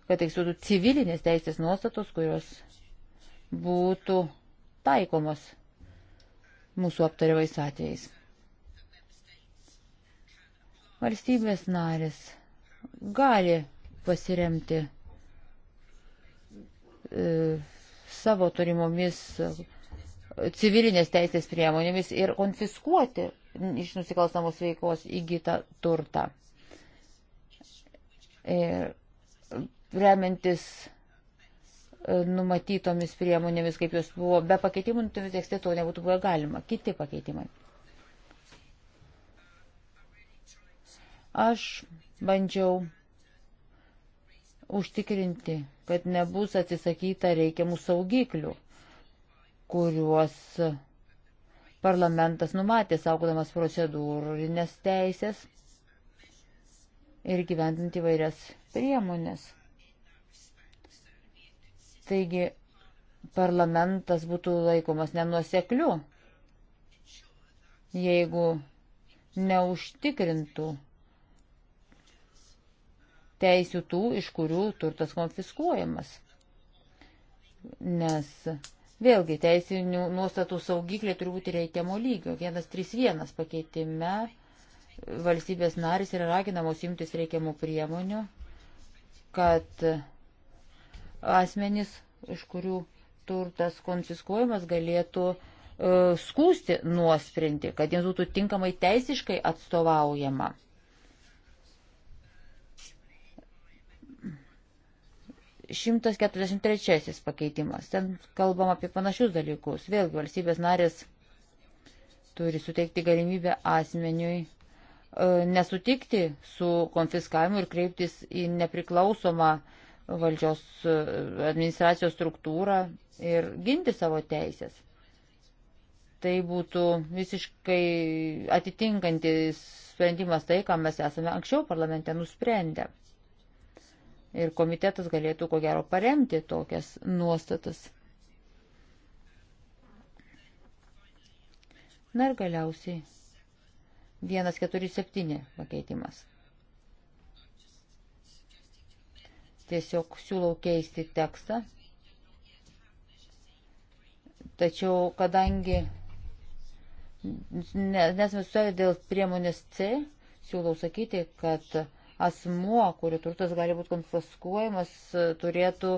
kad egzistuotų civilinės teisės nuostatos, kurios būtų taikomos mūsų aptariamais atvejais. Valstybės narės gali pasiremti E, savo turimomis civilinės teisės priemonėmis ir konfiskuoti iš nusikalstamos veikos įgytą turtą. Ir e, remiantis e, numatytomis priemonėmis, kaip jos buvo, be pakeitimų tekste to nebūtų buvę galima. Kiti pakeitimai. Aš bandžiau užtikrinti kad nebus atsisakyta reikiamų saugiklių, kuriuos parlamentas numatė saugodamas procedūrinės teisės ir gyvendinti vairias priemonės. Taigi parlamentas būtų laikomas nenuosekliu, jeigu neužtikrintų teisių tų, iš kurių turtas konfiskuojamas. Nes vėlgi teisinių nuostatų saugiklė turi būti reikiamo lygio. 131 pakeitime valstybės narys yra raginamos imtis reikiamų priemonių, kad asmenys, iš kurių turtas konfiskuojamas, galėtų uh, e, skūsti nuosprendį, kad jiems būtų tinkamai teisiškai atstovaujama. 143 pakeitimas. Ten kalbam apie panašius dalykus. Vėlgi valstybės narės turi suteikti galimybę asmeniui e, nesutikti su konfiskavimu ir kreiptis į nepriklausomą valdžios e, administracijos struktūrą ir ginti savo teisės. Tai būtų visiškai atitinkantis sprendimas tai, ką mes esame anksčiau parlamente nusprendę ir komitetas galėtų ko gero paremti tokias nuostatas. Na ir galiausiai 147 pakeitimas. Tiesiog siūlau keisti tekstą, tačiau kadangi nesame sutarę dėl priemonės C, siūlau sakyti, kad asmuo, kurių turtas gali būti konfiskuojamas, turėtų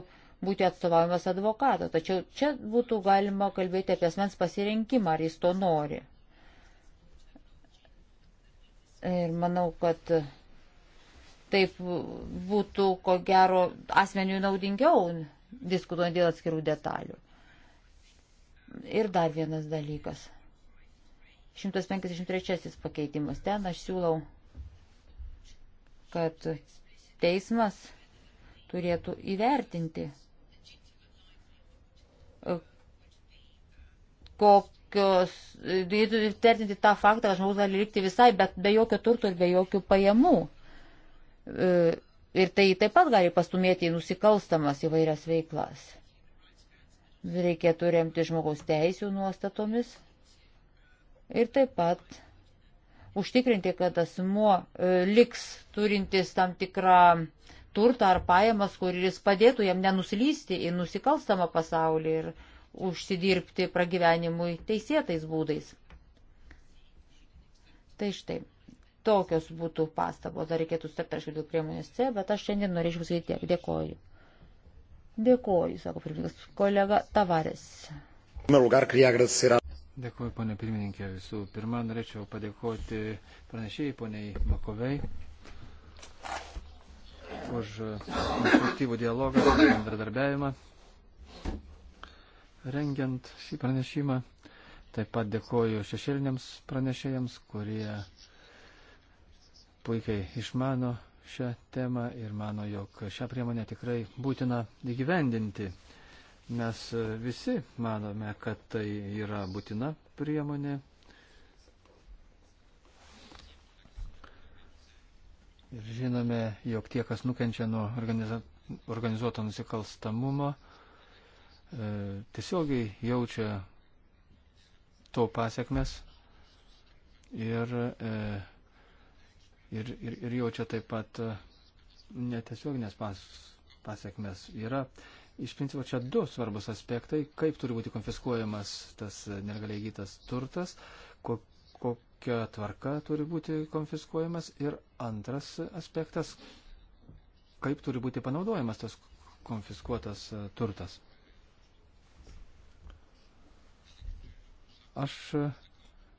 būti atstovaujamas advokato. Tačiau čia būtų galima kalbėti apie asmens pasirinkimą, ar jis to nori. Ir manau, kad taip būtų, ko gero, asmeniui naudingiau diskutuojant dėl atskirų detalių. Ir dar vienas dalykas. 153 pakeitimas. Ten aš siūlau kad teismas turėtų įvertinti, e, kokios, turėtų įvertinti tą faktą, kad žmogus gali likti visai, bet be jokio turto ir be jokių pajamų. E, ir tai taip pat gali pastumėti į nusikalstamas įvairias veiklas. Reikėtų remti žmogaus teisų nuostatomis ir taip pat užtikrinti, kad asmuo e, liks turintis tam tikrą turtą ar pajamas, kuris padėtų jam nenuslysti į nusikalstamą pasaulį ir užsidirbti pragyvenimui teisėtais būdais. Tai štai, tokios būtų pastabos, dar reikėtų starti, aišku, dėl priemonės C, bet aš šiandien norėčiau pasakyti tiek. Dėkoju. Dėkoju, sako pirmininkas kolega Tavarės. Primeiro lugar, queria agradecer à Dėkuoju, ponė pirmininkė. Visų pirma, norėčiau padėkoti pranešėjai, poniai Makovei, už konstruktyvų dialogą, bendradarbiavimą, rengiant šį pranešimą. Taip pat dėkoju šešėliniams pranešėjams, kurie puikiai išmano šią temą ir mano, jog šią priemonę tikrai būtina įgyvendinti. Mes e, visi manome, kad tai yra būtina priemonė. Ir žinome, jog tie, kas nukenčia nuo organizuoto nusikalstamumo, e, tiesiogiai jaučia to pasiekmes ir, e, ir, ir, ir jaučia taip pat netiesioginės pas, pasiekmes. Yra Iš principo čia du svarbus aspektai, kaip turi būti konfiskuojamas tas nelegaliai įgytas turtas, kokia tvarka turi būti konfiskuojamas ir antras aspektas, kaip turi būti panaudojamas tas konfiskuotas e, turtas. Aš e,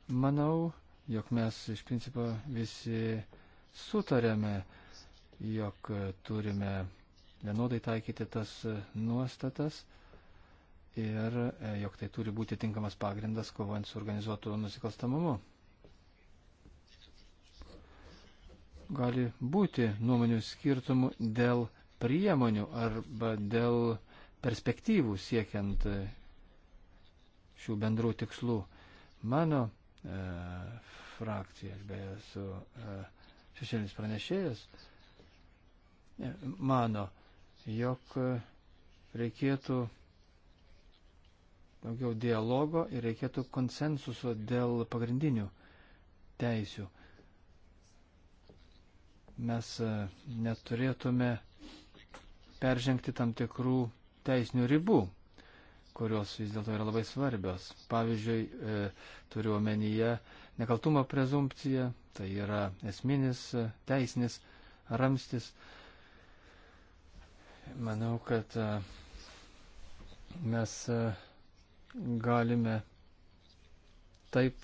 manau, jog mes iš principo visi sutarėme, jog turime vienodai taikyti tas e, nuostatas ir e, jog tai turi būti tinkamas pagrindas kovojant su organizuotu nusikalstamumu. Gali būti nuomonių skirtumų dėl priemonių arba dėl perspektyvų siekiant e, šių bendrų tikslų. Mano e, frakcija, aš beje esu e, šešėlis pranešėjas, mano, jog e, reikėtų daugiau dialogo ir reikėtų konsensuso dėl pagrindinių teisių. Mes e, neturėtume peržengti tam tikrų teisinių ribų, kurios vis dėlto yra labai svarbios. Pavyzdžiui, e, turiu omenyje nekaltumo prezumpciją, tai yra esminis e, teisinis ramstis. E, Manau, kad e, mes e, galime taip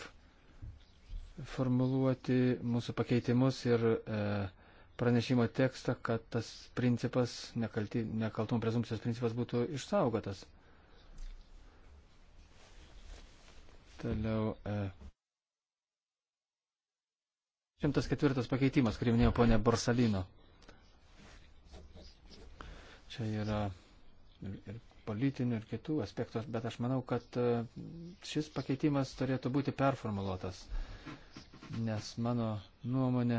formuluoti mūsų pakeitimus ir e, pranešimo tekstą, kad tas principas, nekalti, nekaltumo prezumcijos principas būtų išsaugotas. Toliau. E, 104 pakeitimas, kurį minėjo ponė Borsalino. Čia yra ir politinių, ir kitų aspektų, bet aš manau, kad e, šis pakeitimas turėtų būti performuluotas, nes mano nuomonė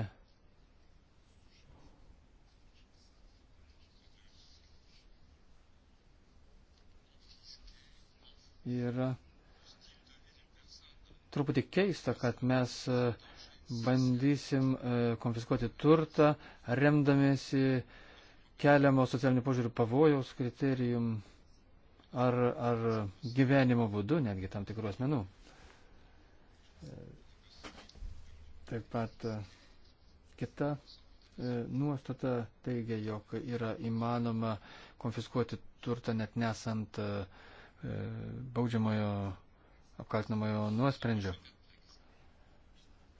yra truputį keista, kad mes e, bandysim e, konfiskuoti turtą, remdamėsi uh, keliamo socialinių požiūrių pavojaus kriterijum ar, ar gyvenimo būdu netgi tam tikrų asmenų. Taip pat e, kita e, nuostata teigia, jog yra įmanoma konfiskuoti turtą net nesant e, baudžiamojo apkaltinamojo nuosprendžio.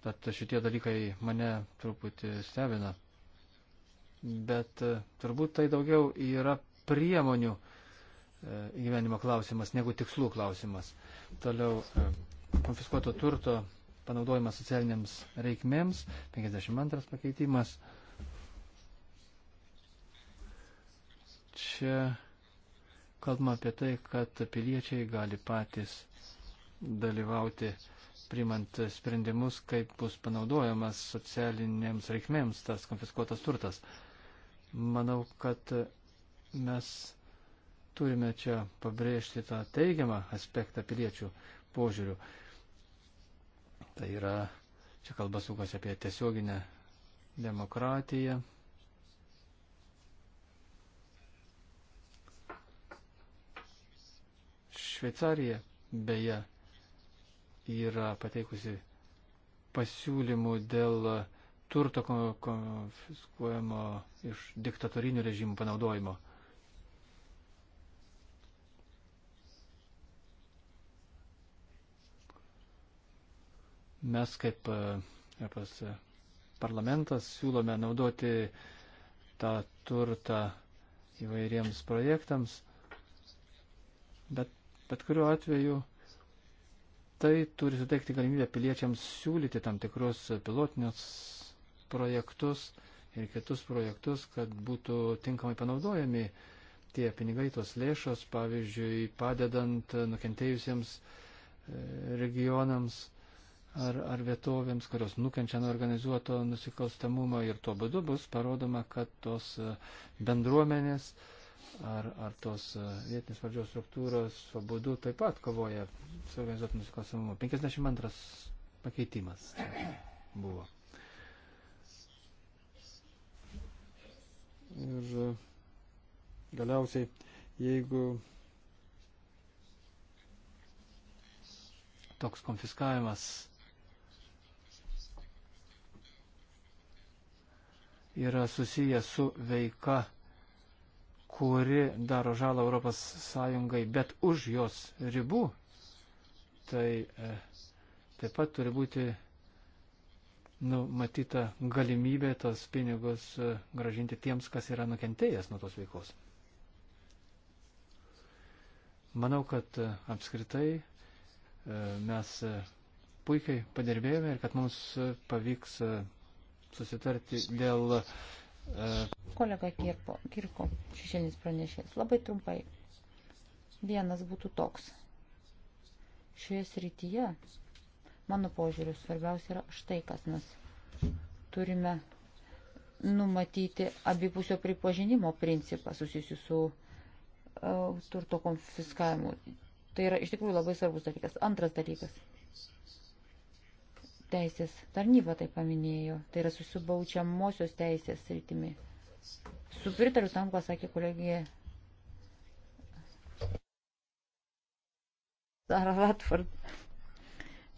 Tad šitie dalykai mane truputį stebina bet e, turbūt tai daugiau yra priemonių e, gyvenimo klausimas negu tikslų klausimas. Toliau e, konfiskuoto turto panaudojimas socialiniams reikmėms, 52 pakeitimas. Čia kalbama apie tai, kad piliečiai gali patys dalyvauti primant sprendimus, kaip bus panaudojamas socialinėms reikmėms tas konfiskuotas turtas. Manau, kad mes turime čia pabrėžti tą teigiamą aspektą piliečių požiūrių. Tai yra, čia kalba sukasi apie tiesioginę demokratiją. Šveicarija beje yra pateikusi pasiūlymų dėl uh, turto konfiskuojamo iš diktatorinių režimų panaudojimo. Mes kaip e, Europos parlamentas siūlome naudoti tą turtą įvairiems projektams, bet, bet kuriuo atveju tai turi suteikti galimybę piliečiams siūlyti tam tikrus pilotinius projektus ir kitus projektus, kad būtų tinkamai panaudojami tie pinigai, tos lėšos, pavyzdžiui, padedant nukentėjusiems e, regionams ar, ar vietovėms, kurios nukenčia nuo organizuoto nusikalstamumo ir tuo būdu bus parodoma, kad tos e, bendruomenės ar, ar tos e, vietinės valdžios struktūros tuo būdu taip pat kovoja su organizuotu nusikalstamumu. 52 pakeitimas buvo. Ir e, galiausiai, jeigu toks konfiskavimas yra susijęs su veika, kuri daro žalą Europos Sąjungai, bet už jos ribų, tai e, taip pat turi būti numatyta galimybė tos pinigus e, gražinti tiems, kas yra nukentėjęs nuo tos veiklos. Manau, kad e, apskritai e, mes puikiai padirbėjome ir kad mums pavyks susitarti dėl. Kolega Kirpo, Kirko, šešėlis pranešės. Labai trumpai. Vienas būtų toks. Šioje srityje Mano požiūriu, svarbiausia yra štai kas mes turime numatyti abipusio pripažinimo principą susijusiu su uh, turto konfiskavimu. Tai yra iš tikrųjų labai svarbus dalykas. Antras dalykas. Teisės tarnyba tai paminėjo. Tai yra susibaučiamosios teisės rytimi. Supritariu tam, ką sakė kolegija Sara Ratford.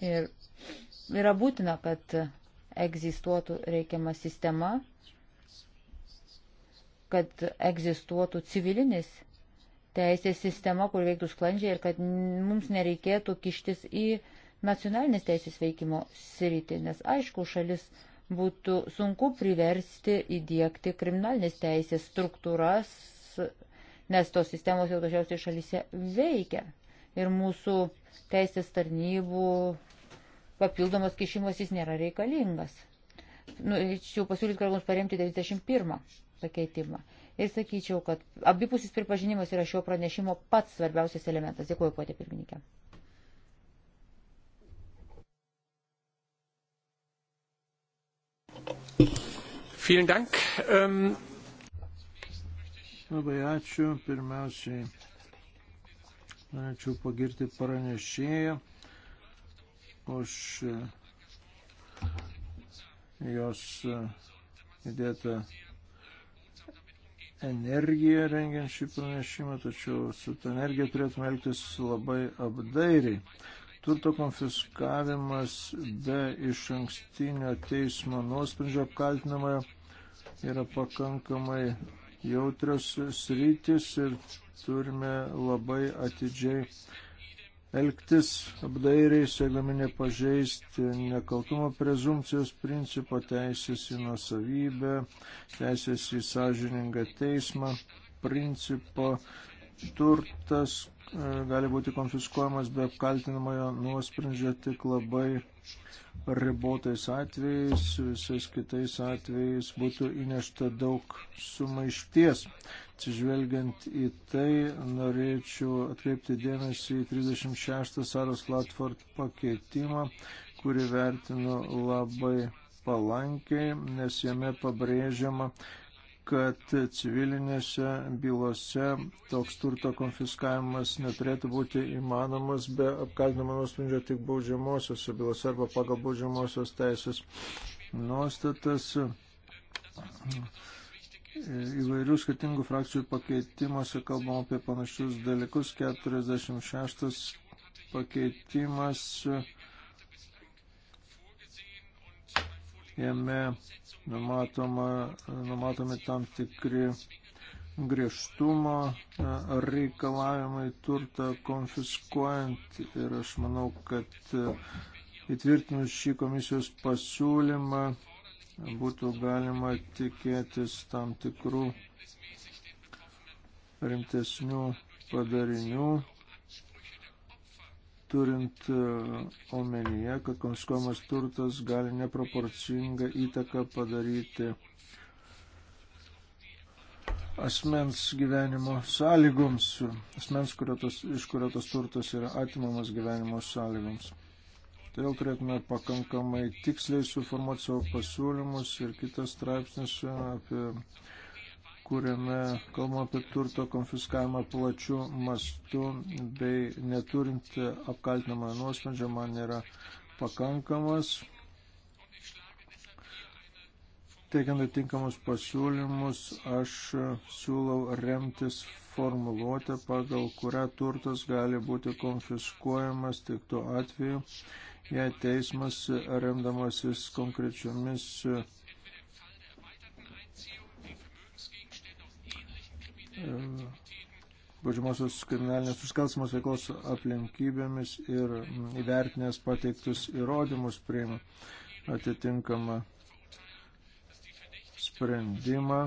Ir yra būtina, kad egzistuotų reikiama sistema, kad egzistuotų civilinis teisės sistema, kur veiktų sklandžiai ir kad mums nereikėtų kištis į nacionalinės teisės veikimo sritį, nes aišku, šalis būtų sunku priversti įdėkti kriminalinės teisės struktūras, nes tos sistemos jau dažniausiai šalyse veikia. Ir mūsų teisės tarnybų papildomas kišimasis nėra reikalingas. Norėčiau nu, pasiūlyti kolegoms paremti 91 pakeitimą. Ir sakyčiau, kad abipusis pripažinimas yra šio pranešimo pats svarbiausias elementas. Dėkuoju, potė pirmininkė. Vielen Dank. Ähm Labai ačiū. Pirmiausiai norėčiau pagirti pranešėją už jos įdėtą energiją rengiant šį pranešimą, tačiau su tą energiją turėtume elgtis labai apdairiai. Turto konfiskavimas be iš ankstinio teismo nuosprendžio apkaltinamojo yra pakankamai jautrios sritis ir turime labai atidžiai elgtis apdairiai, siekdami nepažeisti nekaltumo prezumcijos principo, teisės į nusavybę, teisės į sąžiningą teismą, principo turtas e, gali būti konfiskuojamas be apkaltinamojo nuosprendžio tik labai ribotais atvejais, visais kitais atvejais būtų įnešta daug sumaišties. Atsižvelgiant į tai, norėčiau atkreipti dėmesį į 36 Saros Latford pakeitimą, kurį vertinu labai palankiai, nes jame pabrėžiama, kad civilinėse bylose toks turto konfiskavimas neturėtų būti įmanomas be apkaltinamo nusprendžio tik baudžiamosiose bylose arba pagal baudžiamosios teisės nuostatas įvairių skirtingų frakcijų pakeitimuose kalbam apie panašius dalykus. 46 pakeitimas jame numatoma, numatomi tam tikri griežtumo reikalavimai turtą konfiskuojant ir aš manau, kad įtvirtinus šį komisijos pasiūlymą būtų galima tikėtis tam tikrų rimtesnių padarinių, turint e, omenyje, kad konfiskuojamas turtas gali neproporcingą įtaką padaryti asmens gyvenimo sąlygoms, asmens, kurio tas, iš kurio tas turtas yra atimamas gyvenimo sąlygoms. Todėl turėtume pakankamai tiksliai suformuoti savo pasiūlymus ir kitas straipsnis, e, apie, kuriame kalbama apie turto konfiskavimą plačių mastų bei neturint apkaltinamą nuosprendžią, man yra pakankamas. Teikiant atitinkamus pasiūlymus, aš siūlau remtis formuluotę, pagal kurią turtas gali būti konfiskuojamas tik tuo atveju, jei teismas remdamasis konkrečiomis baudžiamosios kriminalinės užkalsamos veiklos aplinkybėmis ir įvertinės pateiktus įrodymus priima atitinkamą sprendimą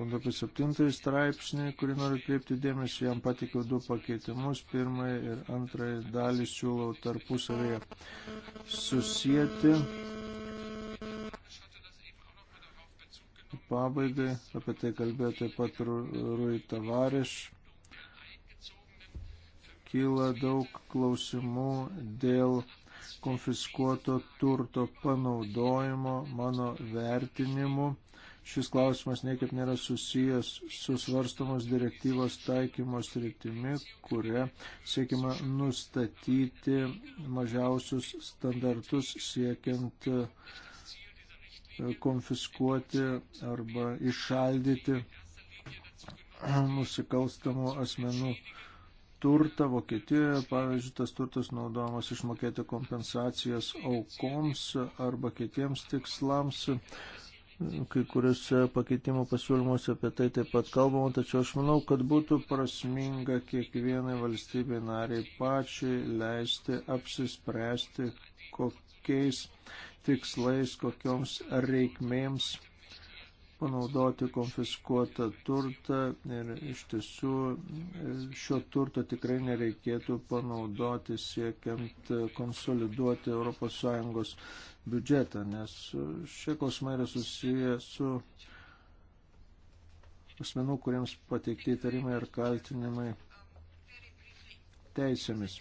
kalbant apie septintąjį straipsnį, kurį noriu kreipti dėmesį, jam patikiau du pakeitimus. Pirmąjį ir antrąjį dalį siūlau tarpusavėje susijęti. Pabaigai apie tai kalbėjo taip pat Rui Tavariš. Kyla daug klausimų dėl konfiskuoto turto panaudojimo mano vertinimu šis klausimas niekaip nėra susijęs su svarstamos direktyvos taikymos rytimi, kuria siekima nustatyti mažiausius standartus siekiant e, konfiskuoti arba išaldyti nusikalstamų asmenų turtą Vokietijoje, pavyzdžiui, tas turtas naudojamas išmokėti kompensacijas aukoms arba kitiems tikslams. Kai kuriuose pakeitimo pasiūlymuose apie tai taip pat kalbama, tačiau aš manau, kad būtų prasminga kiekvienai valstybei nariai pačiai leisti apsispręsti, kokiais tikslais, kokioms reikmėms panaudoti konfiskuotą turtą ir iš tiesų e, šio turto tikrai nereikėtų panaudoti siekiant e, konsoliduoti ES biudžetą, nes e, šie klausimai yra susiję su asmenų, kuriems pateikti įtarimai ir kaltinimai teisėmis,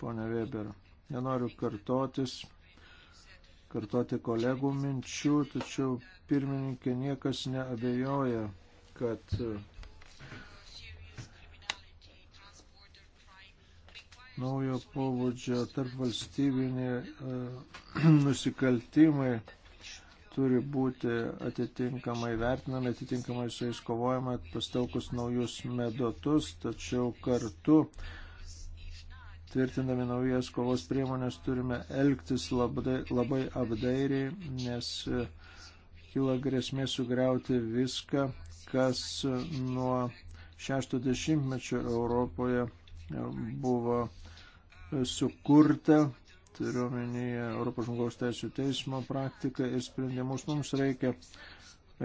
ponia Weber. Nenoriu kartotis, kartoti kolegų minčių, tačiau pirmininkė, niekas neabejoja, kad naujo pobūdžio tarp valstybiniai e, nusikaltimai turi būti atitinkamai vertinami, atitinkamai su jais kovojama, pastaukus naujus medotus, tačiau kartu tvirtindami naujas kovos priemonės turime elgtis labai, labai apdairiai, nes uh, kyla grėsmė sugriauti viską, kas nuo 60-mečio Europoje e, buvo e, sukurta, turiuomenyje Europos žmogaus teisų teismo praktiką ir sprendimus mums reikia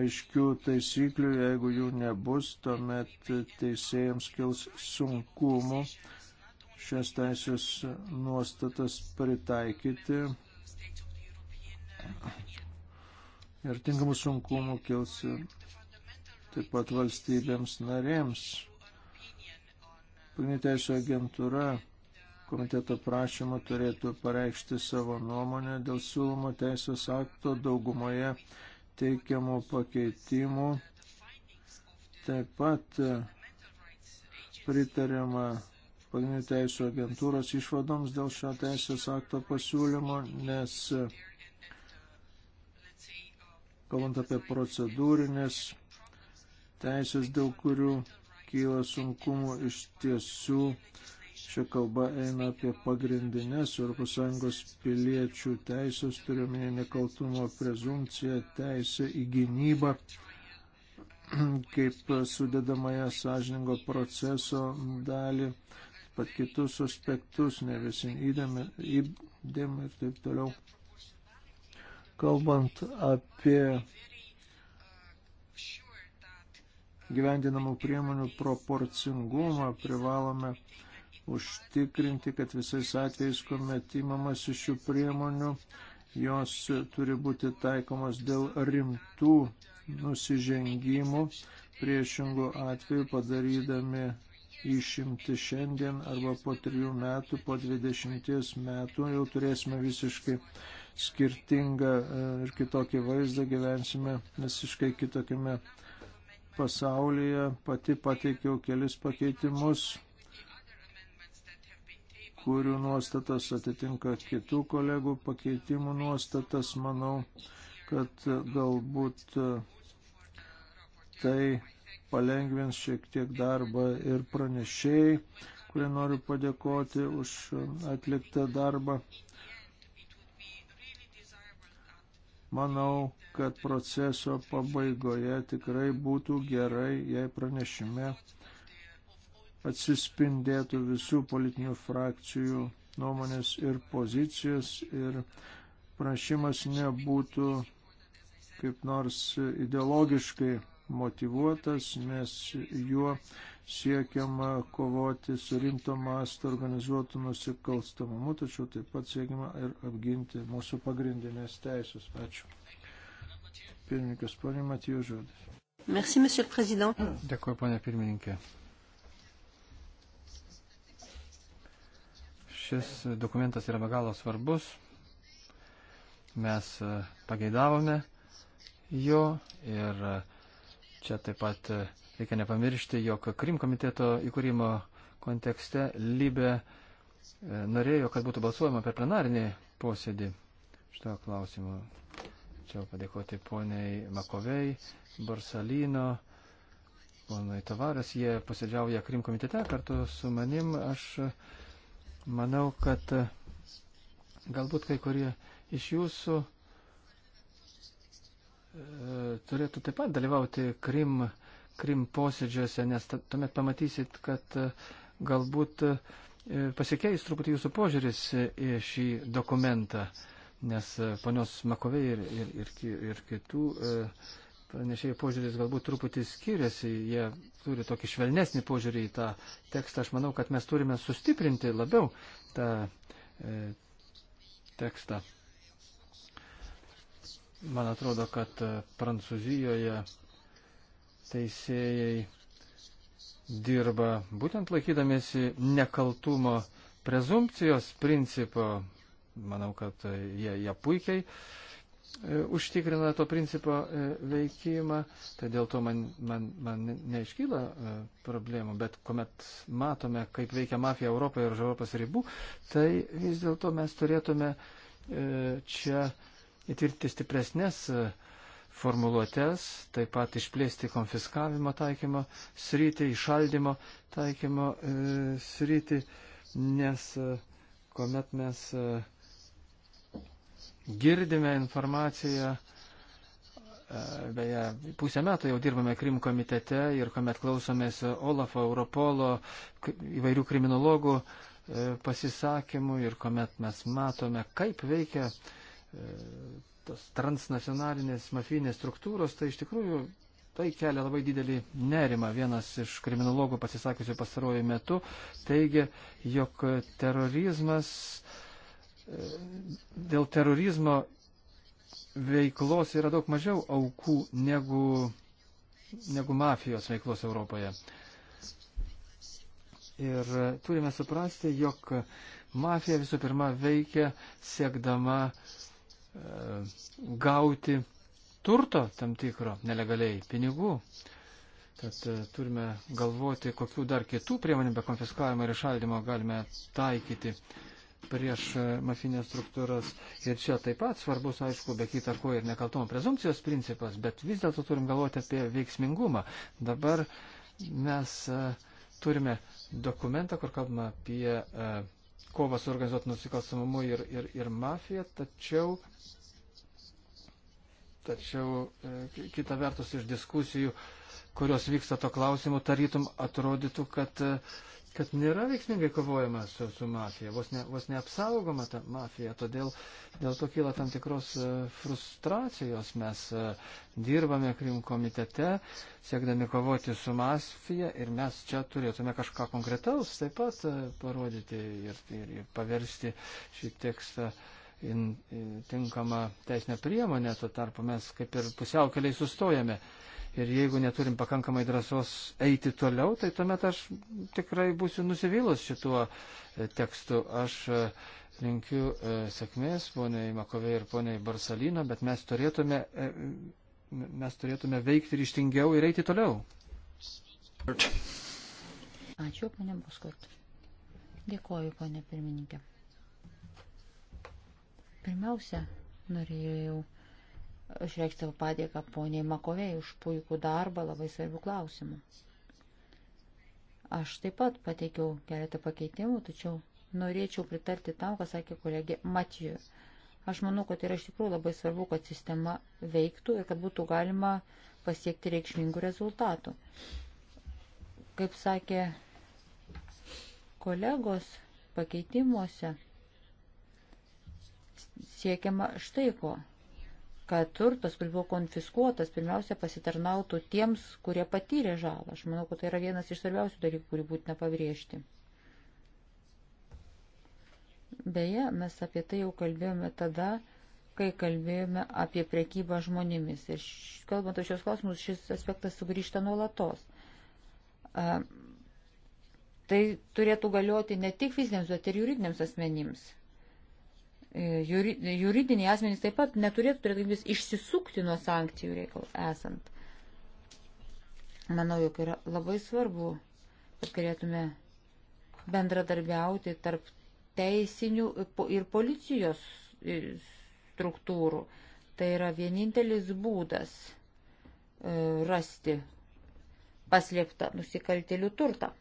aiškių taisyklių, jeigu jų nebus, tuomet teisėjams kils sunkumų šias teisės nuostatas pritaikyti ir tinkamų sunkumų kils taip pat valstybėms narėms. Pagrindinė teisų agentūra komiteto prašymu turėtų pareikšti savo nuomonę dėl siūlomo teisės akto daugumoje teikiamų pakeitimų. Taip pat e, pritariama pagrindinių teisų agentūros išvadoms dėl šio teisės akto pasiūlymo, nes e, kalbant apie procedūrinės teisės, dėl kurių kyla sunkumų iš tiesų. Čia kalba eina apie pagrindinės ES piliečių teisės, turiuomenė nekaltumo prezumcija, teisė į gynybą, kaip sudedamąją sąžiningo proceso dalį, pat kitus aspektus, ne visi įdėm ir taip toliau. Kalbant apie gyvendinamų priemonių proporcingumą, privalome užtikrinti, kad visais atvejais, kuomet įmamas iš šių priemonių, jos turi būti taikomos dėl rimtų nusižengimų, priešingų atveju padarydami išimti šiandien arba po trijų metų, po dvidešimties metų jau turėsime visiškai skirtingą e, ir kitokį vaizdą, gyvensime visiškai kitokiame pasaulyje. Pati pateikiau kelis pakeitimus, kurių nuostatas atitinka kitų kolegų pakeitimų nuostatas. Manau, kad galbūt e, tai palengvins šiek tiek darbą ir pranešėjai, kurie noriu padėkoti už atliktą darbą. Manau, kad proceso pabaigoje tikrai būtų gerai, jei pranešime atsispindėtų visų politinių frakcijų nuomonės ir pozicijos ir pranešimas nebūtų kaip nors ideologiškai motivuotas, nes juo siekiama kovoti su rimto masto organizuotų nusikalstamumu, tačiau taip pat siekiama ir apginti mūsų pagrindinės teisės. Ačiū. Pirmininkas, ponė Matijų žodis. Merci, monsieur le président. Dėkuoju, ponė pirmininkė. Šis dokumentas yra be galo svarbus. Mes pageidavome jo ir uh, Čia taip pat e, reikia nepamiršti, jog Krim komiteto įkūrimo kontekste Libė e, norėjo, kad būtų balsuojama per plenarinį posėdį šito klausimu. Čia padėkoti poniai Makovei, Borsalino, ponai Tavaras, jie posėdžiauja Krim komitete kartu su manim. Aš manau, kad e, galbūt kai kurie iš jūsų turėtų taip pat dalyvauti Krim, Krim posėdžiuose, nes tuomet pamatysit, kad e, galbūt e, pasikeis truputį jūsų požiūris į šį dokumentą, nes e, ponios Makovei ir, ir, ir, ir kitų pranešėjų požiūris galbūt truputį skiriasi, jie turi tokį švelnesnį požiūrį į tą tekstą. Aš manau, kad mes turime sustiprinti labiau tą e, tekstą. Man atrodo, kad e, Prancūzijoje teisėjai dirba būtent laikydamėsi nekaltumo prezumpcijos principo. Manau, kad e, jie, jie puikiai e, užtikrina to principo veikimą, tai dėl to man, man, man neiškyla problemų, bet kuomet matome, kaip veikia mafija Europoje ir už Europos ribų, tai vis dėlto mes turėtume čia įtvirtinti stipresnės e, formuluotės, taip pat išplėsti konfiskavimo taikymo sritį, išaldymo taikymo e, sritį, nes e, kuomet mes e, girdime informaciją, e, beje, pusę metų jau dirbame Krim komitete ir kuomet klausomės Olafo, Europolo, įvairių kriminologų e, pasisakymų ir kuomet mes matome, kaip veikia e, E, tos transnacionalinės mafinės struktūros, tai iš tikrųjų tai kelia labai didelį nerimą. Vienas iš kriminologų pasisakysiu pastaruoju metu teigia, jog terorizmas, e, dėl terorizmo veiklos yra daug mažiau aukų negu, negu mafijos veiklos Europoje. Ir turime suprasti, jog mafija visų pirma veikia siekdama uh, E, gauti turto tam tikro nelegaliai, pinigų. Tad e, turime galvoti, kokių dar kitų priemonių be konfiskavimo ir išaldymo galime taikyti prieš e, mafinės struktūras. Ir čia taip pat svarbus, aišku, be kita ko ir nekaltumo prezumcijos principas, bet vis dėlto turim galvoti apie veiksmingumą. Dabar mes turime dokumentą, kur kalbame apie kovą su organizuotų nusikalstamumu ir, ir, ir mafija, tačiau, tačiau e, kita vertus iš diskusijų, kurios vyksta to klausimu, tarytum atrodytų, kad e, kad nėra veiksmingai kovojama su, su mafija, vos, ne, vos neapsaugoma ta mafija, todėl dėl to kyla tam tikros e, frustracijos. Mes e, dirbame Krim komitete, siekdami kovoti su mafija ir mes čia turėtume kažką konkretaus taip pat e, parodyti ir, ir, ir paversti šį tekstą. In, in, tinkama teisinė priemonė, tuo tarpu mes kaip ir pusiaukeliai sustojame. Uh, ir jeigu neturim pakankamai drąsos eiti toliau, tai tuomet aš tikrai būsiu nusivylus šituo e, tekstu. Aš e, linkiu e, sėkmės poniai Makovė ir poniai Barsalino, bet mes turėtume, mes turėtume veikti ryštingiau ir eiti toliau. Ačiū, ponė Buskurt. Dėkoju, ponė pirmininkė. Pirmiausia, norėjau išreikšti savo padėką poniai Makovei už puikų darbą labai svarbių klausimų. Aš taip pat pateikiau keletą pakeitimų, tačiau norėčiau pritarti tam, ką sakė kolegė Matijų. Aš manau, kad yra iš tikrųjų labai svarbu, kad sistema veiktų ir kad būtų galima pasiekti reikšmingų rezultatų. Kaip sakė kolegos pakeitimuose, siekiama štai ko kad turtas, kuris buvo konfiskuotas, pirmiausia pasitarnautų tiems, kurie patyrė žalą. Aš manau, kad tai yra vienas iš svarbiausių dalykų, kurį būtina pabrėžti. Beje, mes apie tai jau kalbėjome tada, kai kalbėjome apie prekybą žmonėmis. Ir kalbant apie šios klausimus, šis aspektas sugrįžta nuolatos. Tai turėtų galioti ne tik fiziniams, bet ir juridiniams asmenims. E, juridiniai asmenys taip pat neturėtų turėti galimybės išsisukti nuo sankcijų reikalų esant. Manau, jog yra labai svarbu, kad galėtume bendradarbiauti tarp teisinių ir policijos e, struktūrų. Tai yra vienintelis būdas e, rasti paslėptą nusikaltėlių turtą.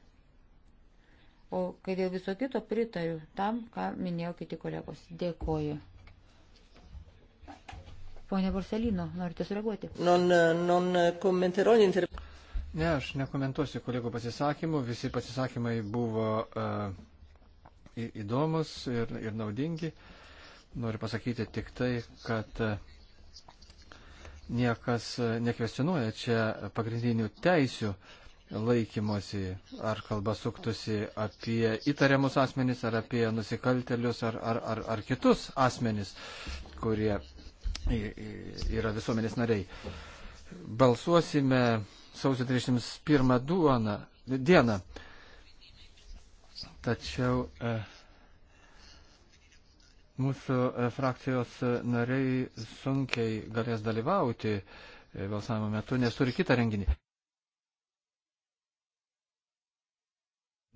O kai dėl viso kito pritariu tam, ką minėjo kiti kolegos. Dėkoju. Pone Borsalino, norite sureaguoti? Non, non commenterò gli inter... Ne, aš nekomentuosiu kolegų pasisakymų. Visi pasisakymai buvo uh, įdomus ir, ir naudingi. Noriu pasakyti tik tai, kad uh, niekas e, nekvestionuoja čia pagrindinių teisių uh, laikymosi, ar kalba suktusi apie įtariamus asmenys, ar apie nusikaltelius, ar, ar, ar, ar kitus asmenys, kurie yra visuomenės nariai. Balsuosime sausio 31 duoną, dieną. Tačiau e, mūsų e, frakcijos nariai sunkiai galės dalyvauti e, balsavimo metu, nes turi kitą renginį.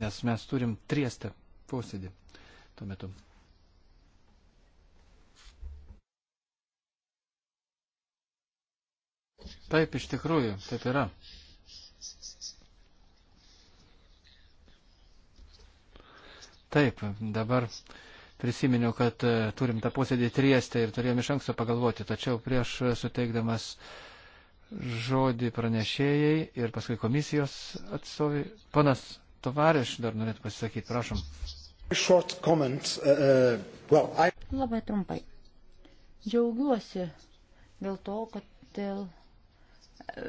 nes mes turim triestę posėdį tuo metu. Taip, iš tikrųjų, taip yra. Taip, dabar prisiminiau, kad e, turim tą posėdį triestę ir turėjom iš anksto pagalvoti, tačiau prieš suteikdamas žodį pranešėjai ir paskui komisijos atstovai, panas Tovareš dar norėtų pasisakyti, prašom. Uh, uh, well, I... Labai trumpai. Džiaugiuosi dėl to, kad dėl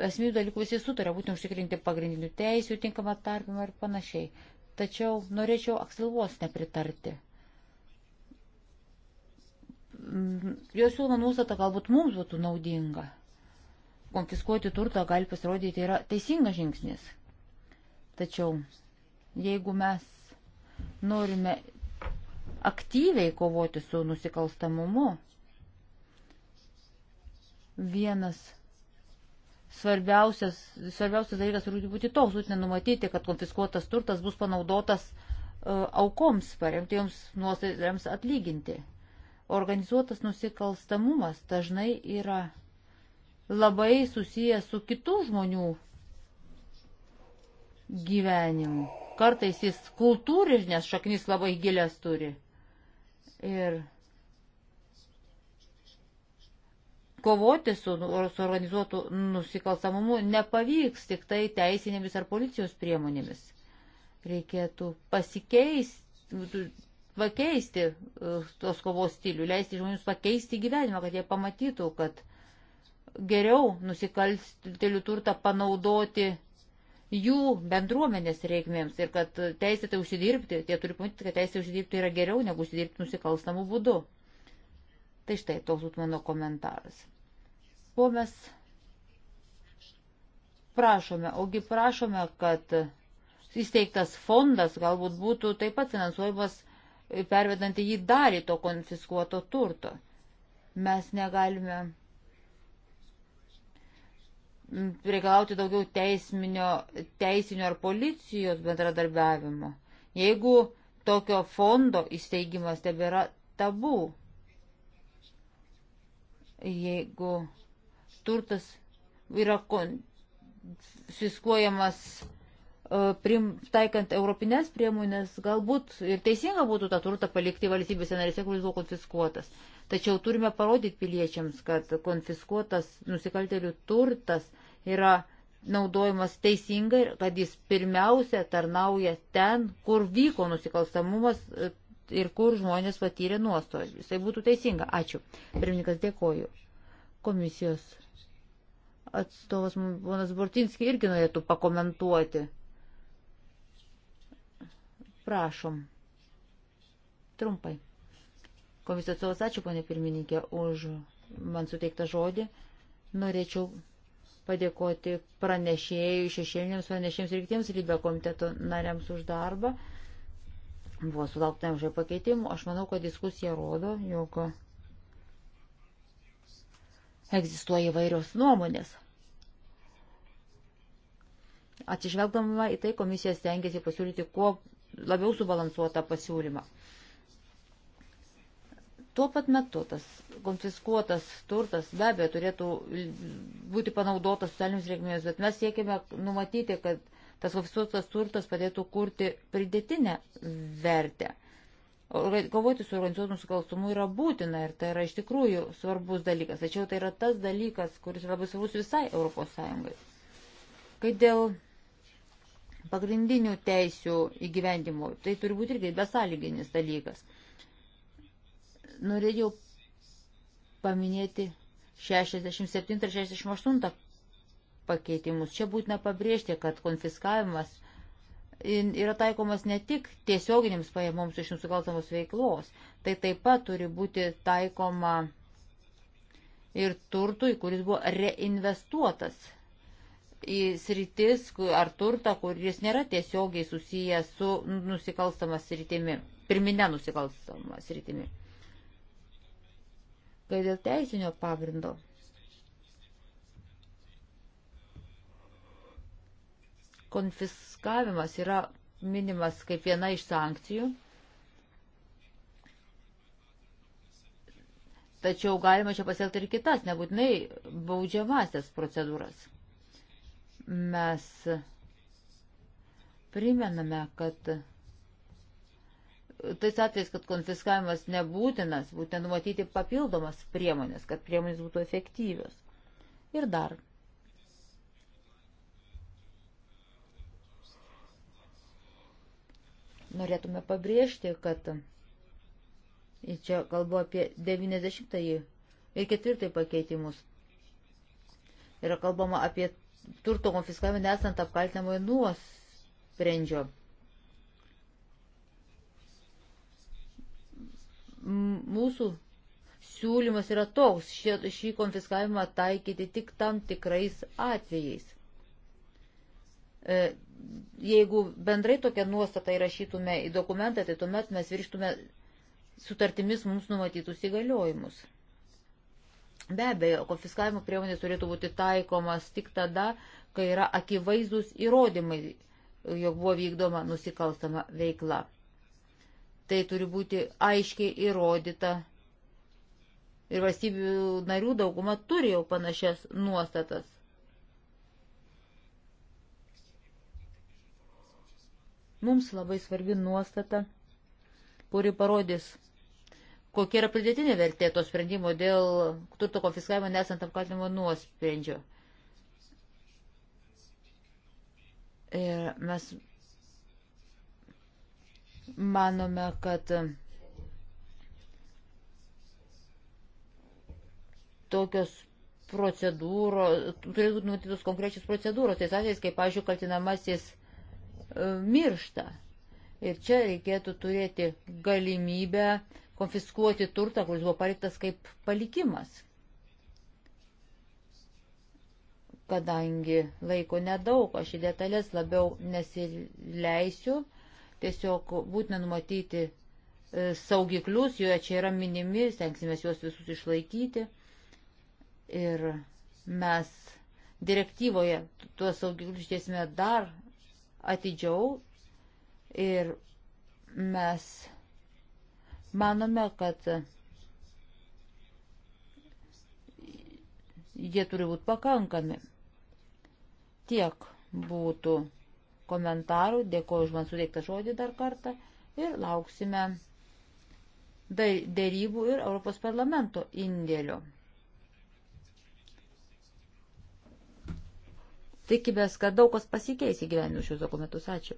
esminių dalykų visi sutarė, būtent užtikrinti pagrindinių teisių, tinkamą tarpimą ir panašiai. Tačiau norėčiau aksilvos nepritarti. Mm, Jos siūloma nuostata galbūt mums būtų naudinga. Konfiskuoti turtą gali pasirodyti yra teisingas žingsnis. Tačiau Jeigu mes norime aktyviai kovoti su nusikalstamumu, vienas svarbiausias, svarbiausias dalykas turi būti toks, būtina numatyti, kad konfiskuotas turtas bus panaudotas uh, aukoms, paremti joms nuostoliams atlyginti. Organizuotas nusikalstamumas dažnai yra labai susijęs su kitų žmonių gyvenimu. Kartais jis kultūrinės šaknis labai gilės turi. Ir kovoti su, nu, su organizuotu nusikalstamumu nepavyks tik tai teisinėmis ar policijos priemonėmis. Reikėtų pasikeisti, pakeisti uh, tos kovos stilių, leisti žmonėms pakeisti gyvenimą, kad jie pamatytų, kad geriau nusikalstelių turtą panaudoti jų bendruomenės reikmėms ir kad teisė tai užsidirbti, tie turi pamatyti, kad teisė užsidirbti yra geriau negu užsidirbti nusikalstamų būdų. Tai štai toks būtų mano komentaras. Ko mes prašome? Ogi prašome, kad įsteigtas fondas galbūt būtų taip pat finansuojamas pervedant į jį dalį to konfiskuoto turto. Mes negalime reikalauti daugiau teisminio, teisinio ar policijos bendradarbiavimo, jeigu tokio fondo įsteigimas tebėra tabu, jeigu turtas yra konfiskuojamas e, prim, taikant europinės priemonės, galbūt ir teisinga būtų tą turtą palikti valstybėse narėse, kuris buvo konfiskuotas. Tačiau turime parodyti piliečiams, kad konfiskuotas nusikaltelių turtas yra naudojamas teisingai ir kad jis pirmiausia tarnauja ten, kur vyko nusikalstamumas e, ir kur žmonės patyrė nuostolius. Tai būtų teisinga. Ačiū. Pirmininkas, dėkoju. Komisijos atstovas ponas Bortinski irgi norėtų pakomentuoti. Prašom. Trumpai. Komisijos atstovas, ačiū, ponė pirmininkė, už man suteiktą žodį. Norėčiau padėkoti pranešėjui, šešėliniams pranešėjams ir kitiems lybė komiteto nariams už darbą. Buvo sulaukta nemažai pakeitimų. Aš manau, kad diskusija rodo, jog egzistuoja įvairios nuomonės. Atsižvelgdama į tai, komisija stengiasi pasiūlyti kuo labiau subalansuotą pasiūlymą. Tuo pat metu tas konfiskuotas turtas be abejo turėtų būti panaudotas socialinius reikmėms, bet mes siekime numatyti, kad tas konfiskuotas turtas padėtų kurti pridėtinę vertę. Kovoti su organizuotų nusikalstumu yra būtina ir tai yra iš tikrųjų svarbus dalykas. Tačiau tai yra tas dalykas, kuris yra labai svarbus visai ES. Kai dėl pagrindinių teisių įgyvendimo, tai turi būti irgi besąlyginis dalykas norėjau paminėti 67 ir 68 pakeitimus. Čia būtina pabrėžti, kad konfiskavimas yra taikomas ne tik tiesioginėms pajamoms iš nusikalstamos veiklos, tai taip pat turi būti taikoma ir turtui, kuris buvo reinvestuotas į sritis ar turtą, kuris nėra tiesiogiai susijęs su nusikalstama sritimi, pirminė nusikalstama sritimi kai dėl teisinio pagrindo. Konfiskavimas yra minimas kaip viena iš sankcijų, tačiau galima čia pasielgti ir kitas, nebūtinai baudžiamasias procedūras. Mes primename, kad tais atvejais, kad konfiskavimas nebūtinas, būtent numatyti papildomas priemonės, kad priemonės būtų efektyvios. Ir dar. Norėtume pabrėžti, kad čia kalbu apie 90-ąjį ir 4-ąjį pakeitimus. Yra kalbama apie turto konfiskavimą nesant apkaltinamojo nuosprendžio. Mūsų siūlymas yra toks, šį, šį konfiskavimą taikyti tik tam tikrais atvejais. E, jeigu bendrai tokią nuostatą įrašytume į dokumentą, tai tuomet mes virštume sutartimis mums numatytus įgaliojimus. Be abejo, konfiskavimo priemonės turėtų būti taikomas tik tada, kai yra akivaizdus įrodymai, jog buvo vykdoma nusikalstama veikla. Tai turi būti aiškiai įrodyta. Ir valstybių narių dauguma turi jau panašias nuostatas. Mums labai svarbi nuostata, kuri parodys, kokia yra pridėtinė vertė to sprendimo dėl turto konfiskavimo nesant apkaltinimo nuosprendžio. Ir mes Manome, kad tokios procedūros, turėtų būti numatytos konkrečios procedūros, tais atvejais, kai, pažiūrėjau, kaltinamasis e, miršta. Ir čia reikėtų turėti galimybę konfiskuoti turtą, kuris buvo paliktas kaip palikimas. Kadangi laiko nedaug, aš į detalės labiau nesileisiu, Tiesiog būtina numatyti e, saugiklius, joje čia yra minimi, stengsime juos visus išlaikyti. Ir mes direktyvoje tuos saugiklius tiesime dar atidžiau ir mes manome, kad jie turi būti pakankami. Tiek būtų komentarų. Dėkoju už man suteiktą žodį dar kartą ir lauksime dėrybų ir Europos parlamento indėlio. Tikimės, kad daug kas pasikeis įgyvenimu šios dokumentus. Ačiū.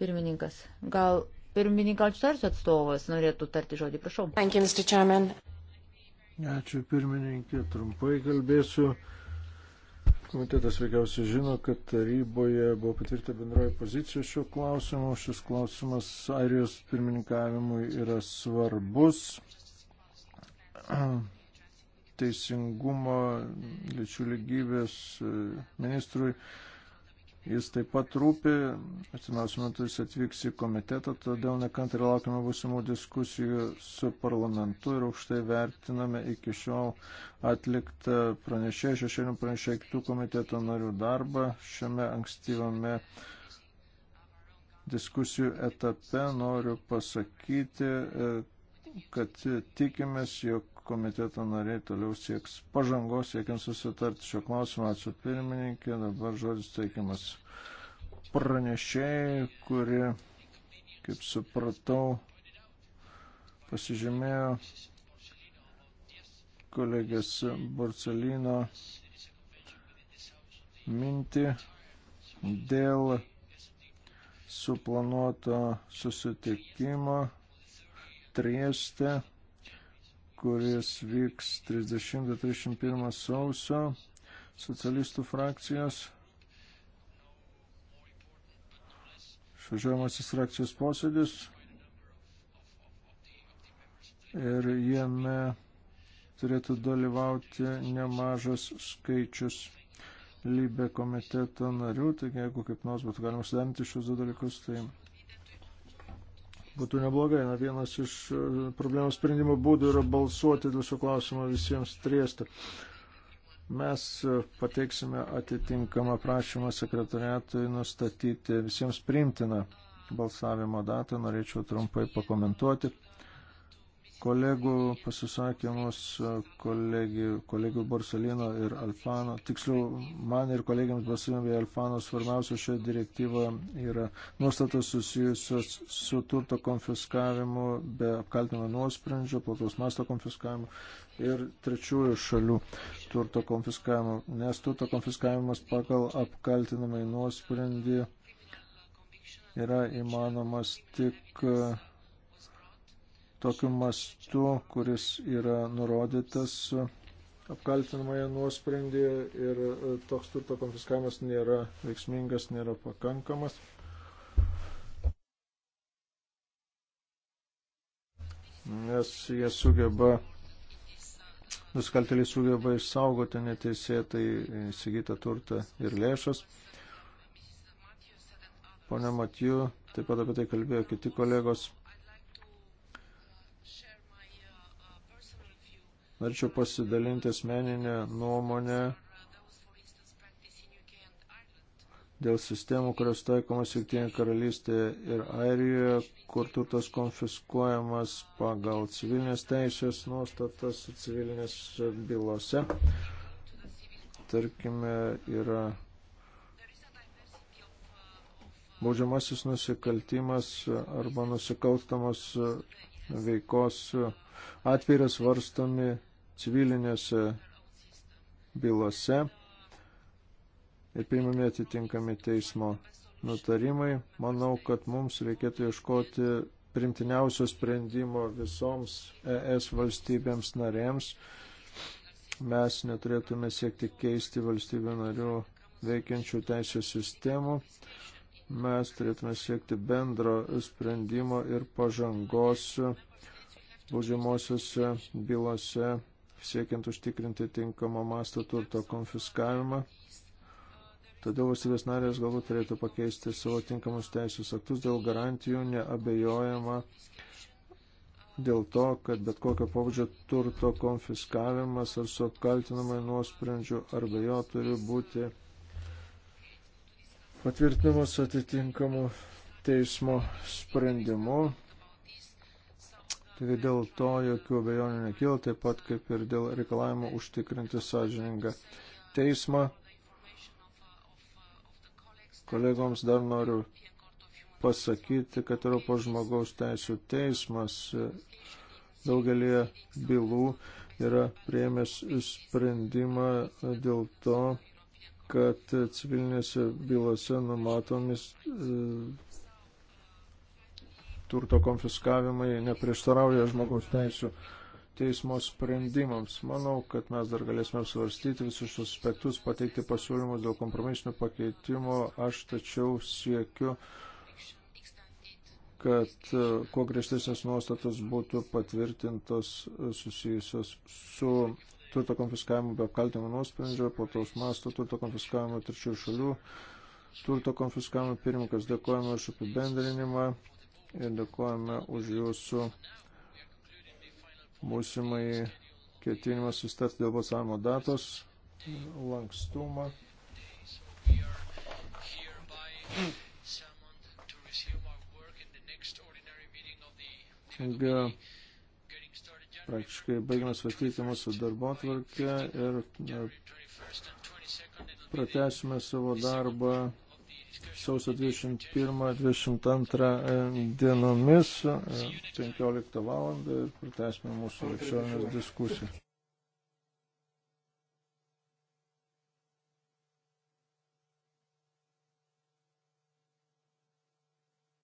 Pirmininkas, gal pirmininkas tarsi atstovas norėtų tarti žodį, prašau. Thank you, Mr. Chairman. Ačiū pirmininkė, trumpai kalbėsiu. Komitetas veikiausiai žino, kad taryboje buvo patvirta bendroji pozicija šiuo klausimu. Šis klausimas Airijos pirmininkavimui yra svarbus. Teisingumo, lyčių lygybės ministrui Jis taip pat rūpi, atsinausiu metu jis atvyks į komitetą, todėl nekantri laukime būsimų diskusijų su parlamentu ir aukštai vertiname iki šiol atliktą pranešėjų, šešėlių pranešėjų kitų komiteto narių darbą šiame ankstyvame diskusijų etape. Noriu pasakyti, e, kad tikimės, jog komiteto nariai toliau sieks pažangos, siekiant susitarti šio klausimo. Ačiū pirmininkė, dabar žodis teikiamas pranešėjai, kuri, kaip supratau, pasižymėjo kolegės Borcelino mintį dėl suplanuoto susitikimo Trieste kuris vyks 30-31 sausio socialistų frakcijos. Švažiuojamasis frakcijos posėdis ir jame turėtų dalyvauti nemažas skaičius lybė komiteto narių, taigi jeigu kaip nors būtų galima sudarinti šios du dalykus, tai būtų neblogai. Na, vienas iš e, problemų sprendimo būdų yra balsuoti dėl šio klausimo visiems triesti. Mes e, pateiksime atitinkamą prašymą sekretariatui nustatyti visiems priimtiną balsavimo datą. Norėčiau trumpai pakomentuoti kolegų pasisakymus, kolegių, kolegių Borsalino ir Alfano. Tiksliau, man ir kolegiams Borsalino bei Alfano svarbiausia šioje direktyvoje yra nuostatos susijusios su turto konfiskavimu be apkaltinimo nuosprendžio, plataus masto konfiskavimu ir trečiųjų šalių turto konfiskavimu, nes turto konfiskavimas pagal apkaltinamąjį nuosprendį yra įmanomas tik uh, tokiu mastu, kuris yra nurodytas apkaltinamoje nuosprendėje ir e, toks turto konfiskavimas nėra veiksmingas, nėra pakankamas. Nes jie sugeba, nusikaltėliai sugeba išsaugoti neteisėtai įsigytą turtą ir lėšas. Pone Matiju, taip pat apie tai kalbėjo kiti kolegos. Norėčiau pasidalinti asmeninę nuomonę dėl sistemų, kurios taikomas Junktinėje karalystėje ir Airijoje, kur turtas konfiskuojamas pagal civilinės teisės nuostatas civilinės bylose. Tarkime, yra baudžiamasis nusikaltimas arba nusikalstamos veikos atvyras varstomi civilinėse bylose ir priimami atitinkami teismo nutarimai. Manau, kad mums reikėtų ieškoti primtiniausio sprendimo visoms ES valstybėms narėms. Mes neturėtume siekti keisti valstybių narių veikiančių teisės sistemų. Mes turėtume siekti bendro sprendimo ir pažangos baudžiamosiose bylose siekiant užtikrinti tinkamą masto turto konfiskavimą. Todėl valstybės narės galbūt turėtų pakeisti savo tinkamus teisės aktus dėl garantijų neabejojama dėl to, kad bet kokio pobūdžio turto konfiskavimas ar su apkaltinamai nuosprendžiu arba jo turi būti patvirtinamas atitinkamu teismo sprendimu. Taigi dėl to jokių abejonių nekyla, taip pat kaip ir dėl reikalavimo užtikrinti sąžiningą teismą. Kolegoms dar noriu pasakyti, kad Europos žmogaus teisų teismas daugelį bylų yra prieimęs sprendimą dėl to, kad civilinėse bylose numatomis e, turto konfiskavimai neprieštarauja žmogaus teisų teismo sprendimams. Manau, kad mes dar galėsime svarstyti visus šios aspektus, pateikti pasiūlymus dėl kompromisinio pakeitimo. Aš tačiau siekiu, kad e, kuo griežtesnės nuostatos būtų patvirtintos e, susijusios su turto konfiskavimu be apkaltimo nuosprendžio, plataus masto turto konfiskavimu trečiųjų šalių turto konfiskavimo pirmininkas. Dėkojame už apibendrinimą ir dėkojame už jūsų būsimai ketinimą sustarti dėl balsavimo datos, lankstumą. Taigi, praktiškai baigime svarstyti mūsų darbo atvarkę ir pratesime savo darbą sausio 21-22 e, dienomis 15 e, val. ir pratesime mūsų likščionės diskusiją.